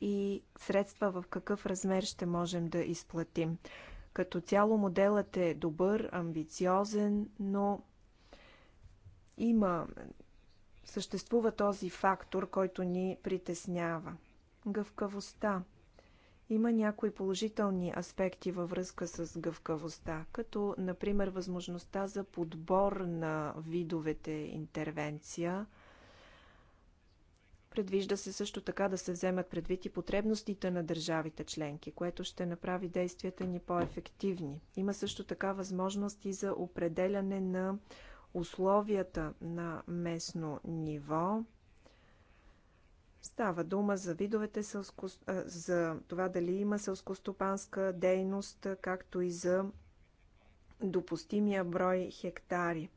и средства в какъв размер ще можем да изплатим. Като цяло моделът е добър, амбициозен, но има съществува този фактор, който ни притеснява. Гъвкавостта. Има някои положителни аспекти във връзка с гъвкавостта, като например възможността за подбор на видовете интервенция. Предвижда се също така да се вземат предвид и потребностите на държавите членки, което ще направи действията ни по-ефективни. Има също така възможности за определяне на условията на местно ниво, Става дума за видовете селско, за това дали има селскостопанска дейност, както и за допустимия брой хектари.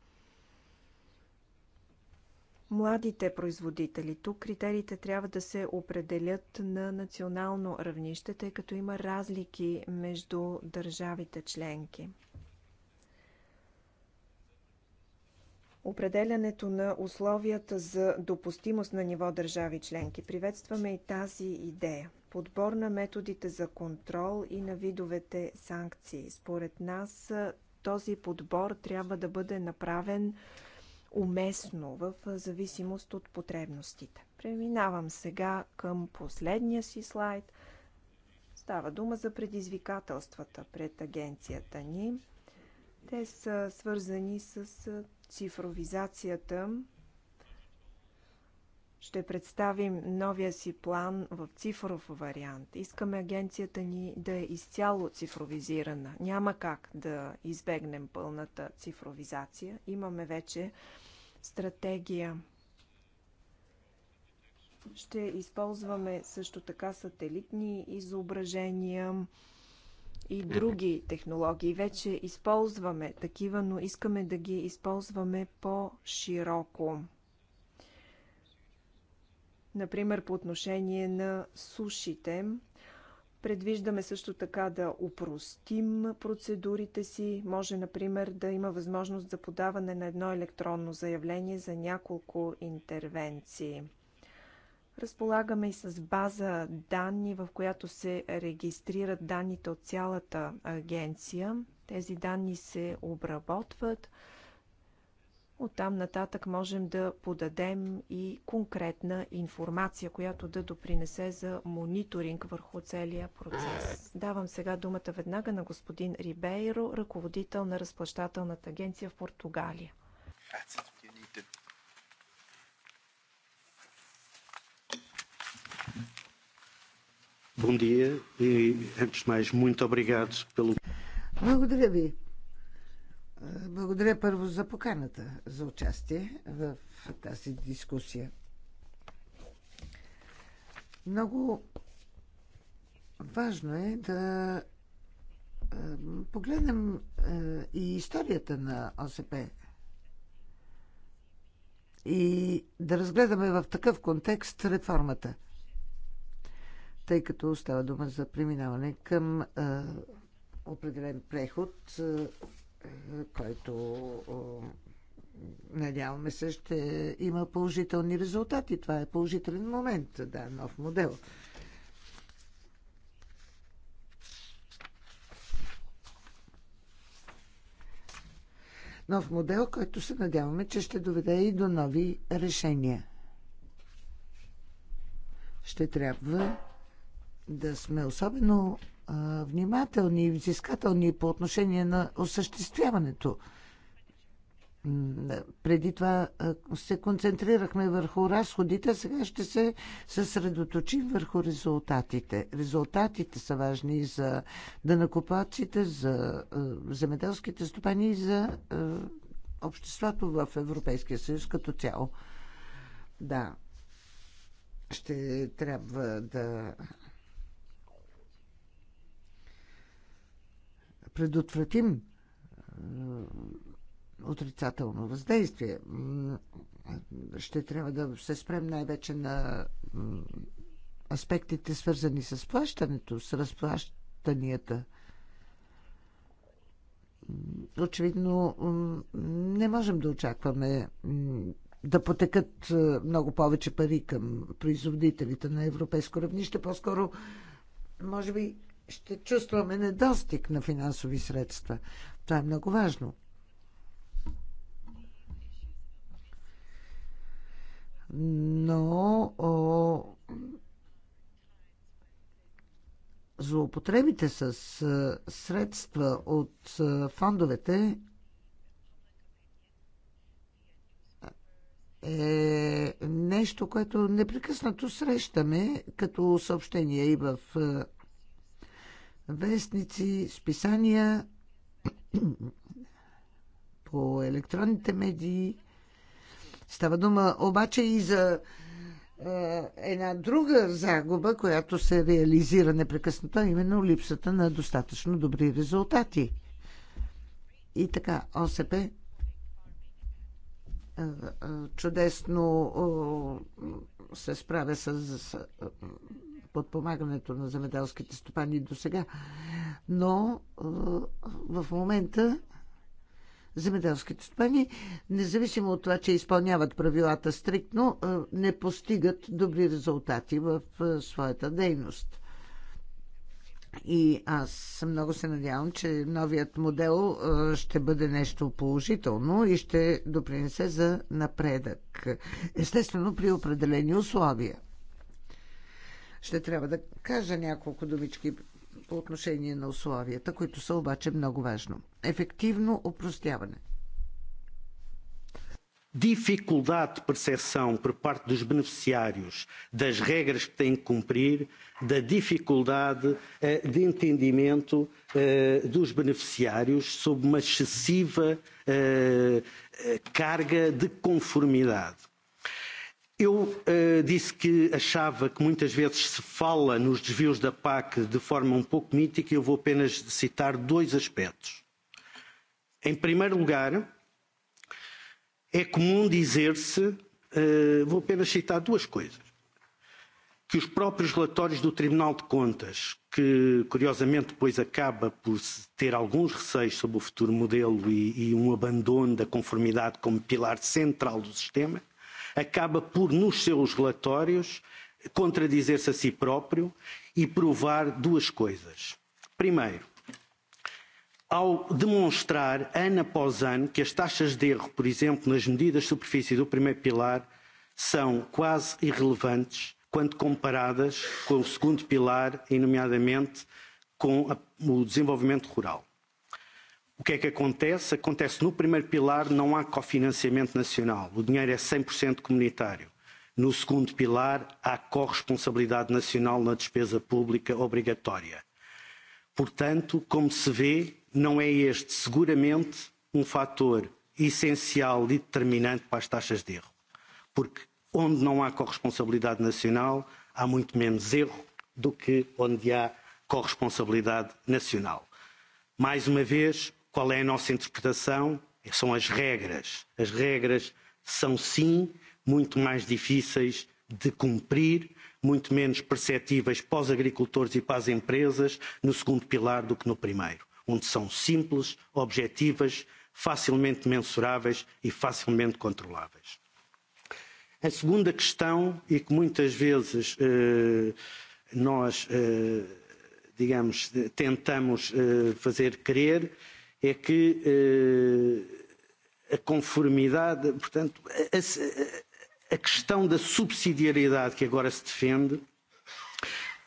Младите производители. Тук критериите трябва да се определят на национално равнище, тъй като има разлики между държавите членки. определянето на условията за допустимост на ниво държави членки. Приветстваме и тази идея. Подбор на методите за контрол и на видовете санкции. Според нас този подбор трябва да бъде направен уместно в зависимост от потребностите. Преминавам сега към последния си слайд. Става дума за предизвикателствата пред агенцията ни. Те са свързани с цифровизацията. Ще представим новия си план в цифров вариант. Искаме агенцията ни да е изцяло цифровизирана. Няма как да избегнем пълната цифровизация. Имаме вече стратегия. Ще използваме също така сателитни изображения, и други технологии. Вече използваме такива, но искаме да ги използваме по-широко. Например, по отношение на сушите. Предвиждаме също така да упростим процедурите си. Може, например, да има възможност за подаване на едно електронно заявление за няколко интервенции. Разполагаме и с база данни, в която се регистрират данните от цялата агенция. Тези данни се обработват. Оттам нататък можем да подадем и конкретна информация, която да допринесе за мониторинг върху целия процес. Давам сега думата веднага на господин Рибейро, ръководител на разплащателната агенция в Португалия.
Grazie. Bom dia e, antes de mais, muito obrigado pelo.
Благодаря ви. Благодаря първо за поканата за участие в тази дискусия. Много важно е да е, погледнем е, и историята на ОСП и да разгледаме в такъв контекст реформата – тъй като става дума за преминаване към а, е, определен преход, а, е, който а, е, надяваме се ще има положителни резултати. Това е положителен момент, да, нов модел. Нов модел, който се надяваме, че ще доведе и до нови решения. Ще трябва да сме особено внимателни и взискателни по отношение на осъществяването. Преди това се концентрирахме върху разходите, сега ще се съсредоточим върху резултатите. Резултатите са важни за дънакопаците, за земеделските стопани и за обществото в Европейския съюз като цяло. Да, ще трябва да предотвратим е, отрицателно въздействие, ще трябва да се спрем най-вече на аспектите, свързани с плащането, с разплащанията. Очевидно, не можем да очакваме да потекат е, много повече пари към производителите на европейско равнище. По-скоро, може би, ще чувстваме недостиг на финансови средства. Това е много важно. Но о, злоупотребите с средства от фондовете е нещо, което непрекъснато срещаме като съобщение и в вестници, списания, *clears throat* по електронните медии. Става дума обаче и за е, една друга загуба, която се реализира непрекъснато, именно липсата на достатъчно добри резултати. И така, ОСП е, е, чудесно се справя с подпомагането на земеделските стопани до сега. Но в момента земеделските стопани, независимо от това, че изпълняват правилата стриктно, не постигат добри резултати в своята дейност. И аз много се надявам, че новият модел ще бъде нещо положително и ще допринесе за напредък. Естествено, при определени условия ще трябва да кажа няколко думички по отношение на условията, които са обаче много важно. Ефективно упростяване.
Dificuldade de percepção por parte dos beneficiários das regras que têm que cumprir, da dificuldade de entendimento dos beneficiários sobre uma excessiva carga de conformidade Eu disse que achava que muitas vezes se fala nos desvios da PAC de forma um pouco mítica e eu vou apenas citar dois aspectos. Em primeiro lugar, é comum dizer-se, vou apenas citar duas coisas, que os próprios relatórios do Tribunal de Contas, que curiosamente depois acaba por ter alguns receios sobre o futuro modelo e, e um abandono da conformidade como pilar central do sistema, acaba por, nos seus relatórios, contradizer-se a si próprio e provar duas coisas. Primeiro, ao demonstrar ano após ano que as taxas de erro, por exemplo, nas medidas de superfície do primeiro pilar, são quase irrelevantes quando comparadas com o segundo pilar, e nomeadamente com o desenvolvimento rural. O que é que acontece? Acontece no primeiro pilar não há cofinanciamento nacional, o dinheiro é 100% comunitário. No segundo pilar há corresponsabilidade nacional na despesa pública obrigatória. Portanto, como se vê, não é este seguramente um fator essencial e determinante para as taxas de erro, porque onde não há corresponsabilidade nacional há muito menos erro do que onde há corresponsabilidade nacional. Mais uma vez, Qual é a nossa interpretação? São as regras. As regras são, sim, muito mais difíceis de cumprir, muito menos perceptíveis para os agricultores e para as empresas no segundo pilar do que no primeiro, onde são simples, objetivas, facilmente mensuráveis e facilmente controláveis. A segunda questão, e que muitas vezes eh, nós, eh, digamos, tentamos eh, fazer crer, é que a conformidade, portanto, a, a questão da subsidiariedade que agora se defende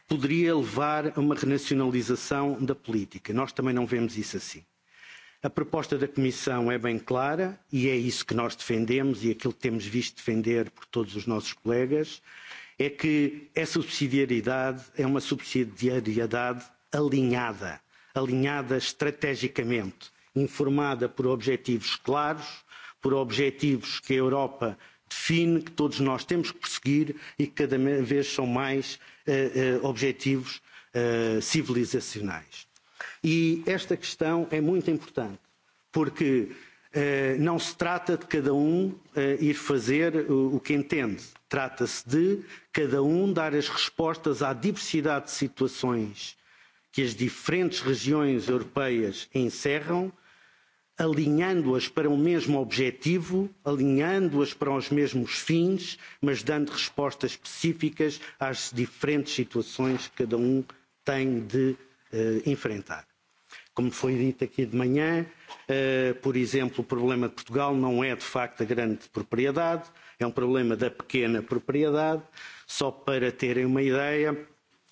poderia levar a uma renacionalização da política. Nós também não vemos isso assim. A proposta da Comissão é bem clara e é isso que nós defendemos e aquilo que temos visto defender por todos os nossos colegas é que essa subsidiariedade é uma subsidiariedade alinhada alinhada estrategicamente, informada por objetivos claros, por objetivos que a Europa define, que todos nós temos que perseguir e que cada vez são mais uh, uh, objetivos uh, civilizacionais. E esta questão é muito importante, porque uh, não se trata de cada um uh, ir fazer o, o que entende, trata-se de cada um dar as respostas à diversidade de situações que as diferentes regiões europeias encerram, alinhando-as para o mesmo objetivo, alinhando-as para os mesmos fins, mas dando respostas específicas às diferentes situações que cada um tem de enfrentar. Como foi dito aqui de manhã, por exemplo, o problema de Portugal não é de facto a grande propriedade, é um problema da pequena propriedade. Só para terem uma ideia,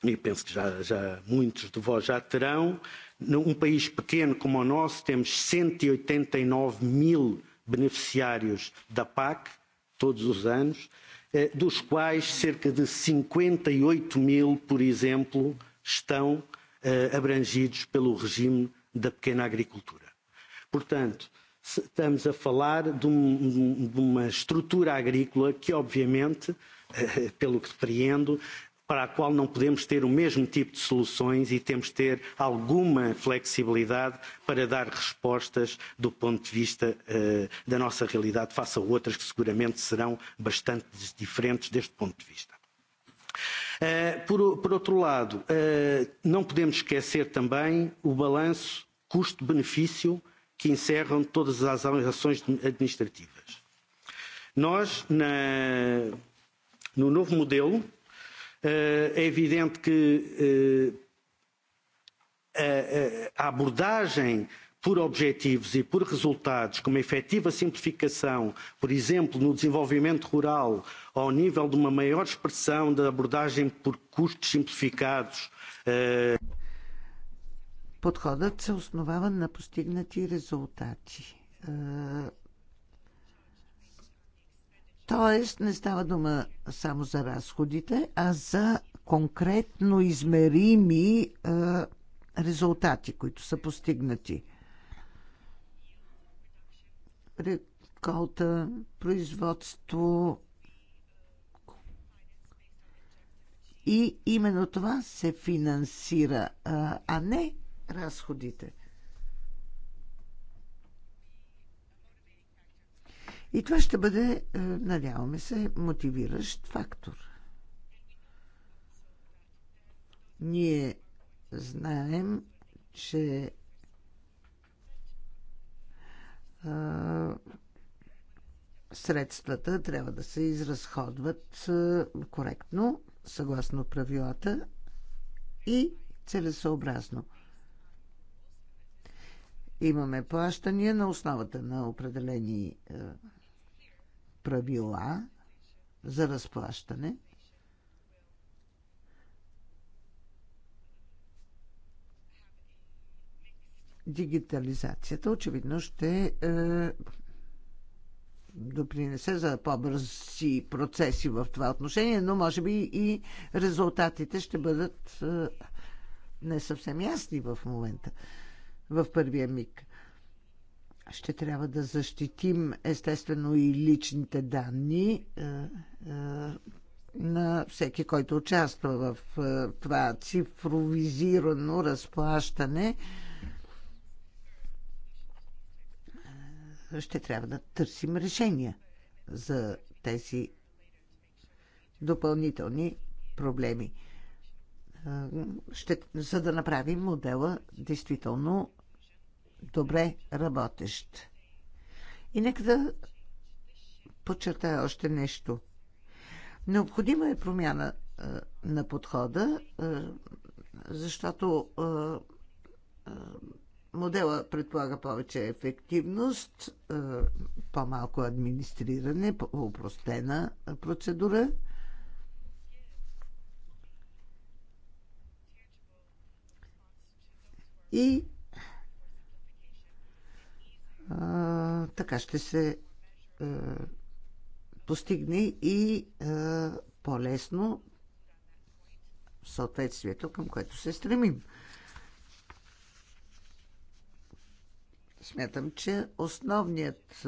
e penso que já, já muitos de vós já terão, num país pequeno como o nosso, temos 189 mil beneficiários da PAC todos os anos, dos quais cerca de 58 mil, por exemplo, estão abrangidos pelo regime da pequena agricultura. Portanto, estamos a falar de, uma estrutura agrícola que, obviamente, pelo que depreendo, para a qual não podemos ter o mesmo tipo de soluções e temos de ter alguma flexibilidade para dar respostas do ponto de vista da nossa realidade face a outras que seguramente serão bastante diferentes deste ponto de vista. Por, outro lado, não podemos esquecer também o balanço custo-benefício que encerram todas as ações administrativas. Nós, no novo modelo, é evidente que a abordagem por objetivos e por resultados, como a efetiva simplificação, por exemplo, no desenvolvimento rural, ao nível de uma maior expressão da abordagem por custos simplificados.
Подходът се основава на постигнати резултати. Тоест не става дума само за разходите, а за конкретно измерими е, резултати, които са постигнати. Реколта, производство, И именно това се финансира, а не разходите. И това ще бъде, е, надяваме се, мотивиращ фактор. Ние знаем, че а, е, средствата трябва да се изразходват е, коректно, съгласно правилата и целесообразно. Имаме плащания на основата на определени правила за разплащане. Дигитализацията очевидно ще е, допринесе за по-бързи процеси в това отношение, но може би и резултатите ще бъдат е, не съвсем ясни в момента, в първия миг ще трябва да защитим естествено и личните данни е, е, на всеки, който участва в е, това цифровизирано разплащане. Ще трябва да търсим решения за тези допълнителни проблеми. Ще, за да направим модела действително добре работещ. И нека да подчертая още нещо. Необходима е промяна е, на подхода, е, защото е, модела предполага повече ефективност, по-малко администриране, по-упростена процедура. И а, така ще се а, постигне и а, по-лесно съответствието, към което се стремим. Смятам, че основният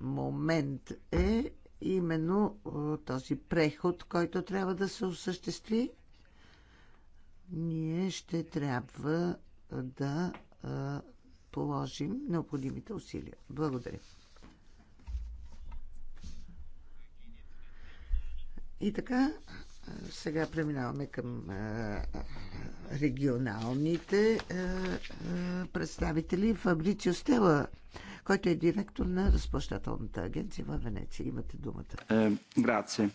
момент е именно този преход, който трябва да се осъществи. Ние ще трябва да положим необходимите усилия. Благодаря. И така, сега преминаваме към регионалните представители. Фабрицио Стела, който е директор на разплащателната агенция в Венеция. Имате думата.
Е, грация.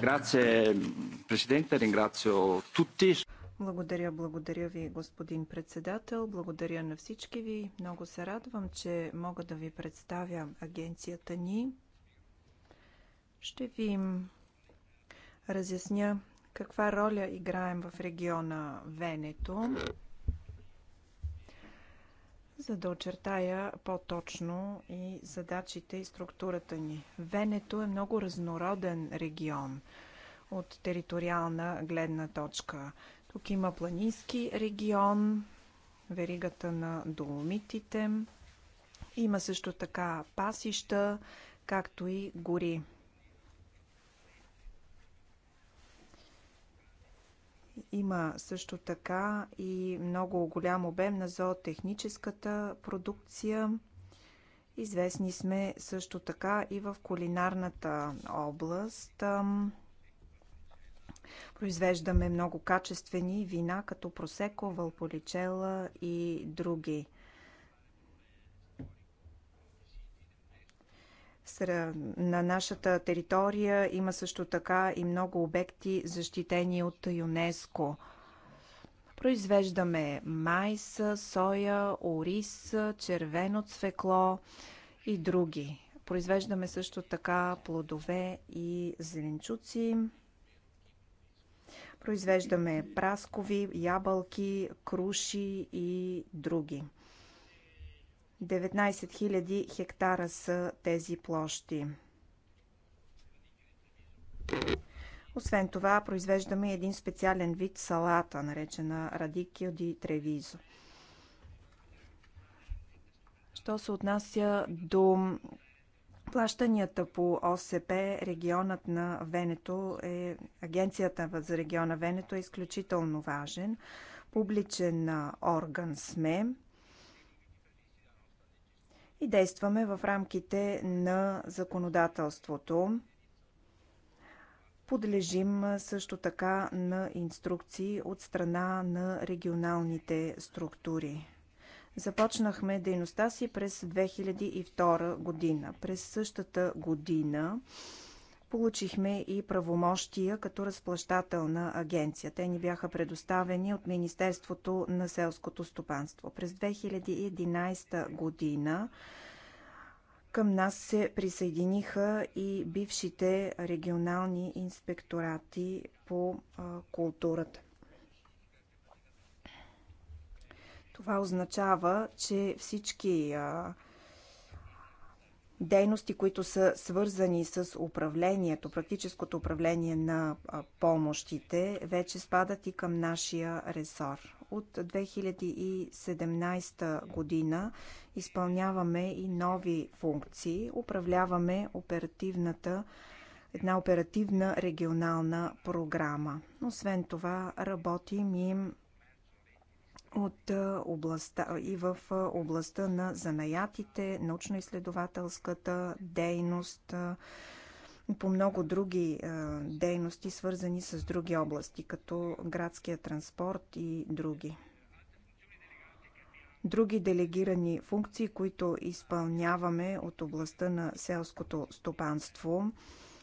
Grazie Presidente, ringrazio tutti. Благодаря, благодаря ви, господин председател. Благодаря на всички ви. Много се радвам, че мога да ви представя агенцията ни. Ще ви разясня каква роля играем в региона Венето, за да очертая по-точно и задачите и структурата ни. Венето е много разнороден регион от териториална гледна точка. Тук има планински регион, веригата на доломитите. Има също така пасища, както и гори. Има също така и много голям обем на зоотехническата продукция. Известни сме също така и в кулинарната област. Произвеждаме много качествени вина, като просеко, валполичела и други. На нашата територия има също така и много обекти, защитени от ЮНЕСКО. Произвеждаме майс, соя, ориз, червено цвекло и други. Произвеждаме също така плодове и зеленчуци. Произвеждаме праскови, ябълки, круши и други. 19 000 хектара са тези площи. Освен това, произвеждаме един специален вид салата, наречена радикио ди тревизо. Що се отнася до Плащанията по ОСП регионът на Венето е, агенцията за региона Венето е изключително важен. Публичен орган сме и действаме в рамките на законодателството. Подлежим също така на инструкции от страна на регионалните структури. Започнахме дейността си през 2002 година. През същата година получихме и правомощия като разплащателна агенция. Те ни бяха предоставени от Министерството на селското стопанство. През 2011 година към нас се присъединиха и бившите регионални инспекторати по културата. Това означава, че всички а, дейности, които са свързани с управлението, практическото управление на помощите, вече спадат и към нашия ресор. От 2017 година изпълняваме и нови функции. Управляваме оперативната една оперативна регионална програма. Освен това, работим и от областта, и в областта на занаятите, научно-изследователската дейност, по много други дейности, свързани с други области, като градския транспорт и други. Други делегирани функции, които изпълняваме от областта на селското стопанство –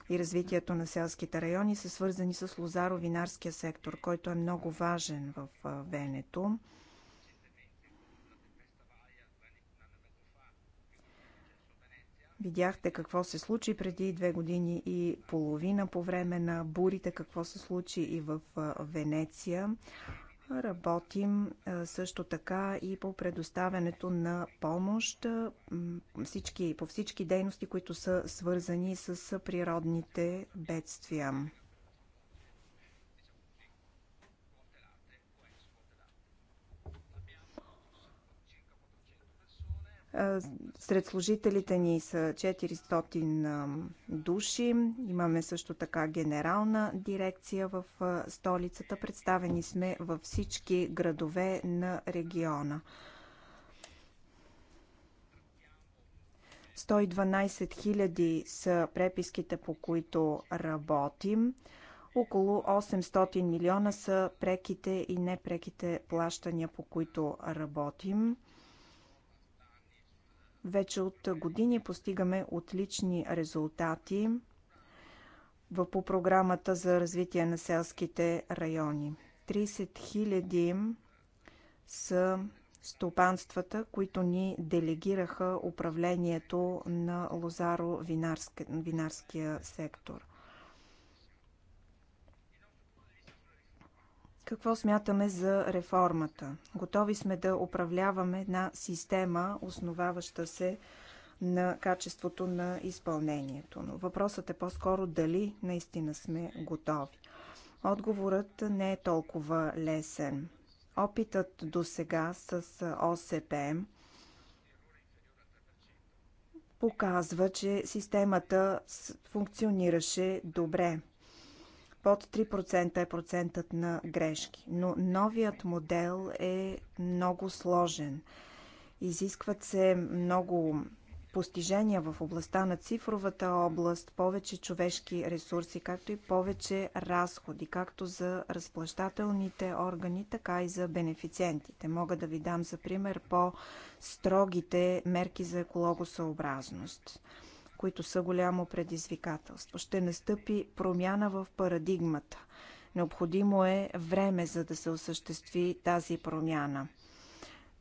и развитието на селските райони са свързани с лозаро-винарския сектор, който е много важен в Венето. Видяхте какво се случи преди две години и половина по време на бурите, какво се случи и в Венеция. Работим също така и по предоставянето на помощ по всички дейности, които са свързани с природните бедствия. Сред служителите ни са 400 души. Имаме също така генерална дирекция в столицата. Представени сме във всички градове на региона. 112 000 са преписките, по които работим. Около 800 милиона са преките и непреките плащания, по които работим. Вече от години постигаме отлични резултати по програмата за развитие на селските райони. 30 000 са стопанствата, които ни делегираха управлението на лозаро-винарския сектор. Какво смятаме за реформата? Готови сме да управляваме една система, основаваща се на качеството на изпълнението. Но въпросът е по-скоро дали наистина сме готови. Отговорът не е толкова лесен. Опитът до сега с ОСПМ показва, че системата функционираше добре. Под 3% е процентът на грешки. Но новият модел е много сложен. Изискват се много постижения в областта на цифровата област, повече човешки ресурси, както и повече разходи, както за разплащателните органи, така и за бенефициентите. Мога да ви дам за пример по-строгите мерки за екологосъобразност които са голямо предизвикателство. Ще настъпи промяна в парадигмата. Необходимо е време, за да се осъществи тази промяна.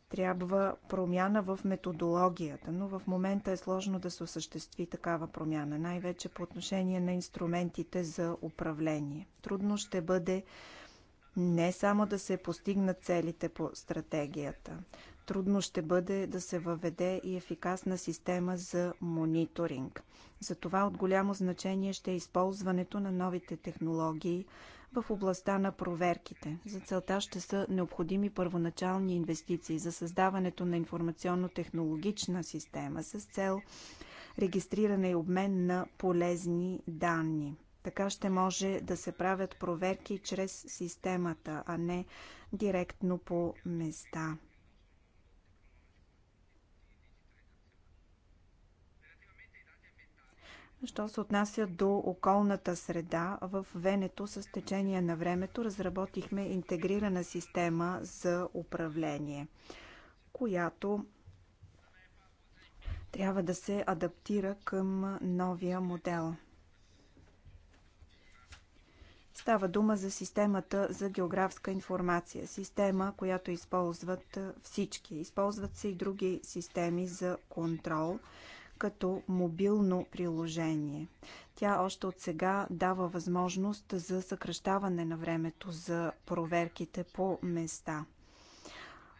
Трябва промяна в методологията, но в момента е сложно да се осъществи такава промяна, най-вече по отношение на инструментите за управление. Трудно ще бъде не само да се постигнат целите по стратегията, трудно ще бъде да се въведе и ефикасна система за мониторинг. Затова от голямо значение ще е използването на новите технологии в областта на проверките. За целта ще са необходими първоначални инвестиции за създаването на информационно-технологична система с цел регистриране и обмен на полезни данни. Така ще може да се правят проверки чрез системата, а не директно по места. Що се отнася до околната среда, в Венето с течение на времето разработихме интегрирана система за управление, която трябва да се адаптира към новия модел. Става дума за системата за географска информация, система, която използват всички. Използват се и други системи за контрол – като мобилно приложение. Тя още от сега дава възможност за съкръщаване на времето за проверките по места.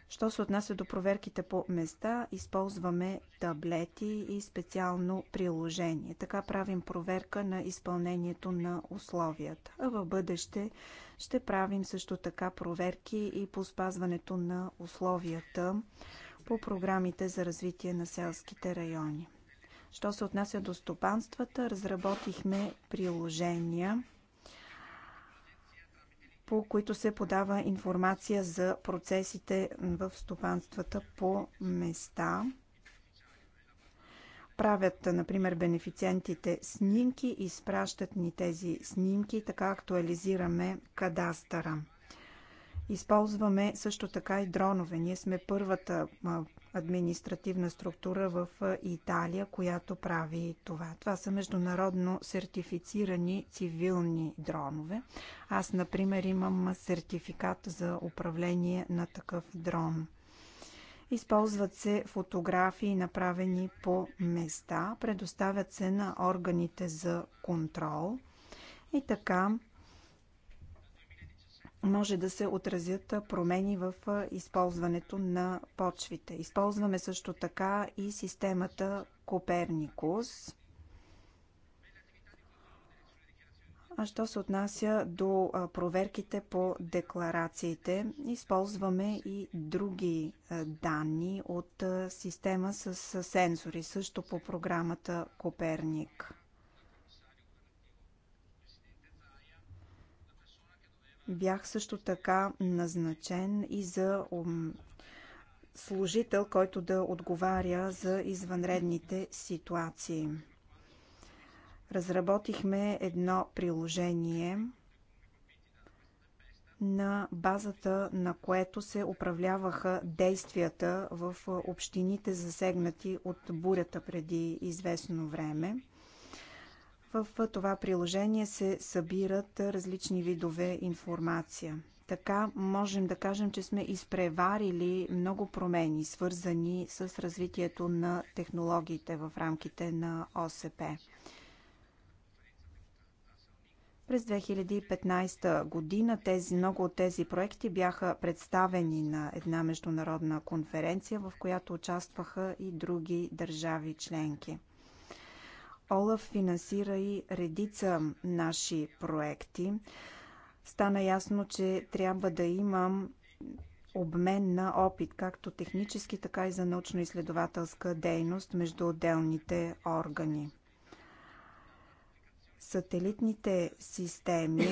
Що се отнася до проверките по места, използваме таблети и специално приложение. Така правим проверка на изпълнението на условията. А в бъдеще ще правим също така проверки и по спазването на условията по програмите за развитие на селските райони. Що се отнася до стопанствата, разработихме приложения, по които се подава информация за процесите в стопанствата по места. Правят, например, бенефициентите снимки, и изпращат ни тези снимки, така актуализираме кадастъра. Използваме също така и дронове. Ние сме първата административна структура в Италия, която прави това. Това са международно сертифицирани цивилни дронове. Аз, например, имам сертификат за управление на такъв дрон. Използват се фотографии, направени по места, предоставят се на органите за контрол. И така може да се отразят промени в използването на почвите. Използваме също така и системата Коперникус. А що се отнася до проверките по декларациите, използваме и други данни от система с сензори, също по програмата Коперник. Бях също така назначен и за служител, който да отговаря за извънредните ситуации. Разработихме едно приложение, на базата на което се управляваха действията в общините, засегнати от бурята преди известно време. В това приложение се събират различни видове информация. Така можем да кажем, че сме изпреварили много промени, свързани с развитието на технологиите в рамките на ОСП. През 2015 година тези, много от тези проекти бяха представени на една международна конференция, в която участваха и други държави членки. Олаф финансира и редица наши проекти. Стана ясно, че трябва да имам обмен на опит, както технически, така и за научно-изследователска дейност между отделните органи. Сателитните системи,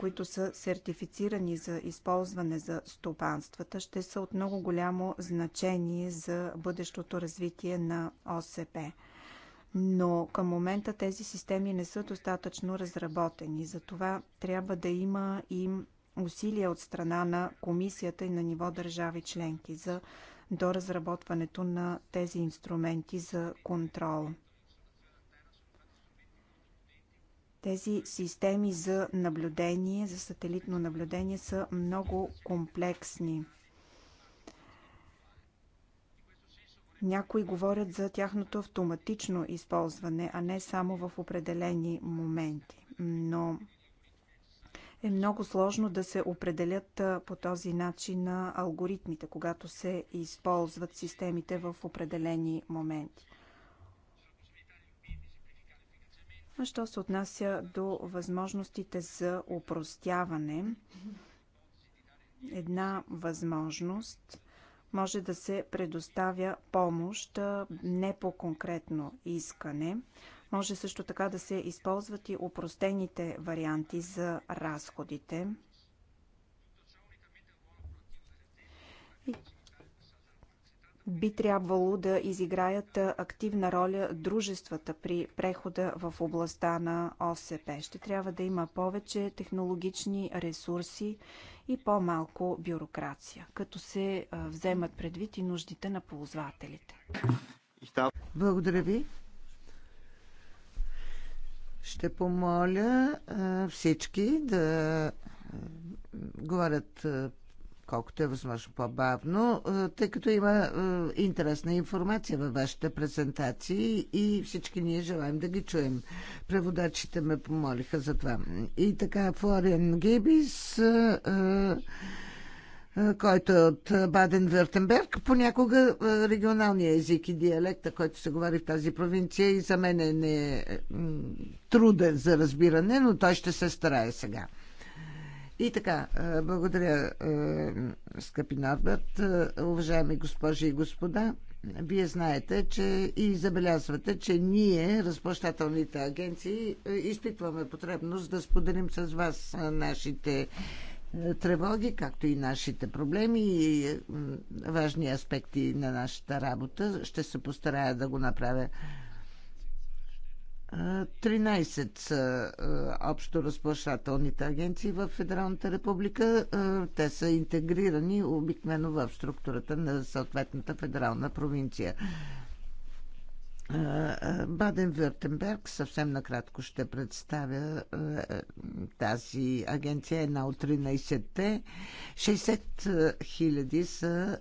които са сертифицирани за използване за стопанствата, ще са от много голямо значение за бъдещото развитие на ОСП но към момента тези системи не са достатъчно разработени. Затова трябва да има и усилия от страна на комисията и на ниво държави членки за доразработването на тези инструменти за контрол. Тези системи за наблюдение, за сателитно наблюдение са много комплексни – Някои говорят за тяхното автоматично използване, а не само в определени моменти. Но е много сложно да се определят по този начин на алгоритмите, когато се използват системите в определени моменти. А що се отнася до възможностите за упростяване, една възможност може да се предоставя помощ не по конкретно искане. Може също така да се използват и упростените варианти за разходите. И би трябвало да изиграят активна роля дружествата при прехода в областта на ОСП. Ще трябва да има повече технологични ресурси и по-малко бюрокрация, като се вземат предвид и нуждите на ползвателите.
Благодаря ви. Ще помоля всички да говорят колкото е възможно по-бавно, е, тъй като има е, интересна информация във вашите презентации и всички ние желаем да ги чуем. Преводачите ме помолиха за това. И така, Флориан Гибис, е, който е от баден вертенберг понякога регионалния език и диалекта, който се говори в тази провинция и за мен е не труден за разбиране, но той ще се старае сега. И така, е, благодаря, е, скъпи Норбърт, е, уважаеми госпожи и господа. Вие знаете, че и забелязвате, че ние, разплащателните агенции, изпитваме потребност да споделим с вас нашите тревоги, както и нашите проблеми и важни аспекти на нашата работа. Ще се постарая да го направя 13 са общо разплащателните агенции в Федералната република. Те са интегрирани обикновено в структурата на съответната федерална провинция. Баден-Вюртенберг съвсем накратко ще представя тази агенция, една от 13-те. 60 хиляди са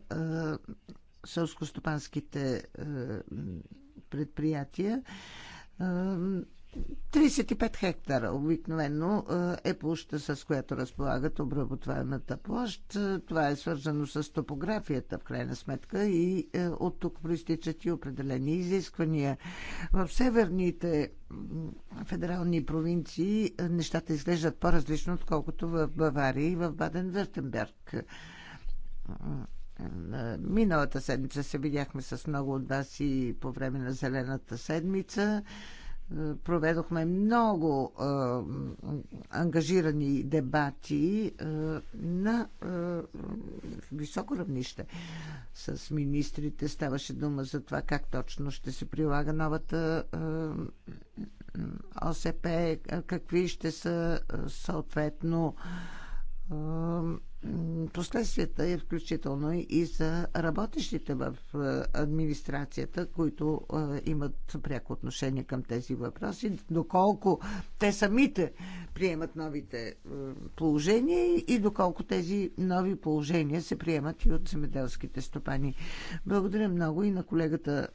селскостопанските предприятия. 35 хектара обикновено е площа, с която разполагат обработваемата площ. Това е свързано с топографията, в крайна сметка, и е, от тук проистичат и определени изисквания. В северните федерални провинции е, нещата изглеждат по-различно, отколкото в Бавария и в баден вертенберг Миналата седмица се видяхме с много от вас и по време на Зелената седмица. Е, проведохме много е, ангажирани дебати е, на е, високо равнище с министрите. Ставаше дума за това как точно ще се прилага новата е, ОСП, какви ще са е, съответно. Е, последствията е включително и за работещите в е, администрацията, които е, имат пряко отношение към тези въпроси, доколко те самите приемат новите е, положения и доколко тези нови положения се приемат и от земеделските стопани. Благодаря много и на колегата,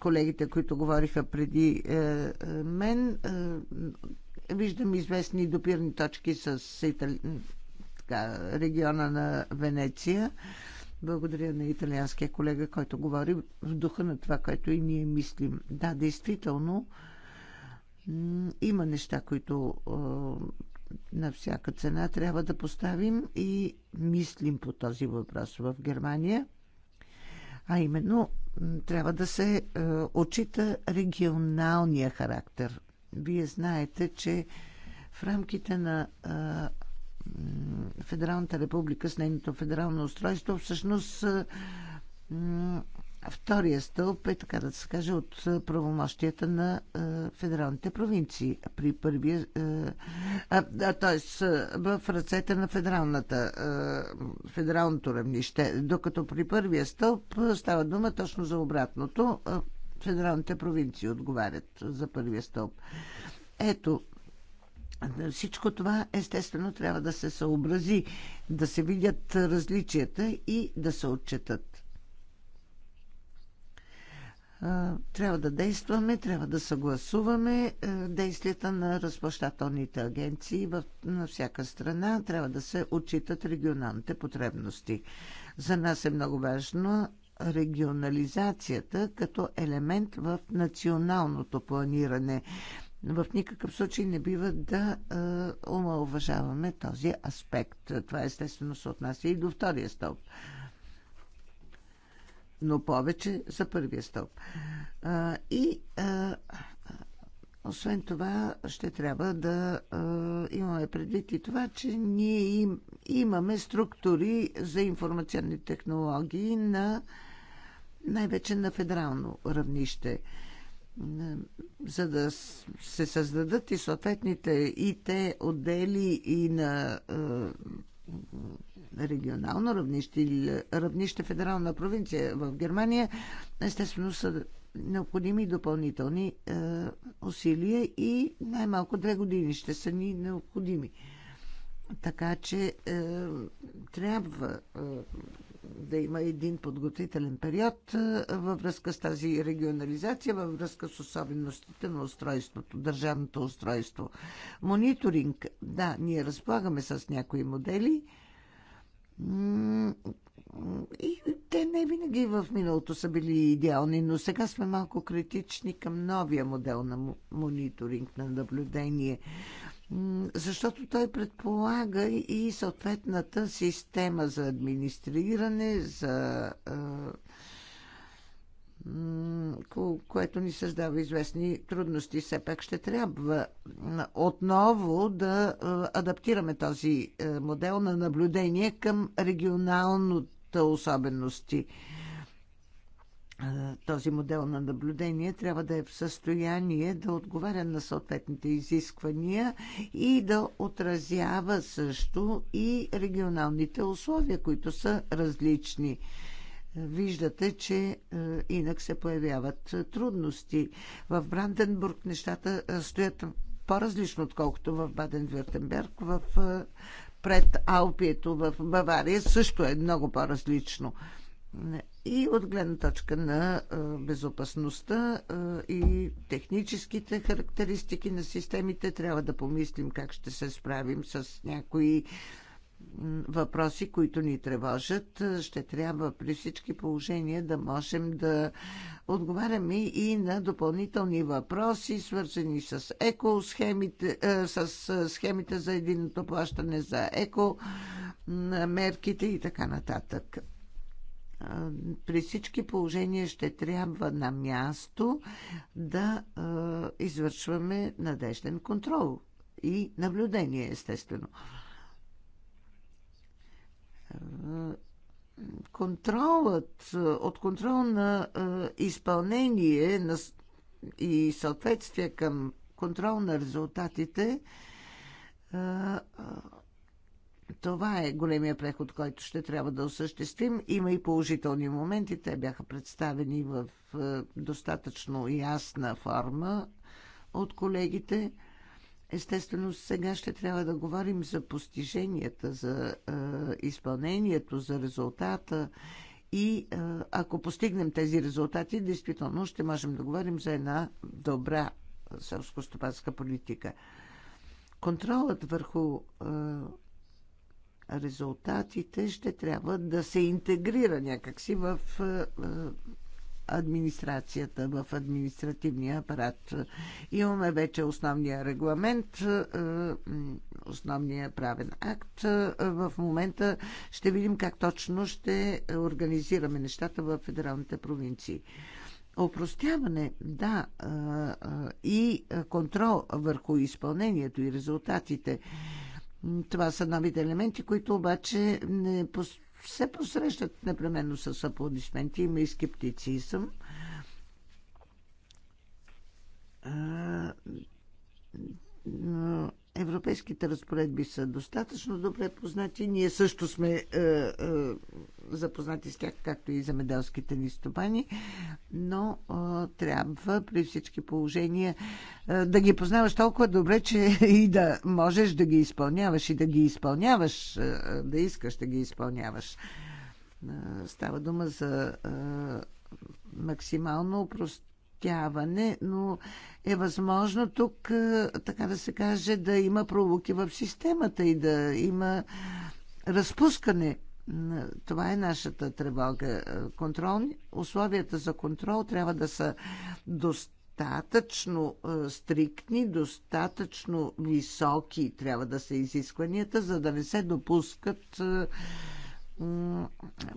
колегите, които говориха преди мен. Виждам известни допирни точки с така, региона на Венеция. Благодаря на италианския колега, който говори в духа на това, което и ние мислим. Да, действително, има неща, които на всяка цена трябва да поставим и мислим по този въпрос в Германия. А именно, трябва да се отчита регионалния характер. Вие знаете, че в рамките на Федералната република с нейното федерално устройство, всъщност втория стълб е, така да се каже, от правомощията на федералните провинции. При първия, т.е. в ръцете на федералната, федералното равнище, докато при първия стълб става дума точно за обратното. Федералните провинции отговарят за първия стълб. Ето, всичко това, естествено, трябва да се съобрази, да се видят различията и да се отчетат. Трябва да действаме, трябва да съгласуваме действията на разплащателните агенции на всяка страна, трябва да се отчитат регионалните потребности. За нас е много важно регионализацията като елемент в националното планиране. В никакъв случай не бива да омалуважаваме този аспект. Това естествено се отнася и до втория стълб но повече за първия стълб. А, и а, освен това, ще трябва да а, имаме предвид и това, че ние им, имаме структури за информационни технологии на най-вече на федерално равнище. А, за да се създадат и съответните и те отдели и на регионално равнище или равнище федерална провинция в Германия, естествено са необходими допълнителни е, усилия и най-малко две години ще са ни необходими. Така че е, трябва е, да има един подготвителен период е, във връзка с тази регионализация, във връзка с особеностите на устройството, държавното устройство. Мониторинг. Да, ние разполагаме с някои модели. И те не винаги в миналото са били идеални, но сега сме малко критични към новия модел на мониторинг, на наблюдение защото той предполага и съответната система за администриране, за което ни създава известни трудности. Все пак ще трябва отново да адаптираме този е, модел на наблюдение към регионалната особености този модел на наблюдение трябва да е в състояние да отговаря на съответните изисквания и да отразява също и регионалните условия, които са различни. Виждате, че инак се появяват трудности. В Бранденбург нещата стоят по-различно, отколкото в Баден-Вюртенберг. В пред Алпието в Бавария също е много по-различно и от гледна точка на безопасността и техническите характеристики на системите трябва да помислим как ще се справим с някои въпроси, които ни тревожат. Ще трябва при всички положения да можем да отговаряме и на допълнителни въпроси, свързани с екосхемите, с схемите за единното плащане, за еко мерките и така нататък при всички положения ще трябва на място да извършваме надежден контрол и наблюдение, естествено. Контролът от контрол на изпълнение на, и съответствие към контрол на резултатите това е големия преход, който ще трябва да осъществим. Има и положителни моменти. Те бяха представени в е, достатъчно ясна форма от колегите. Естествено, сега ще трябва да говорим за постиженията, за е, изпълнението, за резултата. И е, ако постигнем тези резултати, действително ще можем да говорим за една добра селско-стопанска политика. Контролът върху е, резултатите ще трябва да се интегрира някакси в е, е, администрацията, в административния апарат. Имаме вече основния регламент, е, основния правен акт. В момента ще видим как точно ще организираме нещата в федералните провинции. Опростяване, да, и контрол върху изпълнението и резултатите това са новите елементи, които обаче не се посрещат непременно с аплодисменти. Има и скептицизъм. Но Европейските разпоредби са достатъчно добре познати. Ние също сме е, е, запознати с тях, както и замеделските ни стопани, но е, трябва при всички положения е, да ги познаваш толкова добре, че *laughs* и да можеш да ги изпълняваш и да ги изпълняваш, е, да искаш да ги изпълняваш. Е, става дума за е, максимално прост опростяване, но е възможно тук, е, така да се каже, да има пролуки в системата и да има разпускане. Това е нашата тревога. Е, контрол, условията за контрол трябва да са достатъчно е, стриктни, достатъчно високи трябва да са изискванията, за да не се допускат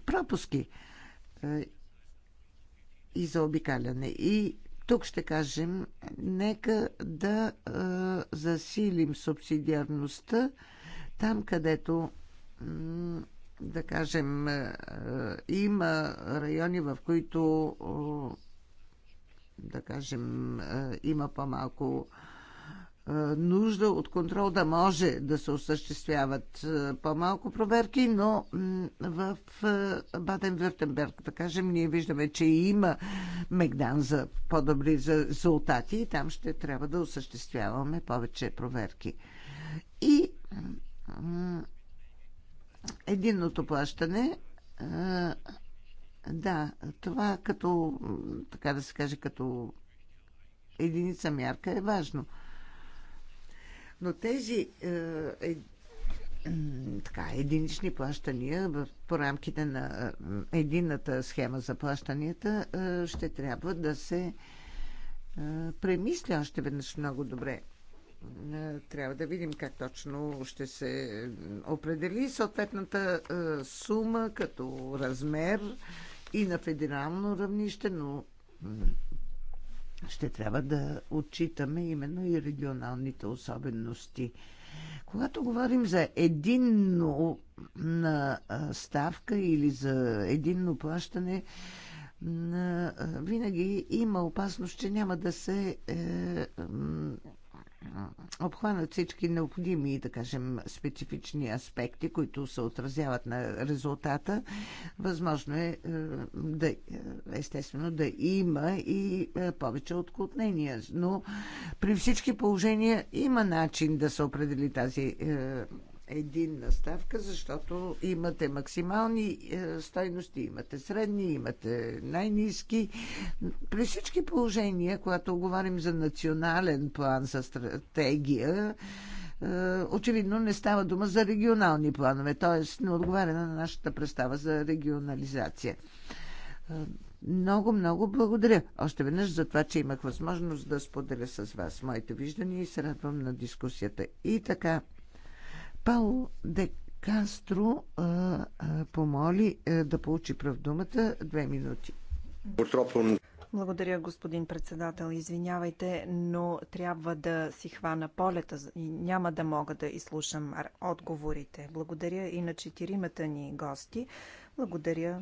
пропуски и за обикаляне. И тук ще кажем, нека да а, засилим субсидиарността там, където да кажем, има райони, в които да кажем, има по-малко е, нужда от контрол да може да се осъществяват е, по-малко проверки, но в е, Баден-Вюртенберг, да кажем, ние виждаме, че има Мегдан за по-добри резултати и там ще трябва да осъществяваме повече проверки. И единното плащане да, това като, така да се каже, като единица мярка е важно – но тези е, е, така, единични плащания в, по рамките на е, едината схема за плащанията е, ще трябва да се е, премисля още веднъж много добре е, трябва да видим как точно ще се определи съответната е, сума като размер и на федерално равнище, но ще трябва да отчитаме именно и регионалните особености. Когато говорим за единно ставка или за единно плащане, винаги има опасност, че няма да се е, обхванат всички необходими, да кажем, специфични аспекти, които се отразяват на резултата, възможно е, е да, естествено да има и е, повече отклонения. Но при всички положения има начин да се определи тази е, единна ставка, защото имате максимални е, стойности, имате средни, имате най-низки. При всички положения, когато говорим за национален план за стратегия, е, очевидно не става дума за регионални планове, т.е. не отговаря на нашата представа за регионализация. Е, много, много благодаря. Още веднъж за това, че имах възможност да споделя с вас моите виждания и се радвам на дискусията. И така, Пал де Кастро а, а, помоли а, е, да получи прав думата. Две минути.
Благодаря, господин председател. Извинявайте, но трябва да си хвана полета няма да мога да изслушам отговорите. Благодаря и на четиримата ни гости. Благодаря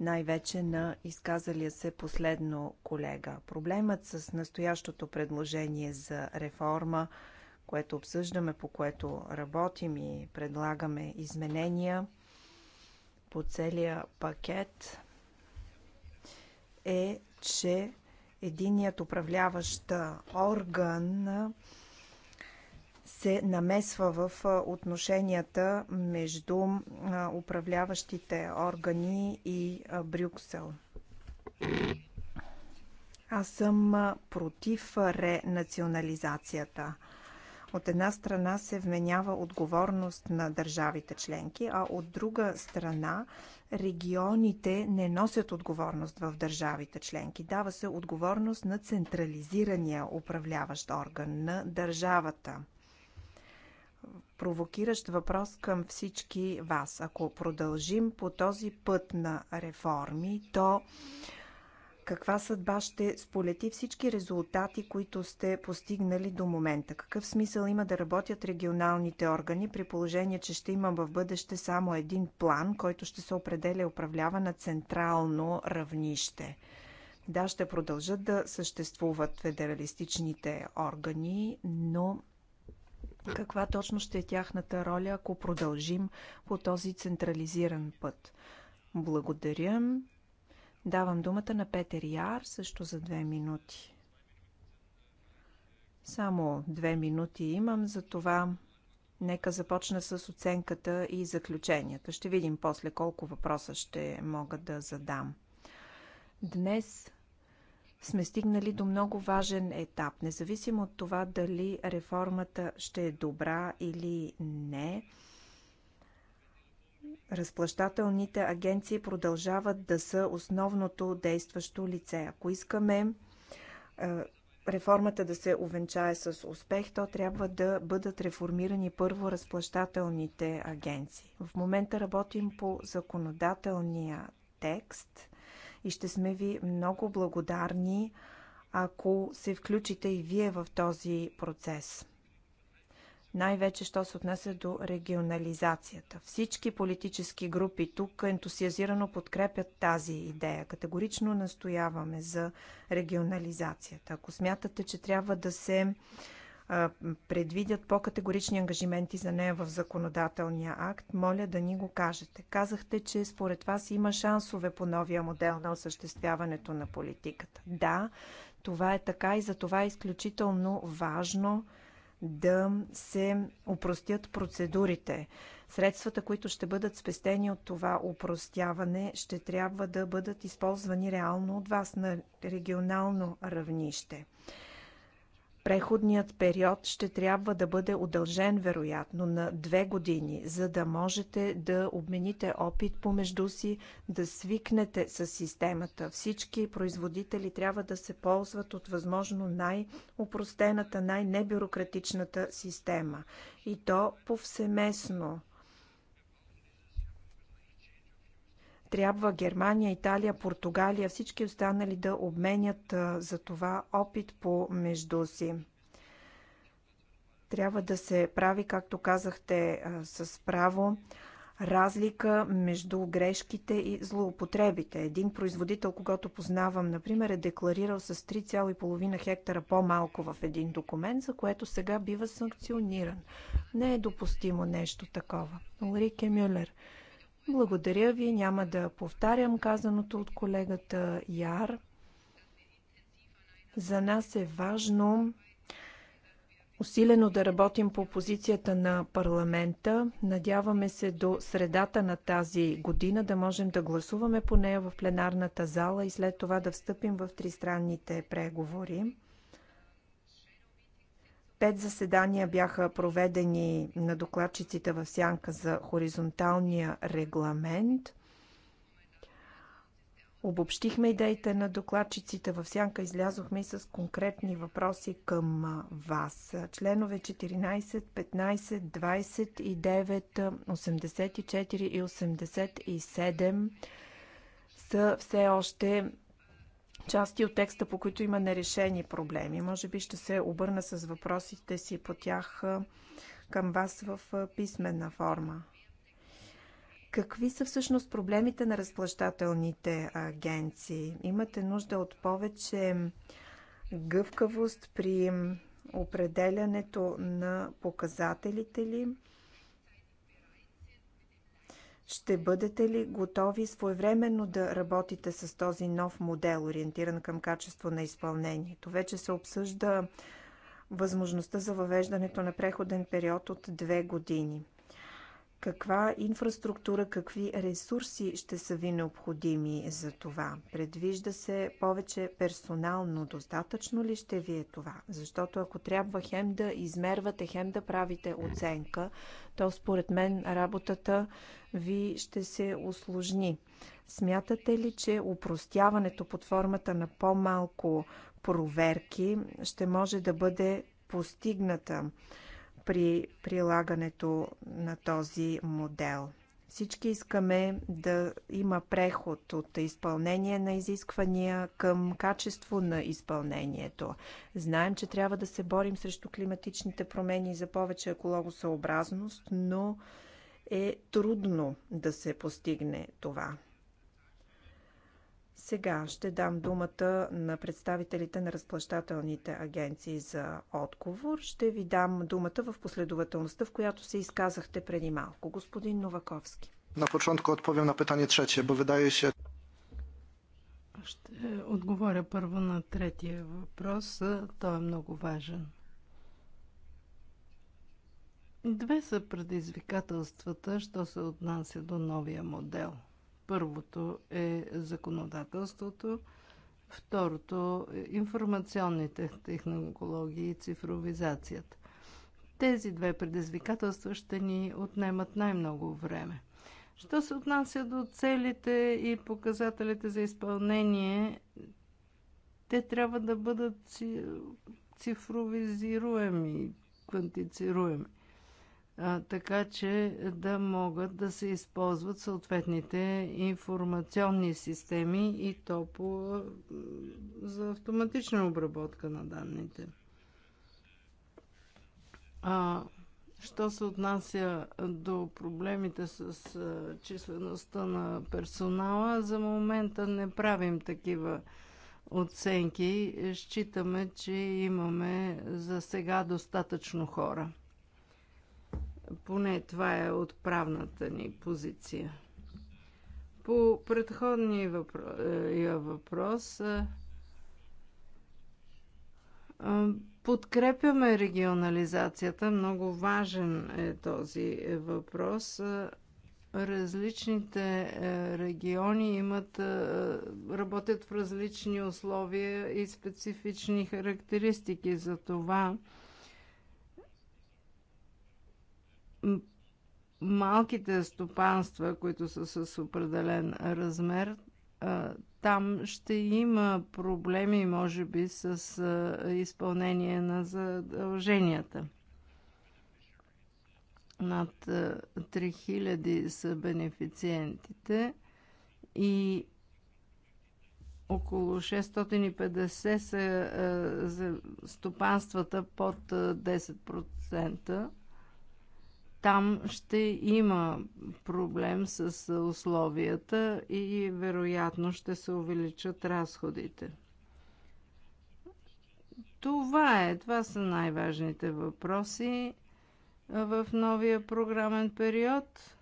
най-вече на изказалия се последно колега. Проблемът с настоящото предложение за реформа – което обсъждаме, по което работим и предлагаме изменения по целия пакет, е, че единият управляващ орган се намесва в отношенията между управляващите органи и Брюксел. Аз съм против ренационализацията. От една страна се вменява отговорност на държавите членки, а от друга страна регионите не носят отговорност в държавите членки. Дава се отговорност на централизирания управляващ орган, на държавата провокиращ въпрос към всички вас. Ако продължим по този път на реформи, то каква съдба ще сполети всички резултати, които сте постигнали до момента? Какъв смисъл има да работят регионалните органи при положение, че ще има в бъдеще само един план, който ще се определя и управлява на централно равнище? Да, ще продължат да съществуват федералистичните органи, но каква точно ще е тяхната роля, ако продължим по този централизиран път? Благодаря. Давам думата на Петър Яр също за две минути. Само две минути имам, затова нека започна с оценката и заключенията. Ще видим после колко въпроса ще мога да задам. Днес сме стигнали до много важен етап. Независимо от това дали реформата ще е добра или не, разплащателните агенции продължават да са основното действащо лице. Ако искаме е, реформата да се увенчае с успех, то трябва да бъдат реформирани първо разплащателните агенции. В момента работим по законодателния текст и ще сме ви много благодарни, ако се включите и вие в този процес най-вече що се отнася до регионализацията. Всички политически групи тук ентусиазирано подкрепят тази идея. Категорично настояваме за регионализацията. Ако смятате, че трябва да се предвидят по-категорични ангажименти за нея в законодателния акт, моля да ни го кажете. Казахте, че според вас има шансове по новия модел на осъществяването на политиката. Да, това е така и за това е изключително важно – да се упростят процедурите. Средствата, които ще бъдат спестени от това упростяване, ще трябва да бъдат използвани реално от вас на регионално равнище. Преходният период ще трябва да бъде удължен вероятно на две години, за да можете да обмените опит помежду си, да свикнете с системата. Всички производители трябва да се ползват от възможно най-упростената, най-небюрократичната система. И то повсеместно – трябва Германия, Италия, Португалия, всички останали да обменят за това опит по между си. Трябва да се прави, както казахте с право, разлика между грешките и злоупотребите. Един производител, когато познавам, например, е декларирал с 3,5 хектара по-малко в един документ, за което сега бива санкциониран. Не е допустимо нещо такова. Ларике Мюллер. Благодаря ви. Няма да повтарям казаното от колегата Яр. За нас е важно усилено да работим по позицията на парламента. Надяваме се до средата на тази година да можем да гласуваме по нея в пленарната зала и след това да встъпим в тристранните преговори. Пет заседания бяха проведени на докладчиците в сянка за хоризонталния регламент. Обобщихме идеите на докладчиците в сянка, излязохме и с конкретни въпроси към вас. Членове 14, 15, 29, 84 и 87 са все още части от текста, по които има нерешени проблеми. Може би ще се обърна с въпросите си по тях към вас в писменна форма. Какви са всъщност проблемите на разплащателните агенции? Имате нужда от повече гъвкавост при определянето на показателите ли? Ще бъдете ли готови своевременно да работите с този нов модел, ориентиран към качество на изпълнението? Вече се обсъжда възможността за въвеждането на преходен период от две години. Каква инфраструктура, какви ресурси ще са ви необходими за това? Предвижда се повече персонално. Достатъчно ли ще ви е това? Защото ако трябва хем да измервате, хем да правите оценка, то според мен работата ви ще се осложни. Смятате ли, че упростяването под формата на по-малко проверки ще може да бъде постигната при прилагането на този модел. Всички искаме да има преход от изпълнение на изисквания към качество на изпълнението. Знаем, че трябва да се борим срещу климатичните промени за повече екологосъобразност, но е трудно да се постигне това. Сега ще дам думата на представителите на разплащателните агенции за отговор. Ще ви дам думата в последователността, в която се изказахте преди малко. Господин Новаковски. На początku
отповям на питание trzecie, бо видае се...
Ще отговоря първо на третия въпрос. Той е много важен. Две са предизвикателствата, що се отнася до новия модел – Първото е законодателството, второто е информационните технологии и цифровизацията. Тези две предизвикателства ще ни отнемат най-много време. Що се отнася до целите и показателите за изпълнение, те трябва да бъдат цифровизируеми, квантицируеми така че да могат да се използват съответните информационни системи и то по, за автоматична обработка на данните. А, що се отнася до проблемите с числеността на персонала, за момента не правим такива оценки. Считаме, че имаме за сега достатъчно хора. Поне това е отправната ни позиция. По предходния е, въпрос е, е, подкрепяме регионализацията. Много важен е този въпрос. Различните региони имат, работят в различни условия и специфични характеристики. За това малките стопанства, които са с определен размер, там ще има проблеми, може би, с изпълнение на задълженията. Над 3000 са бенефициентите и около 650 са стопанствата под 10%. Там ще има проблем с условията и вероятно ще се увеличат разходите. Това е, това са най-важните въпроси в новия програмен период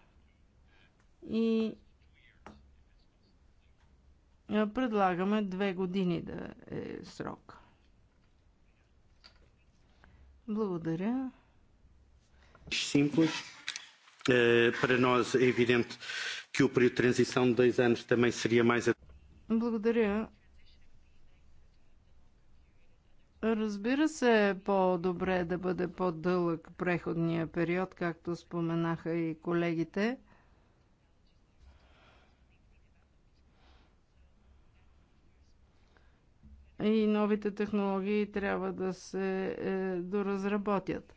и предлагаме две години да е срок. Благодаря
simples. Para nós é evidente que o período de transição de dois anos também seria mais.
Благодаря. Разбира се, е по-добре да бъде по-дълъг преходния период, както споменаха и колегите. И новите технологии трябва да се е, доразработят.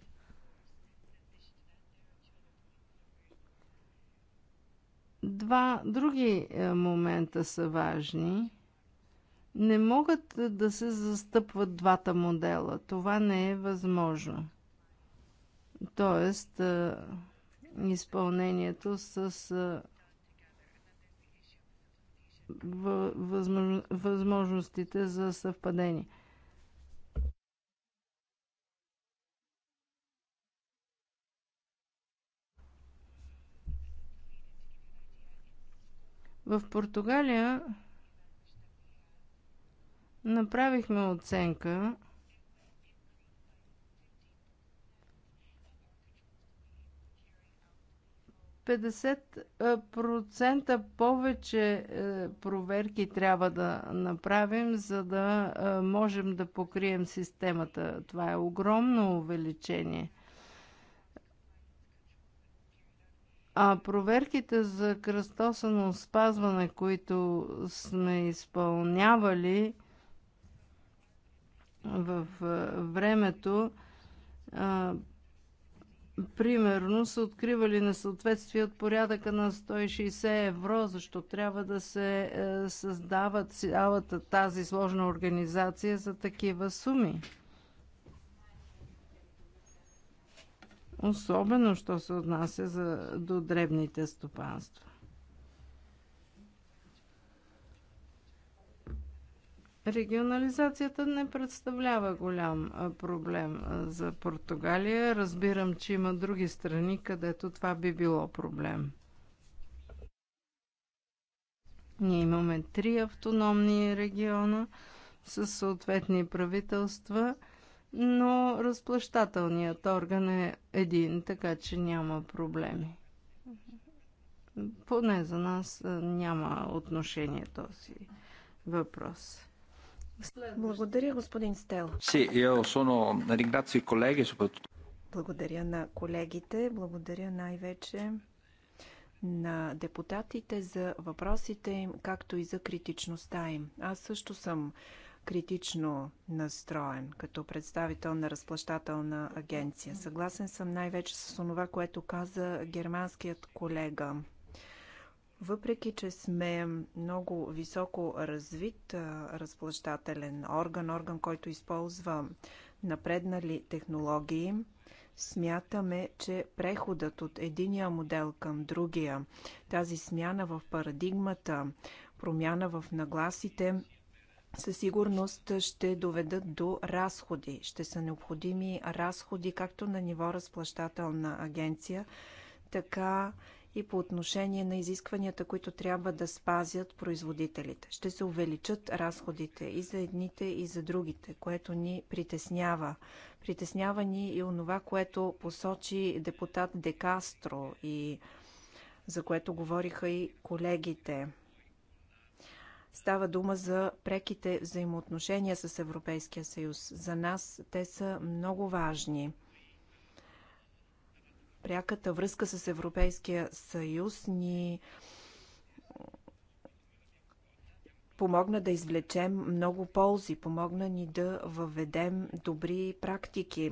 Два други е, момента са важни. Не могат да се застъпват двата модела. Това не е възможно. Тоест, е, изпълнението с е, възможностите за съвпадение. В Португалия направихме оценка процента повече е, проверки трябва да направим, за да можем да покрием системата. Това е огромно увеличение – А проверките за кръстосано спазване, които сме изпълнявали в времето, примерно са откривали несъответствие от порядъка на 160 евро, защо трябва да се е, създава цялата тази сложна организация за такива суми. особено що се отнася за, до дребните стопанства. Регионализацията не представлява голям проблем за Португалия. Разбирам, че има други страни, където това би било проблем. Ние имаме три автономни региона с съответни правителства – но разплащателният орган е един, така че няма проблеми. Поне за нас няма отношение този въпрос.
Благодаря, господин Стел.
Си, я особено ringrazio i
Благодаря на колегите, благодаря най-вече на депутатите за въпросите им, както и за критичността им. Аз също съм критично настроен като представител на разплащателна агенция. Съгласен съм най-вече с това, което каза германският колега. Въпреки, че сме много високо развит разплащателен орган, орган, който използва напреднали технологии, смятаме, че преходът от единия модел към другия, тази смяна в парадигмата, промяна в нагласите със сигурност ще доведат до разходи. Ще са необходими разходи както на ниво разплащателна агенция, така и по отношение на изискванията, които трябва да спазят производителите. Ще се увеличат разходите и за едните, и за другите, което ни притеснява. Притеснява ни и онова, което посочи депутат Декастро и за което говориха и колегите – Става дума за преките взаимоотношения с Европейския съюз. За нас те са много важни. Пряката връзка с Европейския съюз ни помогна да извлечем много ползи, помогна ни да въведем добри практики.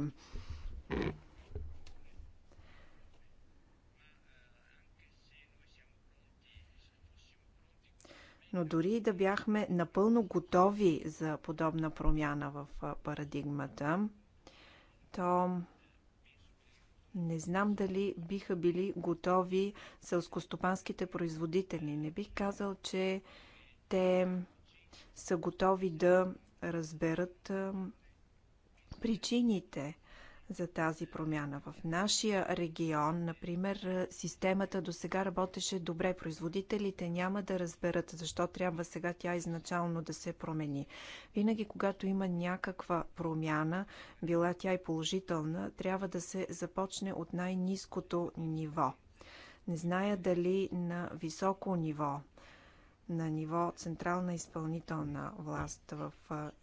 Но дори и да бяхме напълно готови за подобна промяна в парадигмата, то не знам дали биха били готови селскостопанските производители. Не бих казал, че те са готови да разберат причините за тази промяна. В нашия регион, например, е, системата до сега работеше добре. Производителите няма да разберат защо трябва сега тя изначално да се промени. Винаги, когато има някаква промяна, била тя и положителна, трябва да се започне от най-низкото ниво. Не зная дали на високо ниво на ниво централна изпълнителна власт в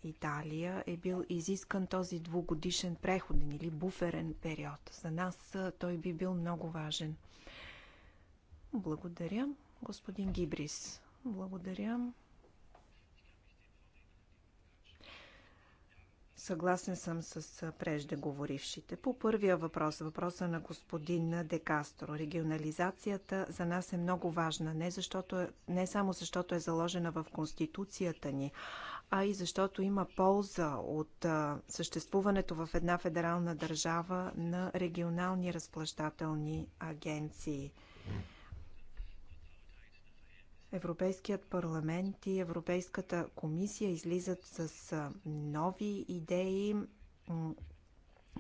Италия е бил изискан този двугодишен преходен или буферен период. За нас той би бил много важен. Благодаря, господин Гибрис. Благодаря. Съгласен съм с преждеговорившите. По първия въпрос, въпроса на господин Декастро, регионализацията за нас е много важна, не, защото, не само защото е заложена в Конституцията ни, а и защото има полза от съществуването в една федерална държава на регионални разплащателни агенции. Европейският парламент и Европейската комисия излизат с нови идеи и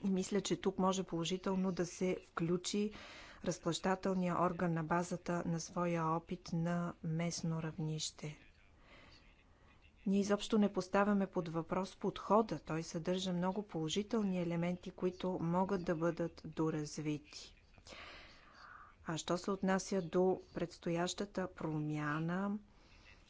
мисля, че тук може положително да се включи разплащателния орган на базата на своя опит на местно равнище. Ние изобщо не поставяме под въпрос подхода. Той съдържа много положителни елементи, които могат да бъдат доразвити. А що се отнася до предстоящата промяна,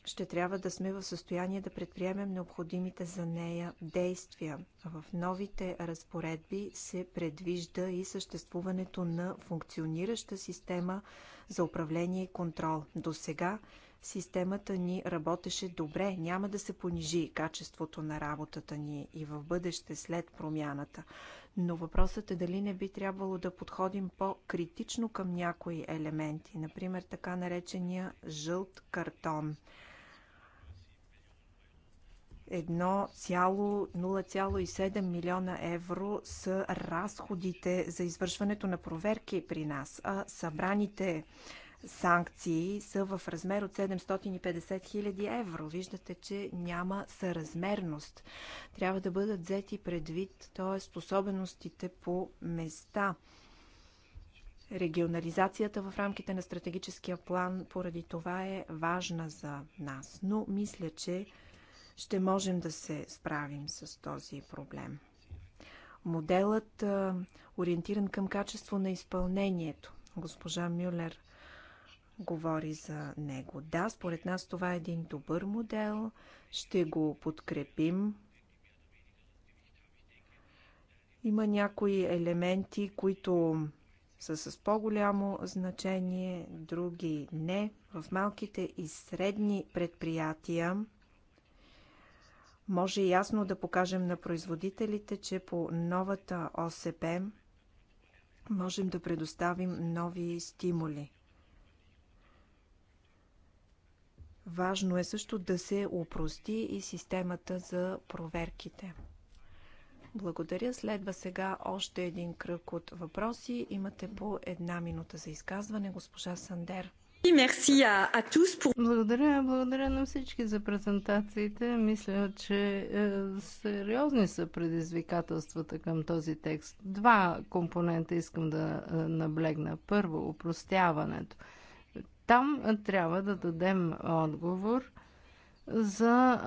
ще трябва да сме в състояние да предприемем необходимите за нея действия. В новите разпоредби се предвижда и съществуването на функционираща система за управление и контрол. До сега системата ни работеше добре. Няма да се понижи качеството на работата ни и в бъдеще след промяната но въпросът е дали не би трябвало да подходим по-критично към някои елементи, например така наречения жълт картон. Едно цяло 0,7 милиона евро са разходите за извършването на проверки при нас, а събраните санкции са в размер от 750 000 евро. Виждате, че няма съразмерност. Трябва да бъдат взети предвид, т.е. особеностите по места. Регионализацията в рамките на стратегическия план поради това е важна за нас, но мисля, че ще можем да се справим с този проблем. Моделът ориентиран към качество на изпълнението. Госпожа Мюлер говори за него. Да, според нас това е един добър модел, ще го подкрепим. Има някои елементи, които са с по-голямо значение, други не. В малките и средни предприятия може ясно да покажем на производителите, че по новата ОСП можем да предоставим нови стимули. Важно е също да се опрости и системата за проверките. Благодаря. Следва сега още един кръг от въпроси. Имате по една минута за изказване, госпожа Сандер.
Благодаря, благодаря на всички за презентациите. Мисля, че е, сериозни са предизвикателствата към този текст. Два компонента искам да е, наблегна. Първо, упростяването. Там трябва да дадем отговор за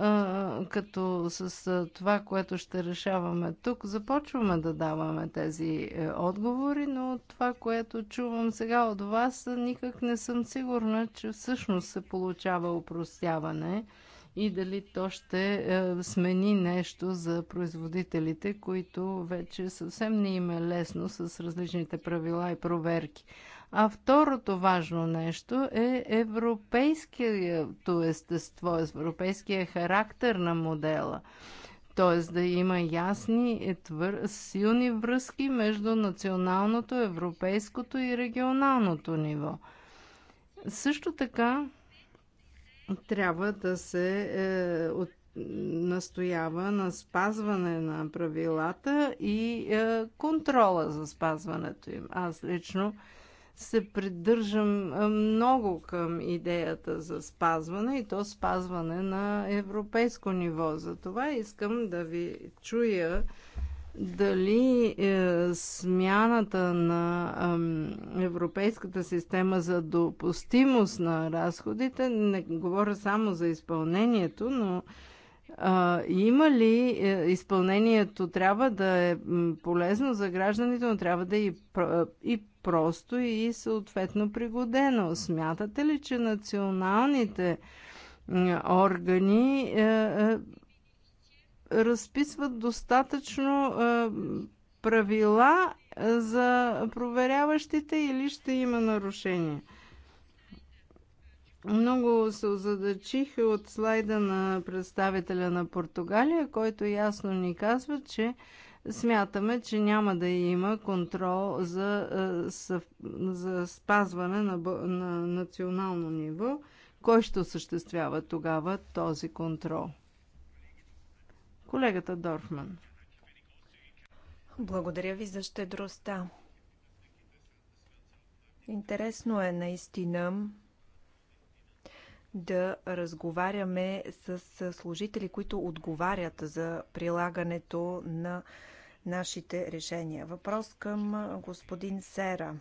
като с това, което ще решаваме тук, започваме да даваме тези е, отговори, но това, което чувам сега от вас, никак не съм сигурна, че всъщност се получава упростяване и дали то ще е, смени нещо за производителите, които вече съвсем не им е лесно с различните правила и проверки. А второто важно нещо е европейското естество, европейския характер на модела. Т.е. да има ясни, твър... силни връзки между националното, европейското и регионалното ниво. Също така трябва да се е, от, настоява на спазване на правилата и е, контрола за спазването им. Аз лично е, се придържам много към идеята за спазване и то спазване на европейско ниво. За това искам да ви чуя дали е, смяната на е, Европейската система за допустимост на разходите, не говоря само за изпълнението, но а, има ли е, изпълнението трябва да е полезно за гражданите, но трябва да е и, и просто и съответно пригодено. Смятате ли, че националните органи е, е, разписват достатъчно е, правила за проверяващите или ще има нарушения? Много се озадачих от слайда на представителя на Португалия, който ясно ни казва, че смятаме, че няма да има контрол за, е, за спазване на, на национално ниво. Кой ще осъществява тогава този контрол? Колегата Дорфман.
Благодаря ви за щедростта. Интересно е наистина да разговаряме с служители, които отговарят за прилагането на нашите решения. Въпрос към господин Сера.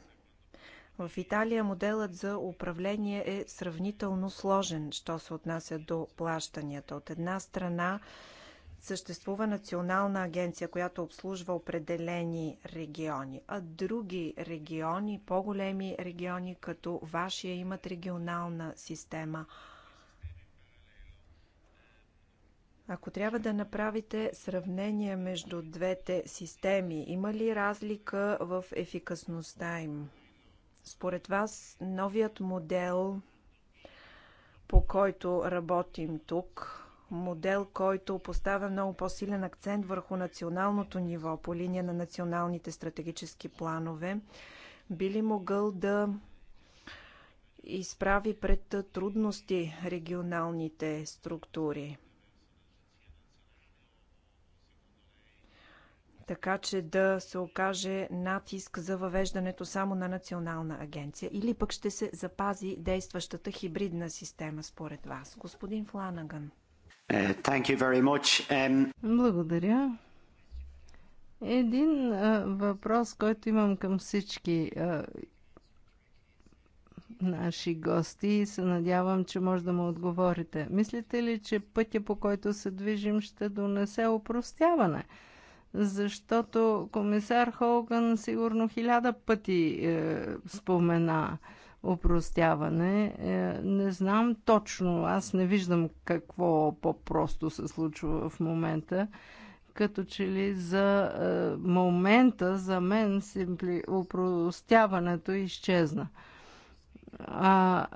В Италия моделът за управление е сравнително сложен, що се отнася до плащанията. От една страна съществува национална агенция, която обслужва определени региони, а други региони, по-големи региони като вашия, имат регионална система – Ако трябва да направите сравнение между двете системи, има ли разлика в ефикасността им? Според вас, новият модел, по който работим тук, модел, който поставя много по-силен акцент върху националното ниво по линия на националните стратегически планове, би ли могъл да изправи пред трудности регионалните структури? така че да се окаже натиск за въвеждането само на национална агенция? Или пък ще се запази действащата хибридна
система според вас? Господин Фланаган.
Um...
Благодаря. Един а, е, въпрос, който имам към всички а, е, наши гости и се надявам, че може да му отговорите. Мислите ли, че пътя по който се движим ще донесе опростяване? защото комисар Холган сигурно хиляда пъти е, спомена опростяване. Е, не знам точно, аз не виждам какво по-просто се случва в момента. Като че ли за е, момента, за мен, опростяването изчезна. А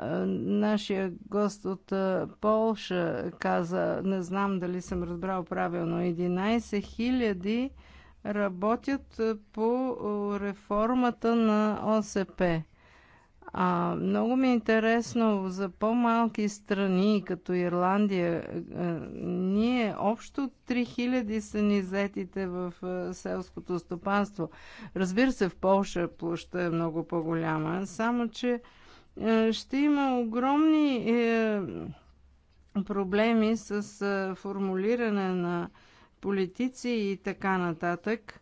нашия гост от Полша каза, не знам дали съм разбрал правилно, 11 000 работят по реформата на ОСП. А, много ми е интересно за по-малки страни, като Ирландия, ние общо 3000 са ни зетите в селското стопанство. Разбира се, в Польша площа е много по-голяма, само че е, ще има огромни е, проблеми с е, формулиране на политици и така нататък.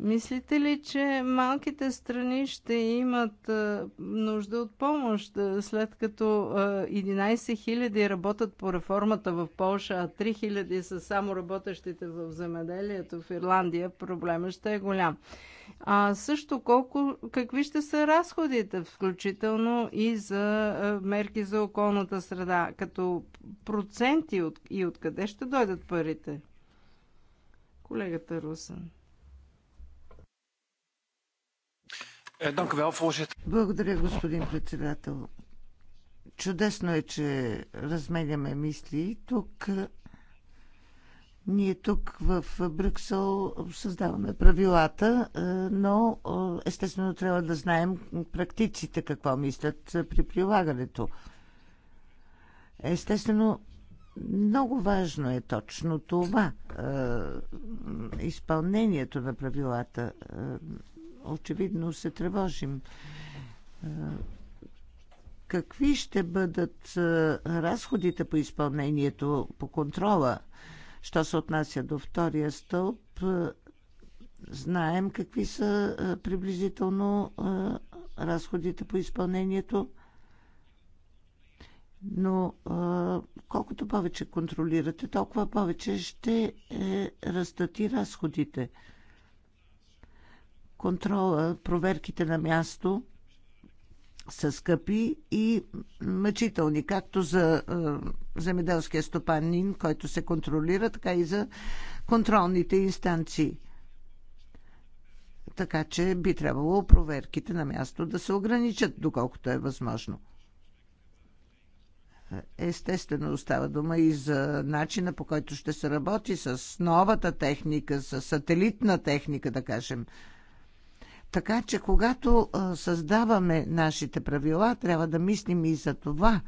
Мислите ли, че малките страни ще имат нужда от помощ, след като 11 000 работят по реформата в Польша, а 3 000 са само работещите в земеделието в Ирландия? проблемът ще е голям. А също колко, какви ще са разходите, включително и за е, мерки за околната среда, като проценти от, и откъде ще дойдат парите?
Колегата Русан. Е, Благодаря, господин председател. Чудесно е, че разменяме мисли тук ние тук в Брюксел създаваме правилата, е, но е, естествено трябва да знаем практиците какво мислят е, при прилагането. Естествено, много важно е точно това. Изпълнението на правилата. Очевидно се тревожим. Какви ще бъдат разходите по изпълнението, по контрола? Що се отнася до втория стълб, е, знаем какви са е, приблизително е, разходите по изпълнението, но колкото повече контролирате, толкова повече ще растат и разходите. Контрола, проверките на място – са скъпи и мъчителни, както за е, земеделския стопанин, който се контролира, така и за контролните инстанции. Така че би трябвало проверките на място да се ограничат, доколкото е възможно. Естествено, остава дума и за начина по който ще се работи с новата техника, с сателитна техника, да кажем. Така че, когато създаваме нашите правила, трябва да мислим и за това,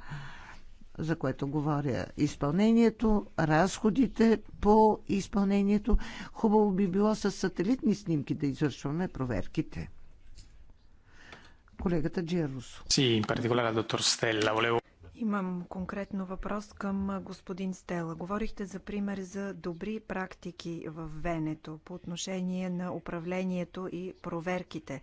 за което говоря. Изпълнението, разходите по изпълнението. Хубаво би било с сателитни снимки да извършваме проверките. Колегата Джерусо.
Си, в in particolare al
Имам конкретно въпрос към господин Стела. Говорихте за пример за добри практики в Венето по отношение на управлението и проверките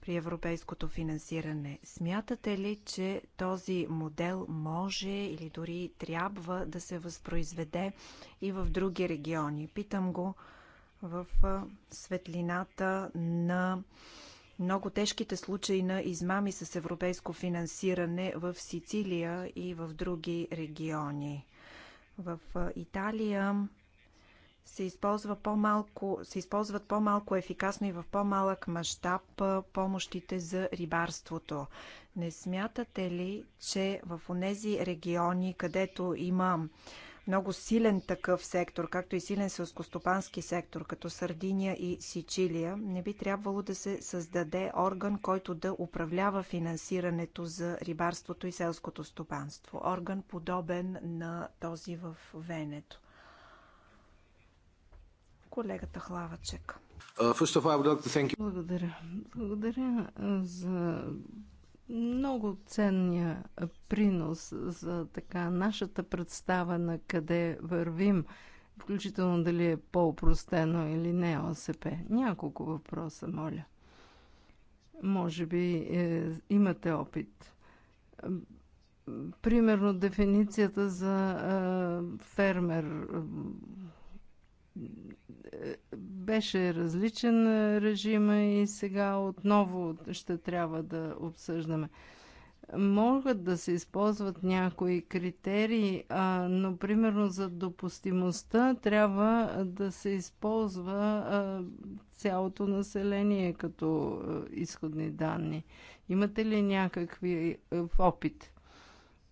при европейското финансиране. Смятате ли, че този модел може или дори трябва да се възпроизведе и в други региони? Питам го в светлината на много тежките случаи на измами с европейско финансиране в Сицилия и в други региони. В Италия се, използва по-малко, се използват по-малко ефикасно и в по-малък мащаб помощите за рибарството. Не смятате ли, че в тези региони, където има много силен такъв сектор, както и силен селскостопански сектор, като Сардиния и Сичилия, не би трябвало да се създаде орган, който да управлява финансирането за рибарството и селското стопанство. Орган подобен на този в Венето.
Колегата Хлавачек.
Uh,
Благодаря. Благодаря uh, за много ценния принос за така нашата представа на къде вървим, включително дали е по упростено или не ОСП. Няколко въпроса, моля. Може би е, имате опит. Примерно дефиницията за е, фермер, беше различен режим, и сега отново ще трябва да обсъждаме. Могат да се използват някои критерии, а, но примерно за допустимостта трябва да се използва а, цялото население като а, изходни данни. Имате ли някакви а, опит?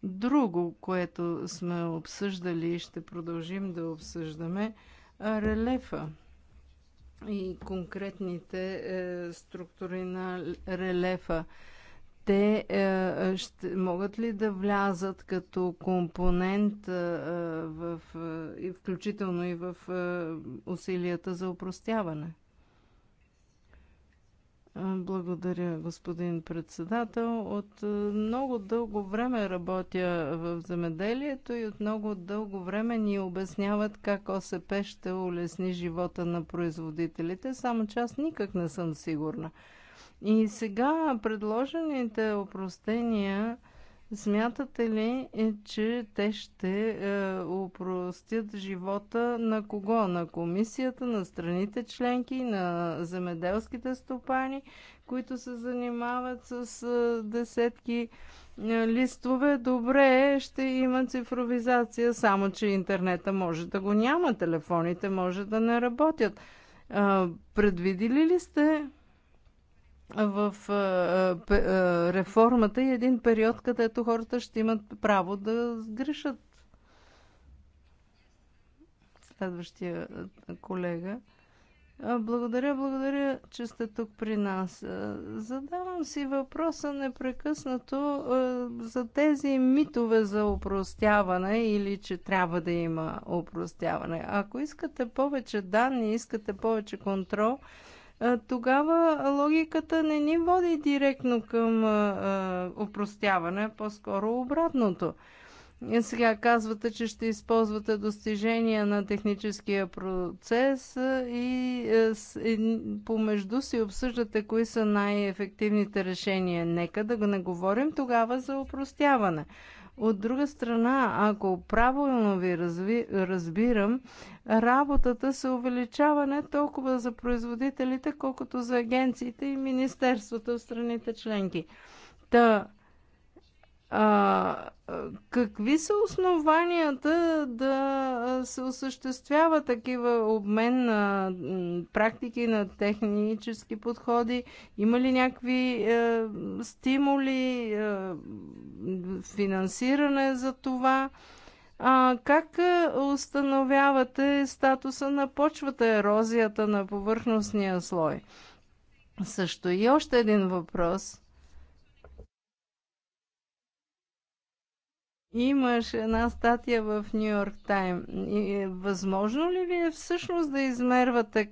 Друго, което сме обсъждали и ще продължим да обсъждаме, а, релефа и конкретните е, структури на релефа те е, ще, могат ли да влязат като компонент е, в, е, включително и в е, усилията за упростяване? Благодаря, господин председател. От е, много дълго време работя в земеделието и от много дълго време ни обясняват как ОСП ще улесни живота на производителите, само че аз никак не съм сигурна. И сега предложените опростения Смятате ли, е, че те ще е, упростят живота на кого? На комисията, на страните членки, на земеделските стопани, които се занимават с е, десетки е, листове. Добре, ще има цифровизация, само че интернета може да го няма, телефоните може да не работят. Е, предвидили ли сте в реформата и един период, където хората ще имат право да сгрешат. Следващия колега. Благодаря, благодаря, че сте тук при нас. Задавам си въпроса непрекъснато за тези митове за опростяване или че трябва да има опростяване. Ако искате повече данни, искате повече контрол, тогава логиката не ни води директно към опростяване, по-скоро обратното. Сега казвате, че ще използвате достижения на техническия процес и помежду си обсъждате кои са най-ефективните решения. Нека да го не говорим тогава за опростяване. От друга страна, ако правилно ви разви, разбирам, работата се увеличава не толкова за производителите, колкото за агенциите и министерствата в страните членки. Та, а, какви са основанията да се осъществява такива обмен на практики, на технически подходи? Има ли някакви е, стимули, е, финансиране за това? А, как е, установявате статуса на почвата, ерозията на повърхностния слой? Също и още един въпрос – Имаш една статия в Нью Йорк Тайм. Възможно ли ви е всъщност да измервате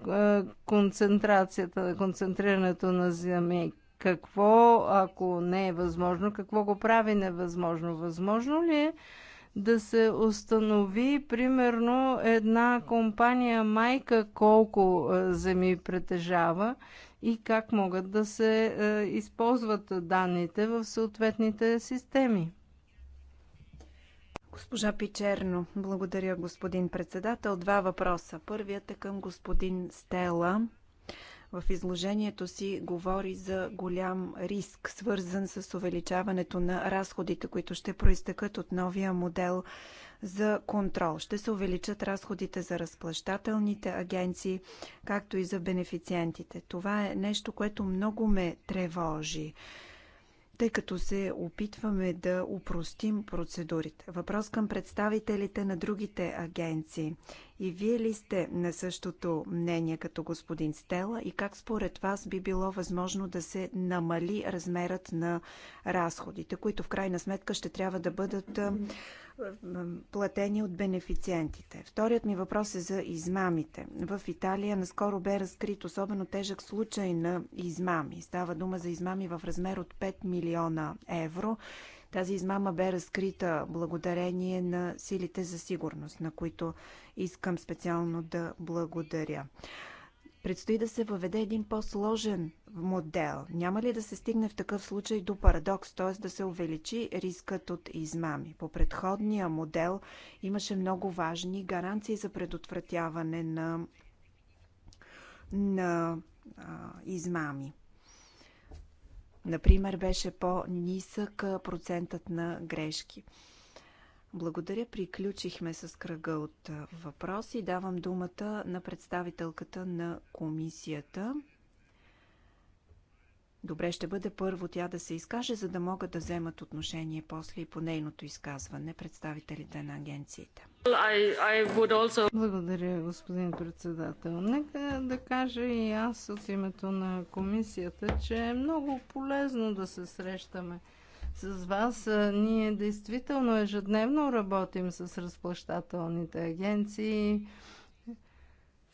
концентрацията, концентрирането на земи? Какво, ако не е възможно, какво го прави невъзможно? Възможно ли е да се установи, примерно, една компания майка колко земи притежава и как могат да се използват данните в съответните системи? Госпожа Пичерно, благодаря господин председател. Два въпроса. Първият е към
господин Стела. В изложението си говори за голям риск, свързан с увеличаването на разходите, които ще проистъкат от новия модел за контрол. Ще се увеличат разходите за разплащателните агенции, както и за бенефициентите. Това е нещо, което много ме тревожи тъй като се опитваме да упростим процедурите. Въпрос към представителите на другите агенции. И вие ли сте на същото мнение като господин Стела и как според вас би било възможно да се намали размерът на разходите, които в крайна сметка ще трябва да бъдат платени от бенефициентите. Вторият ми въпрос е за измамите. В Италия наскоро бе разкрит особено тежък случай на измами. Става дума за измами в размер от 5 милиона евро тази измама бе разкрита благодарение на силите за сигурност, на които искам специално да благодаря. Предстои да се въведе един по-сложен модел. Няма ли да се стигне в такъв случай до парадокс, т.е. да се увеличи рискът от измами? По предходния модел имаше много важни гаранции за предотвратяване на, на а, измами. Например, беше по-нисък процентът на грешки. Благодаря. Приключихме с кръга от въпроси. Давам думата на представителката на комисията. Добре ще бъде първо тя да се изкаже, за да могат да вземат отношение после и по нейното изказване
представителите на агенциите. Благодаря, господин председател. Нека да кажа и аз от името на комисията, че е много полезно да се срещаме с вас. Ние действително ежедневно работим с разплащателните агенции.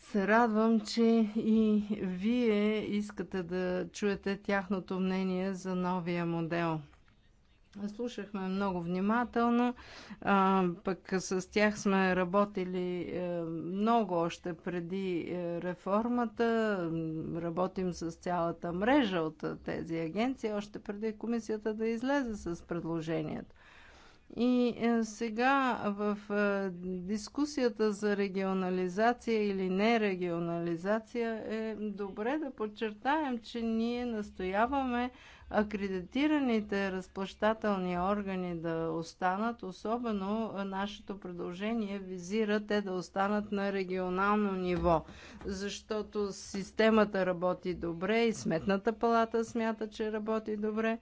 Се радвам, че и вие искате да чуете тяхното мнение за новия модел – Слушахме много внимателно, а, пък с тях сме работили е, много още преди е, реформата. Работим с цялата мрежа от е, тези агенции, още преди комисията да излезе с предложението. И сега в дискусията за регионализация или нерегионализация е добре да подчертаем, че ние настояваме акредитираните разплащателни органи да останат, особено нашето предложение визира те да останат на регионално ниво, защото системата работи добре и Сметната палата смята, че работи добре.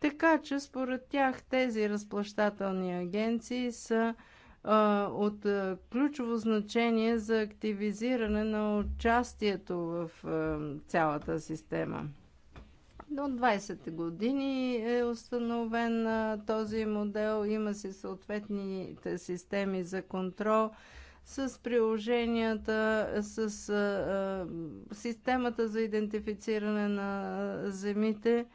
Така че според тях тези разплащателни агенции са а, от а, ключово значение за активизиране на участието в а, цялата система. До 20 години е установен този модел. Има си съответните системи за контрол с приложенията, с а, системата за идентифициране на земите.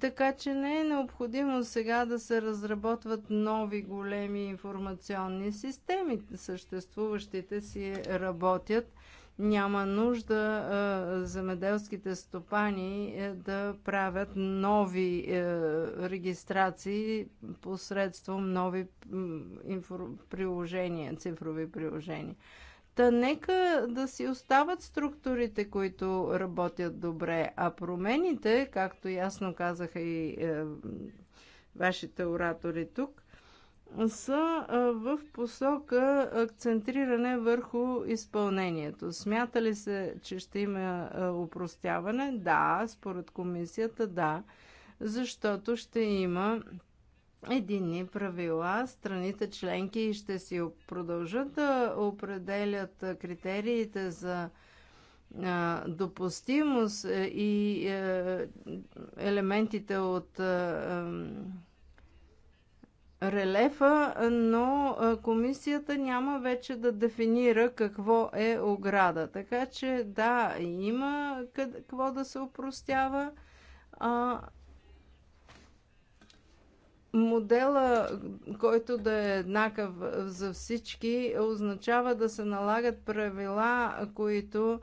Така че не е необходимо сега да се разработват нови големи информационни системи. Съществуващите си работят няма нужда земеделските стопани е, да правят нови е, регистрации посредством нови приложения, цифрови приложения. Та нека да си остават структурите, които работят добре, а промените, както ясно казаха и е, вашите оратори тук, са в посока акцентриране върху изпълнението. Смята ли се, че ще има упростяване? Да, според комисията да, защото ще има единни правила. Страните членки ще си продължат да определят критериите за допустимост и елементите от релефа, но комисията няма вече да дефинира какво е ограда. Така че да, има какво да се упростява. А, модела, който да е еднакъв за всички, означава да се налагат правила, които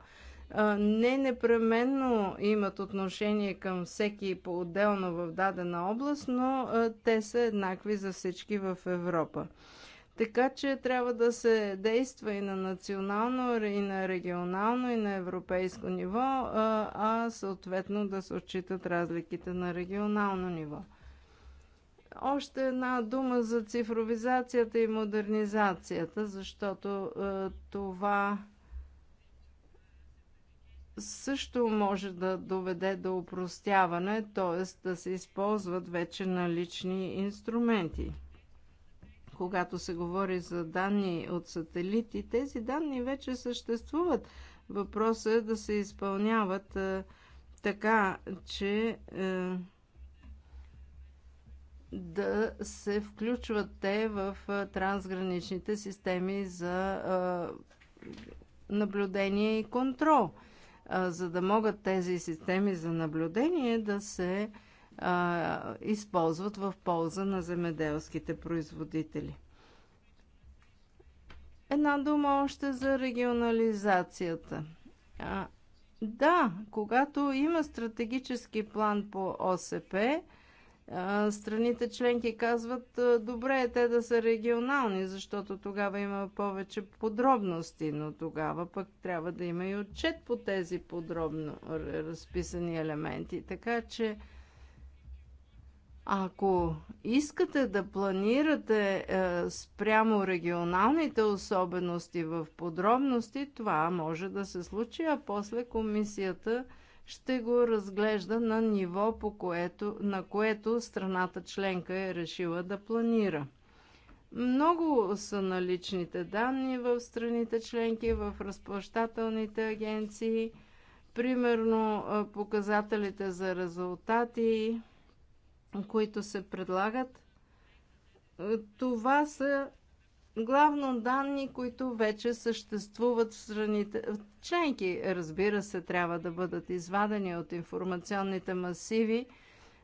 не непременно имат отношение към всеки по-отделно в дадена област, но те са еднакви за всички в Европа. Така че трябва да се действа и на национално, и на регионално, и на европейско ниво, а съответно да се отчитат разликите на регионално ниво. Още една дума за цифровизацията и модернизацията, защото това също може да доведе до упростяване, т.е. да се използват вече налични инструменти. Когато се говори за данни от сателити, тези данни вече съществуват. Въпросът е да се изпълняват е, така, че е, да се включват те в е, трансграничните системи за е, наблюдение и контрол – за да могат тези системи за наблюдение да се а, използват в полза на земеделските производители. Една дума още за регионализацията. А, да, когато има стратегически план по ОСП, страните членки казват, добре е те да са регионални, защото тогава има повече подробности, но тогава пък трябва да има и отчет по тези подробно разписани елементи. Така че, ако искате да планирате е, спрямо регионалните особености в подробности, това може да се случи, а после комисията – ще го разглежда на ниво, по което, на което страната членка е решила да планира. Много са наличните данни в страните членки, в разплащателните агенции, примерно показателите за резултати, които се предлагат. Това са главно данни, които вече съществуват в страните. Членки, разбира се, трябва да бъдат извадени от информационните масиви,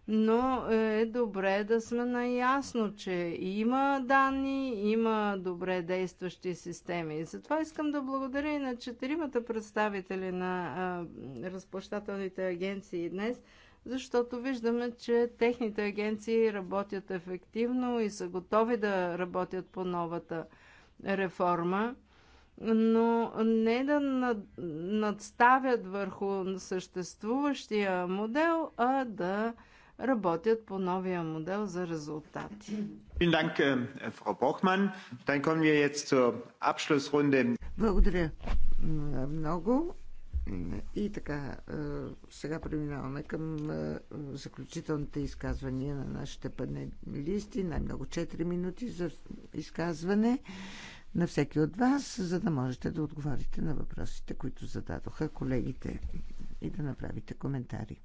но е добре да сме наясно, че има данни, има добре действащи системи. Затова искам да благодаря и на четиримата представители на а, разплащателните агенции днес – защото виждаме, че техните агенции работят ефективно и са готови да работят по новата реформа, но не да надставят върху съществуващия модел, а да работят по новия модел за резултати.
Э,
Благодаря много. И така, сега преминаваме към заключителните изказвания на нашите панелисти. Най-много 4 минути за изказване на всеки от вас, за да можете да отговорите на въпросите, които зададоха колегите и да направите коментари.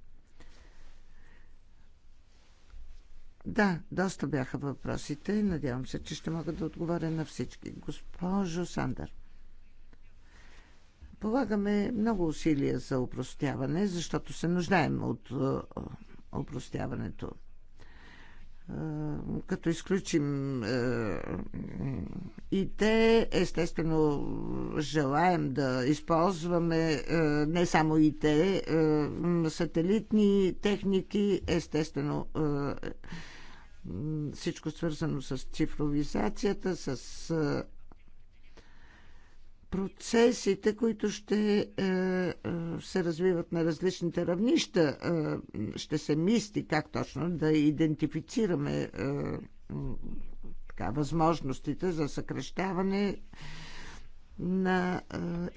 Да, доста бяха въпросите. Надявам се, че ще мога да отговоря на всички. Госпожо Сандър. Полагаме много усилия за упростяване, защото се нуждаем от е, упростяването. Е, като изключим е, и те, естествено, желаем да използваме не само и те, сателитни техники, естествено, всичко свързано с цифровизацията, с процесите, които ще е, е, се развиват на различните равнища. Е, ще се мисли как точно да идентифицираме така, възможностите за съкрещаване на,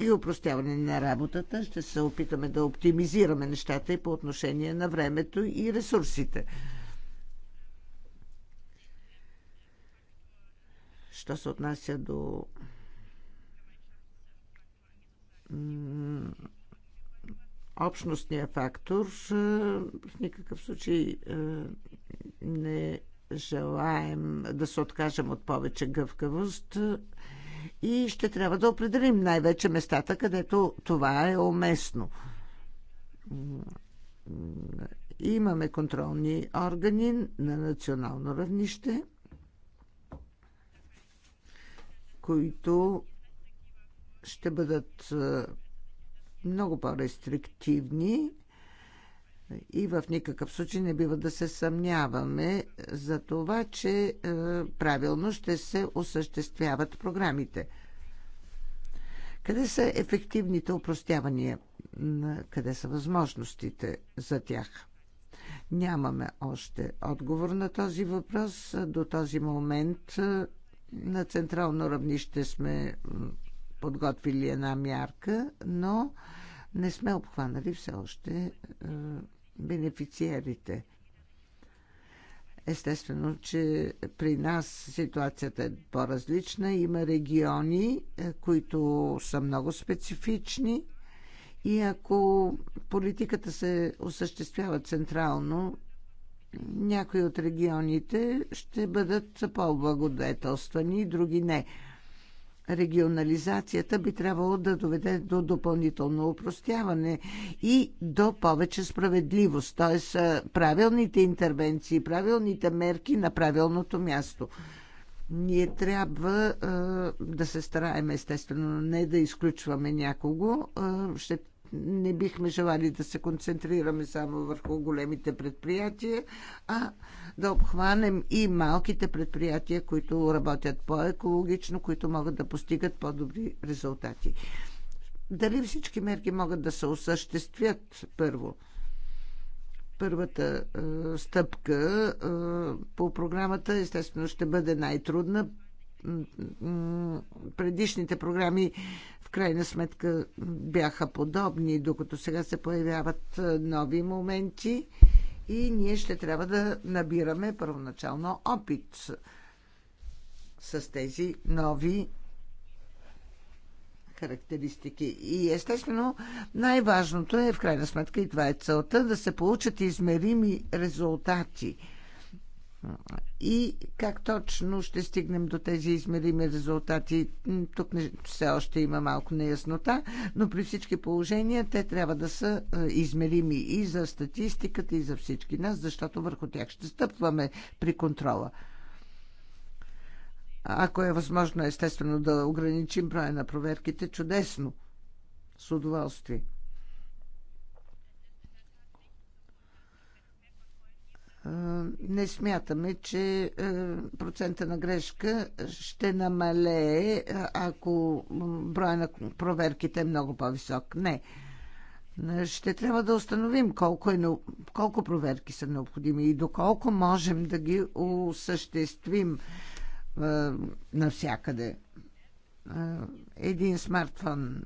и упростяване на работата. Ще се опитаме да оптимизираме нещата и по отношение на времето и ресурсите. Що се отнася до общностния фактор е, в никакъв случай е, не желаем да се откажем от повече гъвкавост е, и ще трябва да определим най-вече местата, където това е уместно. Имаме контролни органи на национално равнище, които ще бъдат е, много по-рестриктивни и в никакъв случай не бива да се съмняваме за това, че е, правилно ще се осъществяват програмите. Къде са ефективните упростявания? Къде са възможностите за тях? Нямаме още отговор на този въпрос. До този момент е, на централно равнище сме подготвили една мярка, но не сме обхванали все още е, бенефициерите. Естествено, че при нас ситуацията е по-различна. Има региони, е, които са много специфични и ако политиката се осъществява централно, някои от регионите ще бъдат по благодетелствани други не регионализацията би трябвало да доведе до допълнително упростяване и до повече справедливост, т.е. правилните интервенции, правилните мерки на правилното място. Ние трябва да се стараем, естествено, не да изключваме някого. ще не бихме желали да се концентрираме само върху големите предприятия, а да обхванем и малките предприятия, които работят по-екологично, които могат да постигат по-добри резултати. Дали всички мерки могат да се осъществят първо? Първата е, стъпка е, по програмата естествено ще бъде най-трудна предишните програми в крайна сметка бяха подобни, докато сега се появяват е, нови моменти и ние ще трябва да набираме първоначално опит с тези нови характеристики. И естествено, най-важното е, в крайна сметка, и това е целта, да се получат измерими резултати – и как точно ще стигнем до тези измерими резултати? Тук не, все още има малко неяснота, но при всички положения те трябва да са е, измерими и за статистиката, и за всички нас, защото върху тях ще стъпваме при контрола. Ако е възможно, естествено, да ограничим броя на проверките, чудесно. С удоволствие. не смятаме, че процента на грешка ще намалее, ако броя на проверките е много по-висок. Не. Ще трябва да установим колко, е, колко проверки са необходими и доколко можем да ги осъществим навсякъде. Един смартфон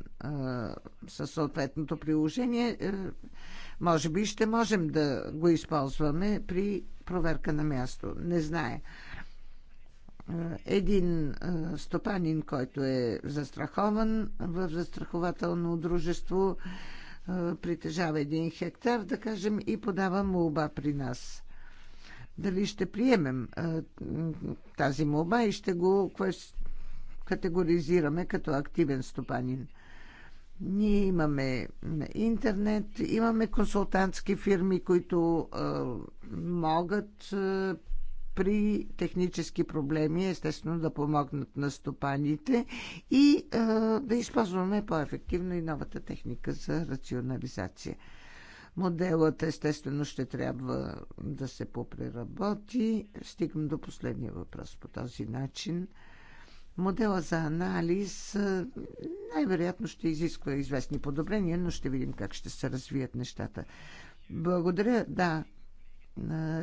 със съответното приложение може би ще можем да го използваме при проверка на място. Не знае. Един стопанин, който е застрахован в застрахователно дружество, притежава един хектар, да кажем, и подава молба при нас. Дали ще приемем тази молба и ще го категоризираме като активен стопанин. Ние имаме интернет, имаме консултантски фирми, които а, могат а, при технически проблеми, естествено, да помогнат на стопаните и а, да използваме по-ефективно и новата техника за рационализация. Моделът, естествено, ще трябва да се попреработи. Стигам до последния въпрос по този начин. Модела за анализ най-вероятно ще изисква известни подобрения, но ще видим как ще се развият нещата. Благодаря. Да,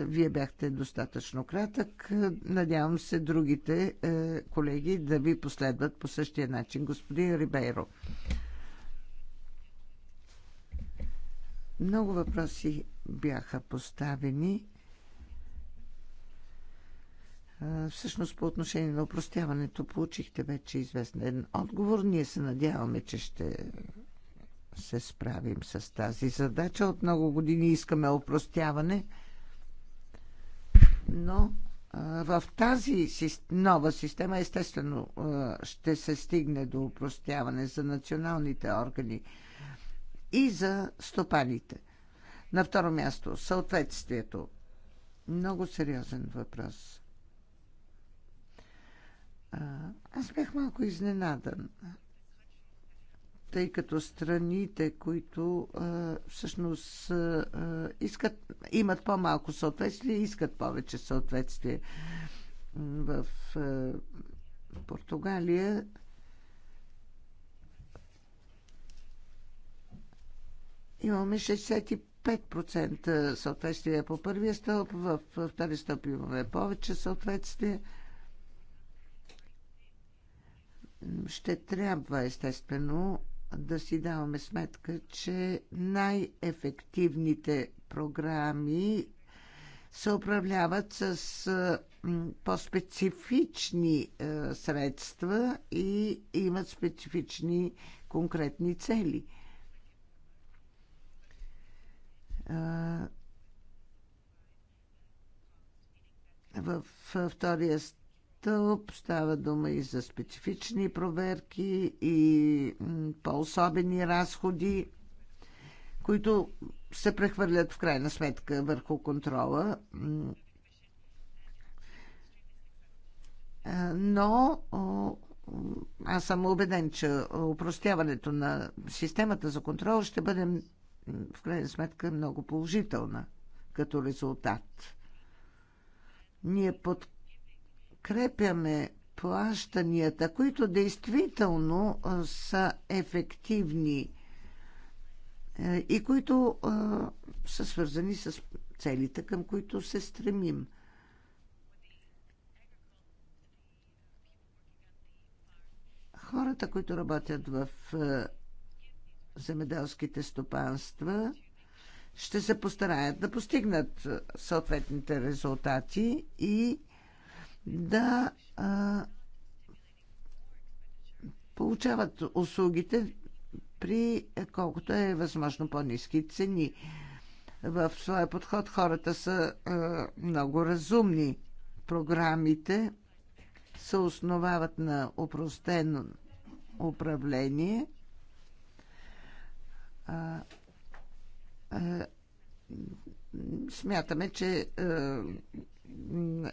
вие бяхте достатъчно кратък. Надявам се другите колеги да ви последват по същия начин. Господин Рибейро. Много въпроси бяха поставени. Всъщност по отношение на опростяването получихте вече известен отговор. Ние се надяваме, че ще се справим с тази задача. От много години искаме опростяване, но в тази нова система естествено ще се стигне до опростяване за националните органи и за стопаните. На второ място, съответствието. Много сериозен въпрос. Аз бях малко изненадан, тъй като страните, които а, всъщност а, искат, имат по-малко съответствие, искат повече съответствие. В а, Португалия имаме 65% съответствие по първия стълб, в втори стълб имаме повече съответствие – ще трябва естествено да си даваме сметка, че най-ефективните програми се управляват с по-специфични средства и имат специфични конкретни цели. В втория стълб. Става дума и за специфични проверки и по-особени разходи, които се прехвърлят в крайна сметка върху контрола. Но аз съм убеден, че упростяването на системата за контрол ще бъде в крайна сметка много положителна като резултат. Ние под подкрепяме плащанията, които действително са ефективни е, и които са свързани с целите, към които се стремим. Хората, които работят в земеделските стопанства, ще се постараят да постигнат съответните резултати и да а, получават услугите при колкото е възможно по-низки цени. В своя подход хората са а, много разумни. Програмите се основават на упростено управление. А, а, смятаме, че а,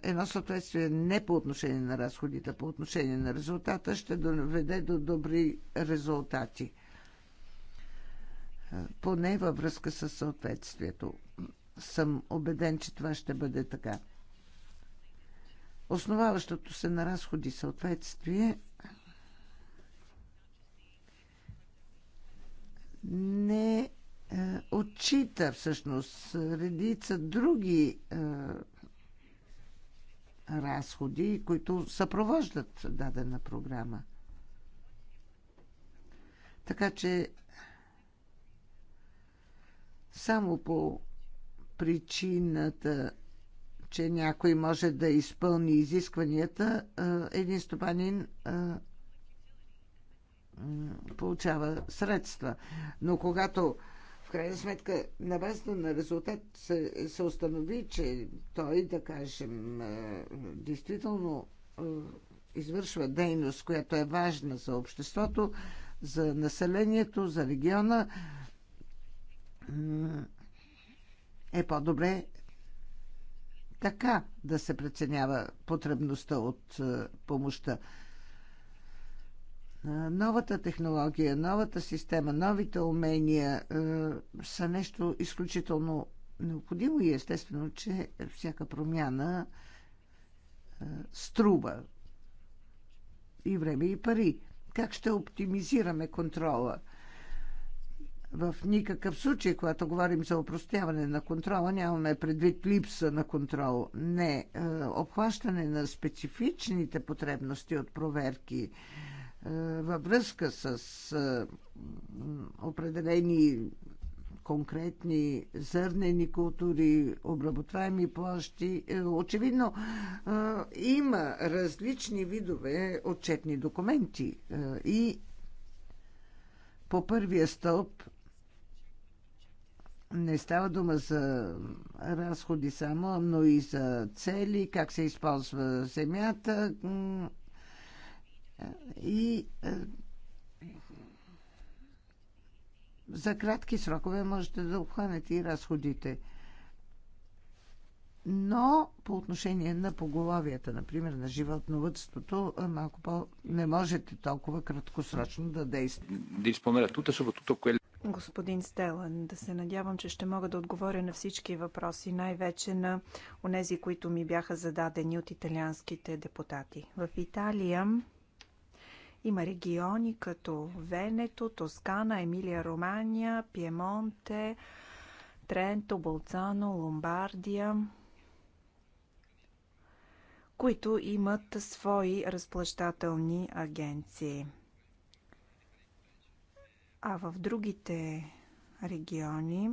едно съответствие не по отношение на разходите, а по отношение на резултата ще доведе до добри резултати. Поне във връзка с съответствието. Съм убеден, че това ще бъде така. Основаващото се на разходи съответствие не е, отчита всъщност редица други е, разходи, които съпровождат дадена програма. Така че само по причината, че някой може да изпълни изискванията, е, един стопанин е, получава средства. Но когато крайна сметка на базата на резултат се, се установи, че той, да кажем, е, действително е, извършва дейност, която е важна за обществото, за населението, за региона, е по-добре така да се преценява потребността от е, помощта. Новата технология, новата система, новите умения са нещо изключително необходимо и естествено, че всяка промяна струва и време, и пари. Как ще оптимизираме контрола? В никакъв случай, когато говорим за упростяване на контрола, нямаме предвид липса на контрол. Не, обхващане на специфичните потребности от проверки е, във връзка с е, определени конкретни зърнени култури, обработваеми площи. Е, очевидно има различни видове отчетни документи и по първия стълб не става дума за разходи само, но и за цели, как се използва земята, и е, за кратки срокове можете да обхванете и разходите. Но по отношение на поголовията, например на животновътството, е, малко по... не можете толкова краткосрочно да действате.
Е- Господин Стелан, да се надявам, че ще мога да отговоря на всички въпроси, най-вече на онези, които ми бяха зададени от италианските депутати. В Италия има региони като Венето, Тоскана, Емилия Романия, Пиемонте, Тренто, Болцано, Ломбардия, които имат свои разплащателни агенции. А в другите региони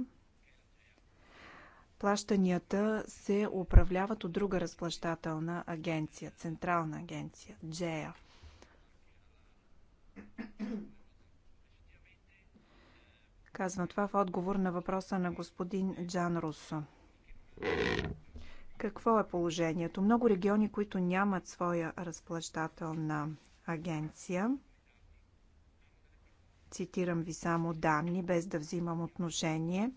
плащанията се управляват от друга разплащателна агенция, Централна агенция, Джея – Казвам това в отговор на въпроса на господин Джан Русо. Какво е положението? Много региони, които нямат своя разплащателна агенция, цитирам ви само данни, без да взимам отношение,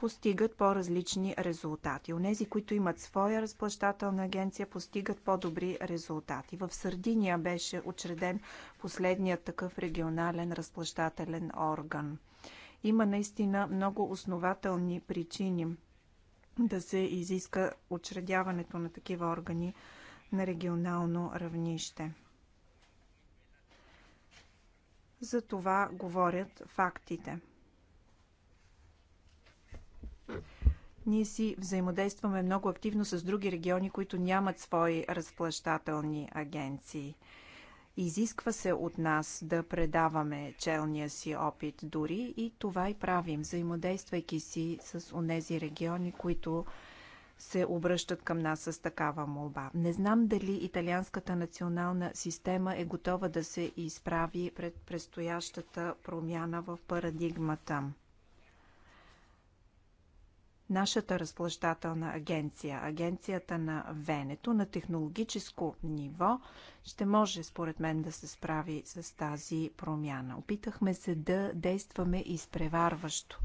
постигат по-различни резултати. Онези, които имат своя разплащателна агенция, постигат по-добри резултати. В Сърдиния беше учреден последният такъв регионален разплащателен орган. Има наистина много основателни причини да се изиска учредяването на такива органи на регионално равнище. За това говорят фактите. Ние си взаимодействаме много активно с други региони, които нямат свои разплащателни агенции. Изисква се от нас да предаваме челния си опит дори и това и правим, взаимодействайки си с онези региони, които се обръщат към нас с такава молба. Не знам дали италианската национална система е готова да се изправи пред предстоящата промяна в парадигмата нашата разплащателна агенция, агенцията на Венето на технологическо ниво, ще може според мен да се справи с тази промяна. Опитахме се да действаме изпреварващо,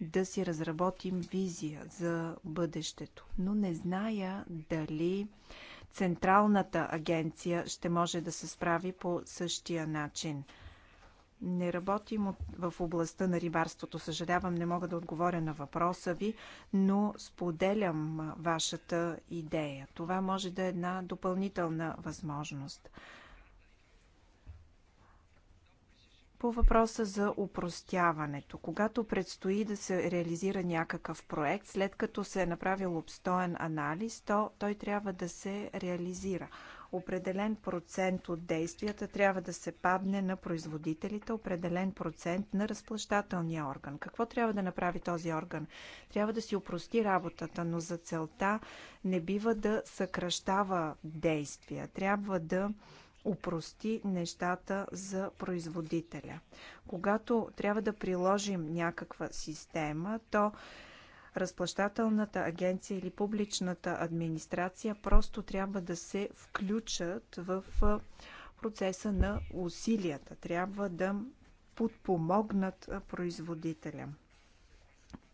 да си разработим визия за бъдещето, но не зная дали Централната агенция ще може да се справи по същия начин – не работим в областта на рибарството. Съжалявам, не мога да отговоря на въпроса ви, но споделям вашата идея. Това може да е една допълнителна възможност. По въпроса за упростяването. Когато предстои да се реализира някакъв проект, след като се е направил обстоен анализ, то той трябва да се реализира. Определен процент от действията трябва да се падне на производителите, определен процент на разплащателния орган. Какво трябва да направи този орган? Трябва да си упрости работата, но за целта не бива да съкръщава действия. Трябва да упрости нещата за производителя. Когато трябва да приложим някаква система, то разплащателната агенция или публичната администрация просто трябва да се включат в процеса на усилията. Трябва да подпомогнат производителя.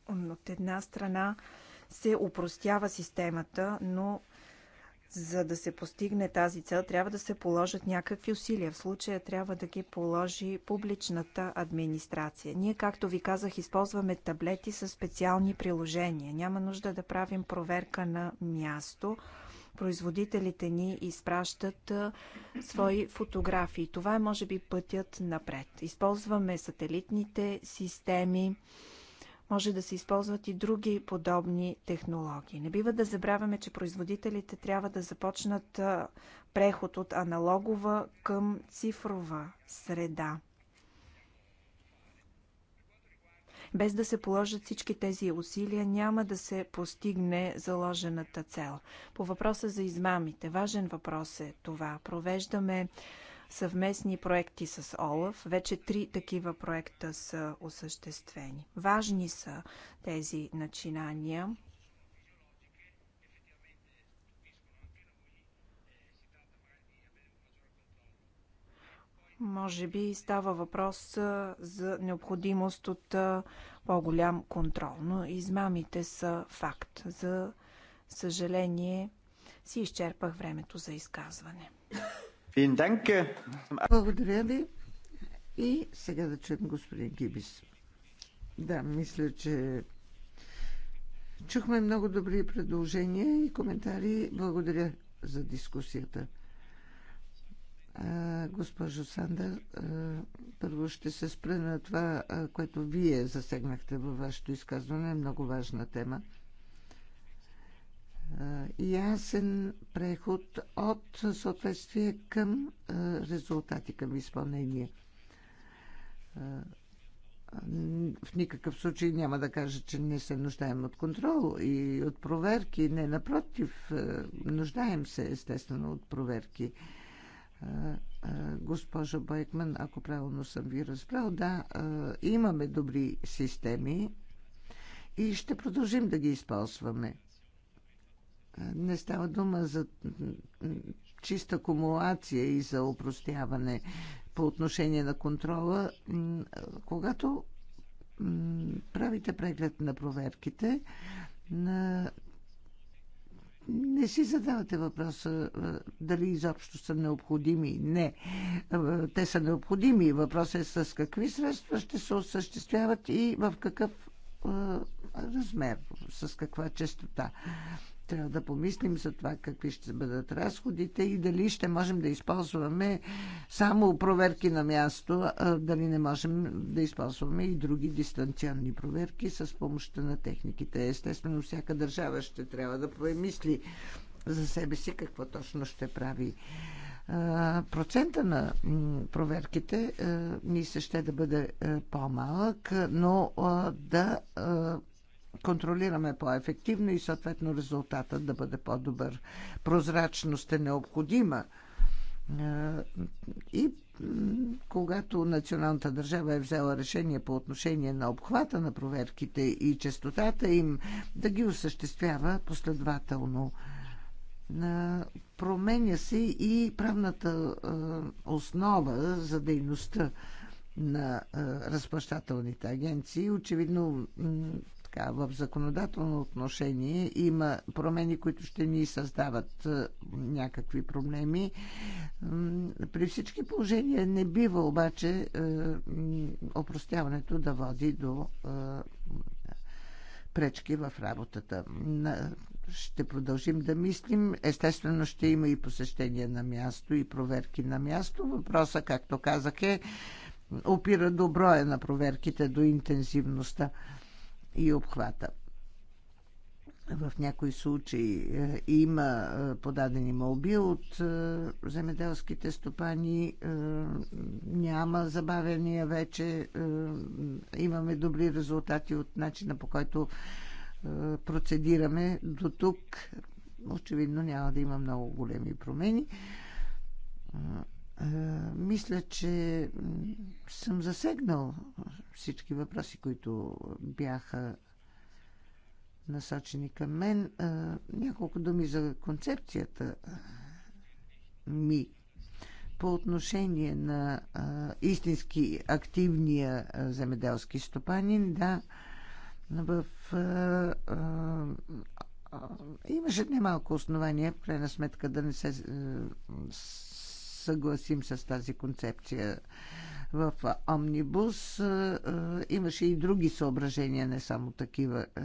От една страна се упростява системата, но за да се постигне тази цел, трябва да се положат някакви усилия. В случая трябва да ги положи публичната администрация. Ние, както ви казах, използваме таблети с специални приложения. Няма нужда да правим проверка на място производителите ни изпращат свои фотографии. Това е, може би, пътят напред. Използваме сателитните системи, може да се използват и други подобни технологии. Не бива да забравяме, че производителите трябва да започнат преход от аналогова към цифрова среда. Без да се положат всички тези усилия, няма да се постигне заложената цел. По въпроса за измамите, важен въпрос е това. Провеждаме съвместни проекти с ОЛАФ. Вече три такива проекта са осъществени. Важни са тези начинания. Може би става въпрос за необходимост от по-голям контрол, но измамите са факт. За съжаление си изчерпах времето за изказване.
Благодаря ви. И сега да чуем господин Гибис. Да, мисля, че чухме много добри предложения и коментари. Благодаря за дискусията. Госпожо Сандър, първо ще се спра на това, което вие засегнахте във вашето изказване. Много важна тема. Е, ясен преход от съответствие към е, резултати, към изпълнение. Е, в никакъв случай няма да кажа, че не се нуждаем от контрол и от проверки. Не, напротив, нуждаем се естествено от проверки. Госпожа Байкман, ако правилно съм ви разбрал, да, имаме добри системи и ще продължим да ги използваме не става дума за чиста кумулация и за упростяване по отношение на контрола. Когато правите преглед на проверките, на... не си задавате въпроса дали изобщо са необходими. Не. Те са необходими. Въпросът е с какви средства ще се осъществяват и в какъв размер, с каква частота. Трябва да помислим за това какви ще бъдат разходите и дали ще можем да използваме само проверки на място, дали не можем да използваме и други дистанционни проверки с помощта на техниките. Естествено, всяка държава ще трябва да помисли за себе си какво точно ще прави процента на проверките ми се ще да бъде по-малък, но да контролираме по-ефективно и съответно резултатът да бъде по-добър. Прозрачност е необходима. И когато националната държава е взела решение по отношение на обхвата на проверките и частотата им, да ги осъществява последователно. Променя се и правната основа за дейността на разплащателните агенции. Очевидно така, в законодателно отношение има промени, които ще ни създават е, някакви проблеми. При всички положения не бива обаче е, опростяването да води до е, пречки в работата. Ще продължим да мислим. Естествено ще има и посещения на място, и проверки на място. Въпроса, както казах, е опира до броя на проверките, до интензивността и обхвата. В някои случаи е, има е, подадени молби от е, земеделските стопани, няма забавения вече, имаме добри резултати от начина по който процедираме до тук. Очевидно няма да има много големи промени мисля, че съм засегнал всички въпроси, които бяха насочени към мен. Няколко думи за концепцията ми по отношение на истински активния земеделски стопанин. Да, в имаше немалко основания, в крайна сметка, да не се съгласим с тази концепция. В Омнибус е, е, имаше и други съображения, не само такива, е,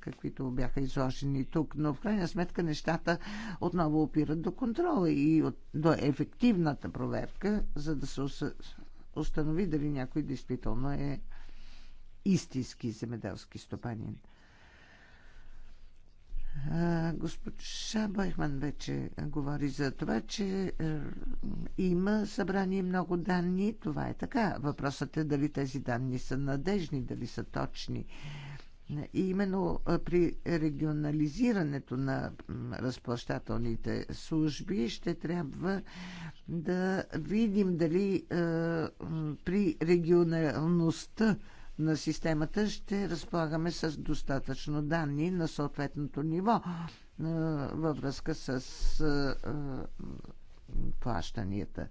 каквито бяха изложени тук, но в крайна сметка нещата отново опират до контрола и от, до ефективната проверка, за да се установи дали някой действително е истински земеделски стопанин. Госпожа Шабайхман вече говори за това, че е, има събрани много данни. Това е така. Въпросът е дали тези данни са надежни, дали са точни. И именно при регионализирането на разплащателните служби ще трябва да видим дали е, при регионалността на системата ще разполагаме с достатъчно данни на съответното ниво във връзка с плащанията.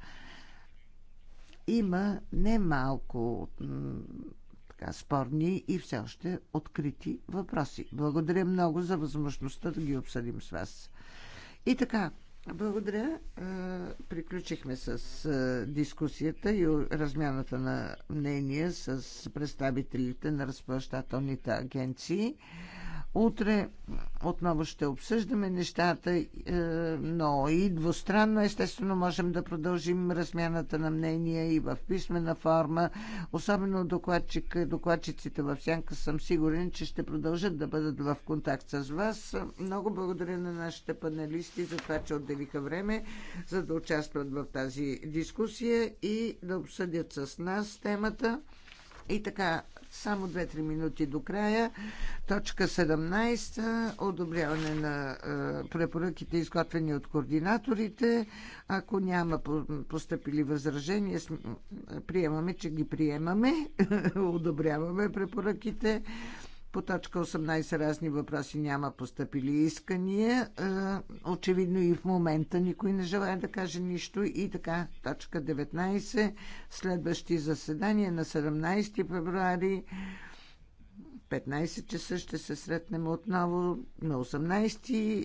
Има немалко така, спорни и все още открити въпроси. Благодаря много за възможността да ги обсъдим с вас. И така, благодаря. Приключихме с дискусията и размяната на мнения с представителите на разплащателните агенции. Утре отново ще обсъждаме нещата, е, но и двустранно, естествено, можем да продължим размяната на мнения и в писмена форма. Особено докладчик, докладчиците в Сянка съм сигурен, че ще продължат да бъдат в контакт с вас. Много благодаря на нашите панелисти за това, че отделиха време, за да участват в тази дискусия и да обсъдят с нас темата. И така, само 2-3 минути до края. Точка 17. Одобряване на препоръките, изготвени от координаторите. Ако няма поступили възражения, приемаме, че ги приемаме. *laughs* Одобряваме препоръките. По точка 18 разни въпроси няма поступили искания. Е, очевидно и в момента никой не желая да каже нищо. И така, точка 19. Следващи заседания на 17 февруари. 15 часа ще се сретнем отново на 18 е,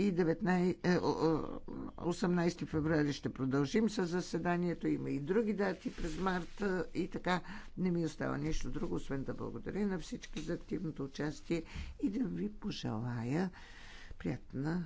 и 19, 18 феврали ще продължим с заседанието. Има и други дати през марта, е, и така не ми остава нищо друго, освен да благодаря на всички за активното участие и да ви пожелая приятна